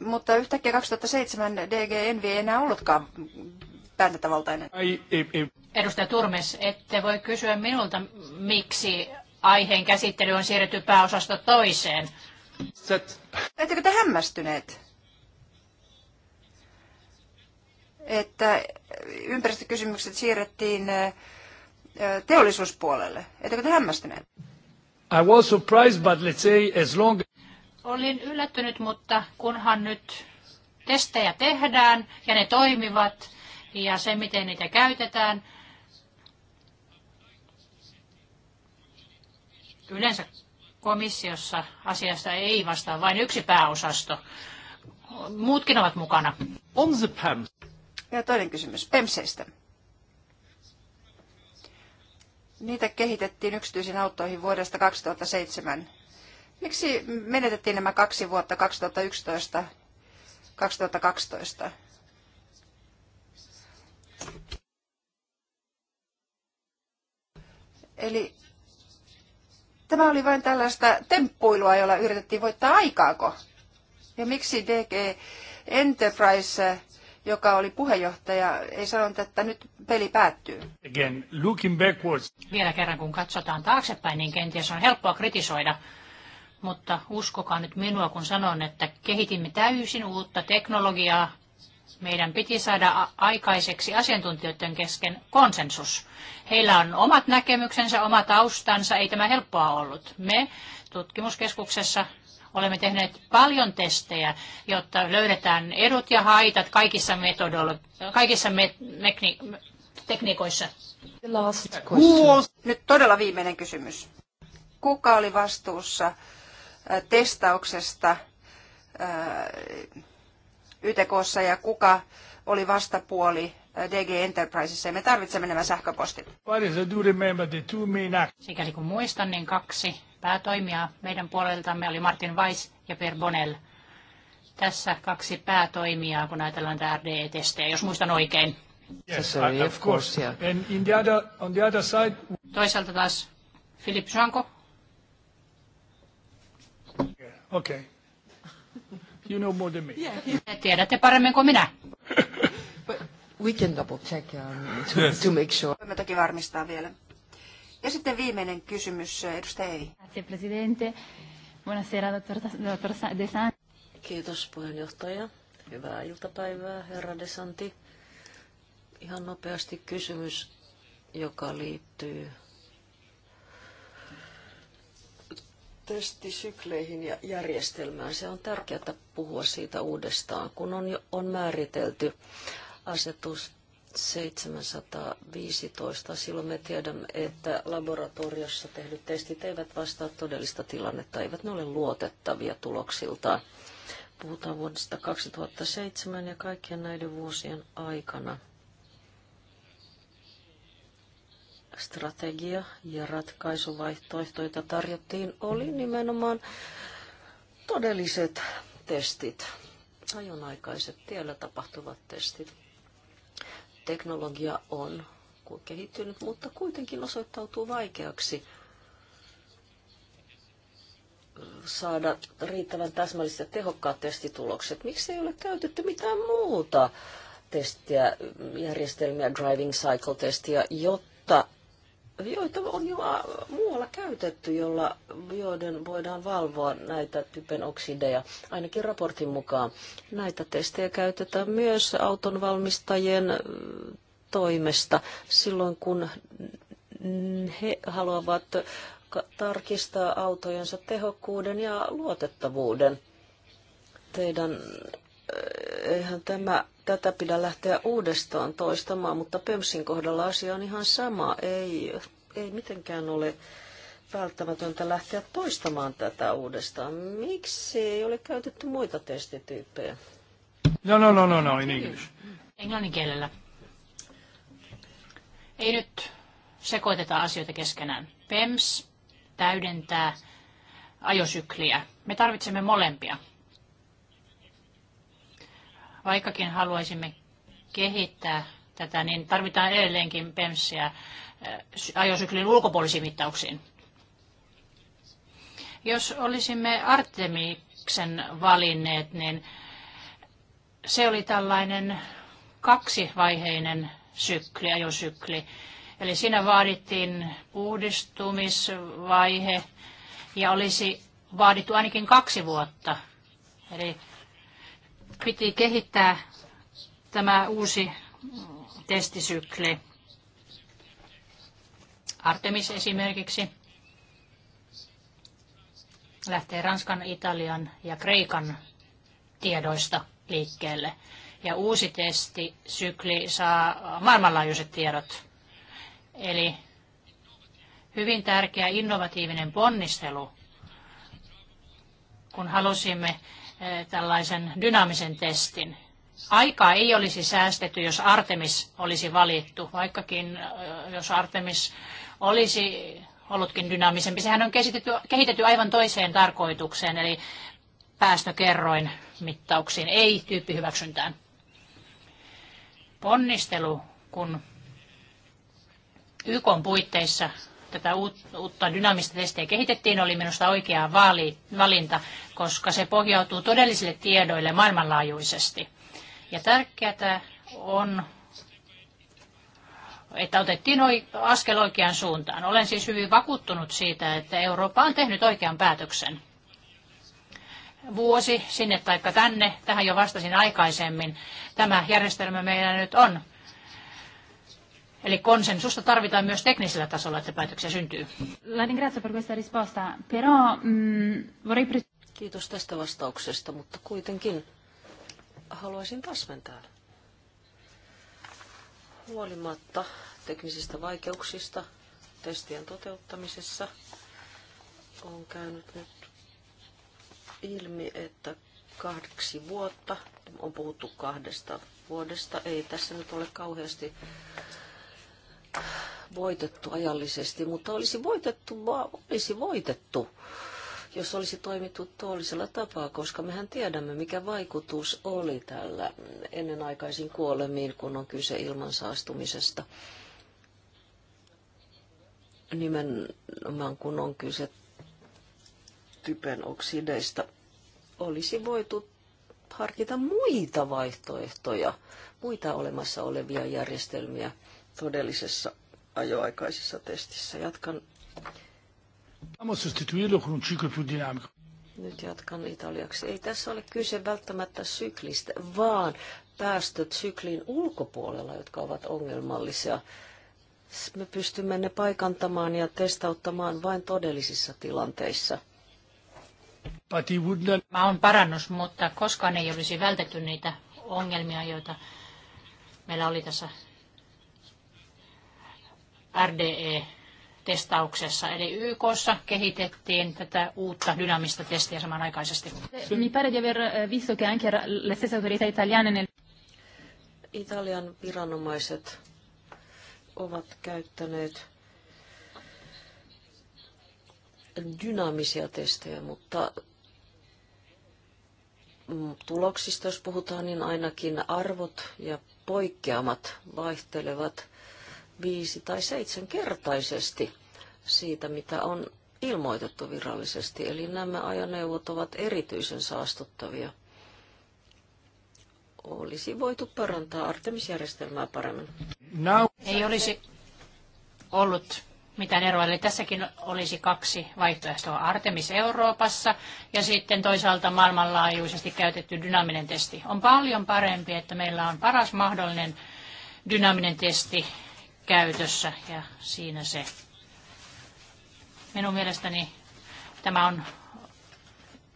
mutta yhtäkkiä 2007 DG Envi ei enää ollutkaan päätäntävaltainen. Edustaja Turmes, ette voi kysyä minulta, miksi aiheen käsittely on siirretty pääosasta toiseen. Set. Ettekö te hämmästyneet? että ympäristökysymykset siirrettiin teollisuuspuolelle. Ettekö te hämmästyneet? I was surprised, but let's say as long... Olin yllättynyt, mutta kunhan nyt testejä tehdään ja ne toimivat ja se, miten niitä käytetään, yleensä komissiossa asiasta ei vastaa vain yksi pääosasto. Muutkin ovat mukana. On the ja toinen kysymys PEMSeistä. Niitä kehitettiin yksityisiin autoihin vuodesta 2007. Miksi menetettiin nämä kaksi vuotta 2011 2012? Eli tämä oli vain tällaista temppuilua, jolla yritettiin voittaa aikaako? Ja miksi DG Enterprise joka oli puheenjohtaja, ei sanonut, että nyt peli päättyy. Again, looking backwards. Vielä kerran, kun katsotaan taaksepäin, niin kenties on helppoa kritisoida. Mutta uskokaa nyt minua, kun sanon, että kehitimme täysin uutta teknologiaa. Meidän piti saada aikaiseksi asiantuntijoiden kesken konsensus. Heillä on omat näkemyksensä, oma taustansa, ei tämä helppoa ollut. Me tutkimuskeskuksessa Olemme tehneet paljon testejä, jotta löydetään edut ja haitat kaikissa, metodolo- kaikissa me- mekni- tekniikoissa. Nyt todella viimeinen kysymys. Kuka oli vastuussa äh, testauksesta äh, YTKssa ja kuka oli vastapuoli äh, DG Enterprisessa ja me tarvitsemme nämä sähköpostit. Sikäli kun muistan, niin kaksi Päätoimia meidän puoleltamme oli Martin Weiss ja Per Bonell. Tässä kaksi päätoimijaa, kun ajatellaan tätä RDE-testejä, jos muistan oikein. Yes, I, of course, And in the other, on the other side... Toisaalta taas Philip Janko. Yeah, okay. You know more than me. Yeah. Tiedätte paremmin kuin minä. We can double check um, to, yes. to make sure. Me toki varmistaa vielä. Ja sitten viimeinen kysymys, eh, edustaja Evi. Buonasera, dottor De Santi. Kiitos puheenjohtaja. Hyvää iltapäivää, herra De Santi. Ihan nopeasti kysymys, joka liittyy testisykleihin ja järjestelmään. Se on tärkeää puhua siitä uudestaan, kun on, jo, on määritelty asetus 715. Silloin me tiedämme, että laboratoriossa tehdyt testit eivät vastaa todellista tilannetta, eivät ne ole luotettavia tuloksiltaan. Puhutaan vuodesta 2007 ja kaikkien näiden vuosien aikana. Strategia ja ratkaisuvaihtoehtoita tarjottiin oli nimenomaan todelliset testit, ajonaikaiset tiellä tapahtuvat testit teknologia on kehittynyt, mutta kuitenkin osoittautuu vaikeaksi saada riittävän täsmälliset ja tehokkaat testitulokset. Miksi ei ole käytetty mitään muuta testiä, järjestelmiä, driving cycle-testiä, jotta joita on jo äh, muualla käytetty, jolla, joiden voidaan valvoa näitä typen oksideja, ainakin raportin mukaan. Näitä testejä käytetään myös auton valmistajien äh, toimesta silloin, kun he haluavat tarkistaa autojensa tehokkuuden ja luotettavuuden. Teidän, äh, eihän tämä tätä pidä lähteä uudestaan toistamaan, mutta Pömsin kohdalla asia on ihan sama. Ei, ei mitenkään ole välttämätöntä lähteä toistamaan tätä uudestaan. Miksi ei ole käytetty muita testityyppejä? No, no, no, no, no, in English. Englannin kielellä. Ei nyt sekoiteta asioita keskenään. PEMS täydentää ajosykliä. Me tarvitsemme molempia. Vaikkakin haluaisimme kehittää tätä, niin tarvitaan edelleenkin PEMSiä äh, ajosyklin ulkopuolisiin mittauksiin. Jos olisimme Artemiksen valinneet, niin se oli tällainen kaksivaiheinen sykli, ajosykli. Eli siinä vaadittiin puhdistumisvaihe ja olisi vaadittu ainakin kaksi vuotta. Eli piti kehittää tämä uusi testisykli. Artemis esimerkiksi lähtee Ranskan, Italian ja Kreikan tiedoista liikkeelle. Ja uusi testisykli saa maailmanlaajuiset tiedot. Eli hyvin tärkeä innovatiivinen ponnistelu, kun halusimme tällaisen dynaamisen testin. Aikaa ei olisi säästetty, jos Artemis olisi valittu, vaikkakin jos Artemis olisi ollutkin dynaamisempi. Sehän on kehitetty, kehitetty aivan toiseen tarkoitukseen, eli päästökerroin mittauksiin, ei tyyppihyväksyntään. Ponnistelu, kun YK puitteissa tätä uutta dynaamista testiä kehitettiin, oli minusta oikea vaali, valinta, koska se pohjautuu todellisille tiedoille maailmanlaajuisesti. Ja tärkeää on, että otettiin askel oikeaan suuntaan. Olen siis hyvin vakuuttunut siitä, että Eurooppa on tehnyt oikean päätöksen. Vuosi sinne tai tänne, tähän jo vastasin aikaisemmin. Tämä järjestelmä meillä nyt on Eli konsensusta tarvitaan myös teknisellä tasolla, että päätöksiä syntyy. La ringrazio per questa risposta, però mm, Kiitos tästä vastauksesta, mutta kuitenkin haluaisin täsmentää. Huolimatta teknisistä vaikeuksista testien toteuttamisessa on käynyt nyt ilmi, että kahdeksi vuotta, on puhuttu kahdesta vuodesta, ei tässä nyt ole kauheasti voitettu ajallisesti, mutta olisi voitettu, olisi voitettu, jos olisi toimittu toisella tapaa, koska mehän tiedämme, mikä vaikutus oli tällä ennenaikaisin kuolemiin, kun on kyse ilmansaastumisesta. Nimenomaan kun on kyse typen oksideista, olisi voitu harkita muita vaihtoehtoja, muita olemassa olevia järjestelmiä todellisessa ajoaikaisessa testissä. Jatkan. Nyt jatkan italiaksi. Ei tässä ole kyse välttämättä syklistä, vaan päästöt syklin ulkopuolella, jotka ovat ongelmallisia. Me pystymme ne paikantamaan ja testauttamaan vain todellisissa tilanteissa. Tämä on parannus, mutta koskaan ei olisi vältetty niitä ongelmia, joita meillä oli tässä RDE-testauksessa, eli YKssa kehitettiin tätä uutta dynaamista testiä samanaikaisesti. Mi pare di aver eh, visto che anche le stesse autorità italiane nel... Italian viranomaiset ovat käyttäneet dynaamisia testejä, mutta mm, tuloksista, jos puhutaan, niin ainakin arvot ja poikkeamat vaihtelevat – viisi tai seitsemänkertaisesti siitä, mitä on ilmoitettu virallisesti. Eli nämä ajoneuvot ovat erityisen saastuttavia. Olisi voitu parantaa Artemis-järjestelmää paremmin. Now. Ei olisi ollut mitään eroa. Eli tässäkin olisi kaksi vaihtoehtoa. Artemis Euroopassa ja sitten toisaalta maailmanlaajuisesti käytetty dynaaminen testi. On paljon parempi, että meillä on paras mahdollinen dynaaminen testi käytössä ja siinä se. Minun mielestäni tämä on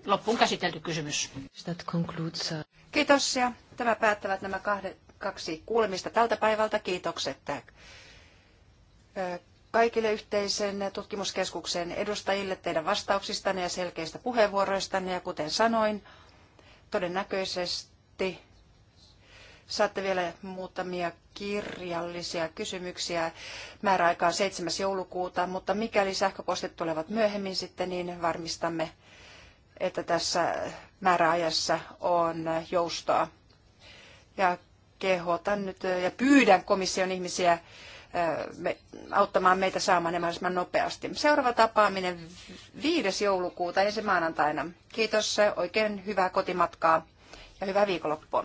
loppuun käsitelty kysymys. Uh, Kiitos ja tämä päättävät nämä kahde, kaksi kuulemista tältä päivältä. Kiitokset uh, kaikille yhteisen tutkimuskeskuksen edustajille teidän vastauksistanne ja selkeistä puheenvuoroistanne. Ja kuten sanoin, todennäköisesti Saatte vielä muutamia kirjallisia kysymyksiä määräaikaa 7. joulukuuta, mutta mikäli sähköpostit tulevat myöhemmin sitten, niin varmistamme, että tässä määräajassa on joustoa. Ja kehotan nyt ja pyydän komission ihmisiä auttamaan meitä saamaan ne mahdollisimman nopeasti. Seuraava tapaaminen 5. joulukuuta ensi maanantaina. Kiitos, oikein hyvää kotimatkaa ja hyvää viikonloppua.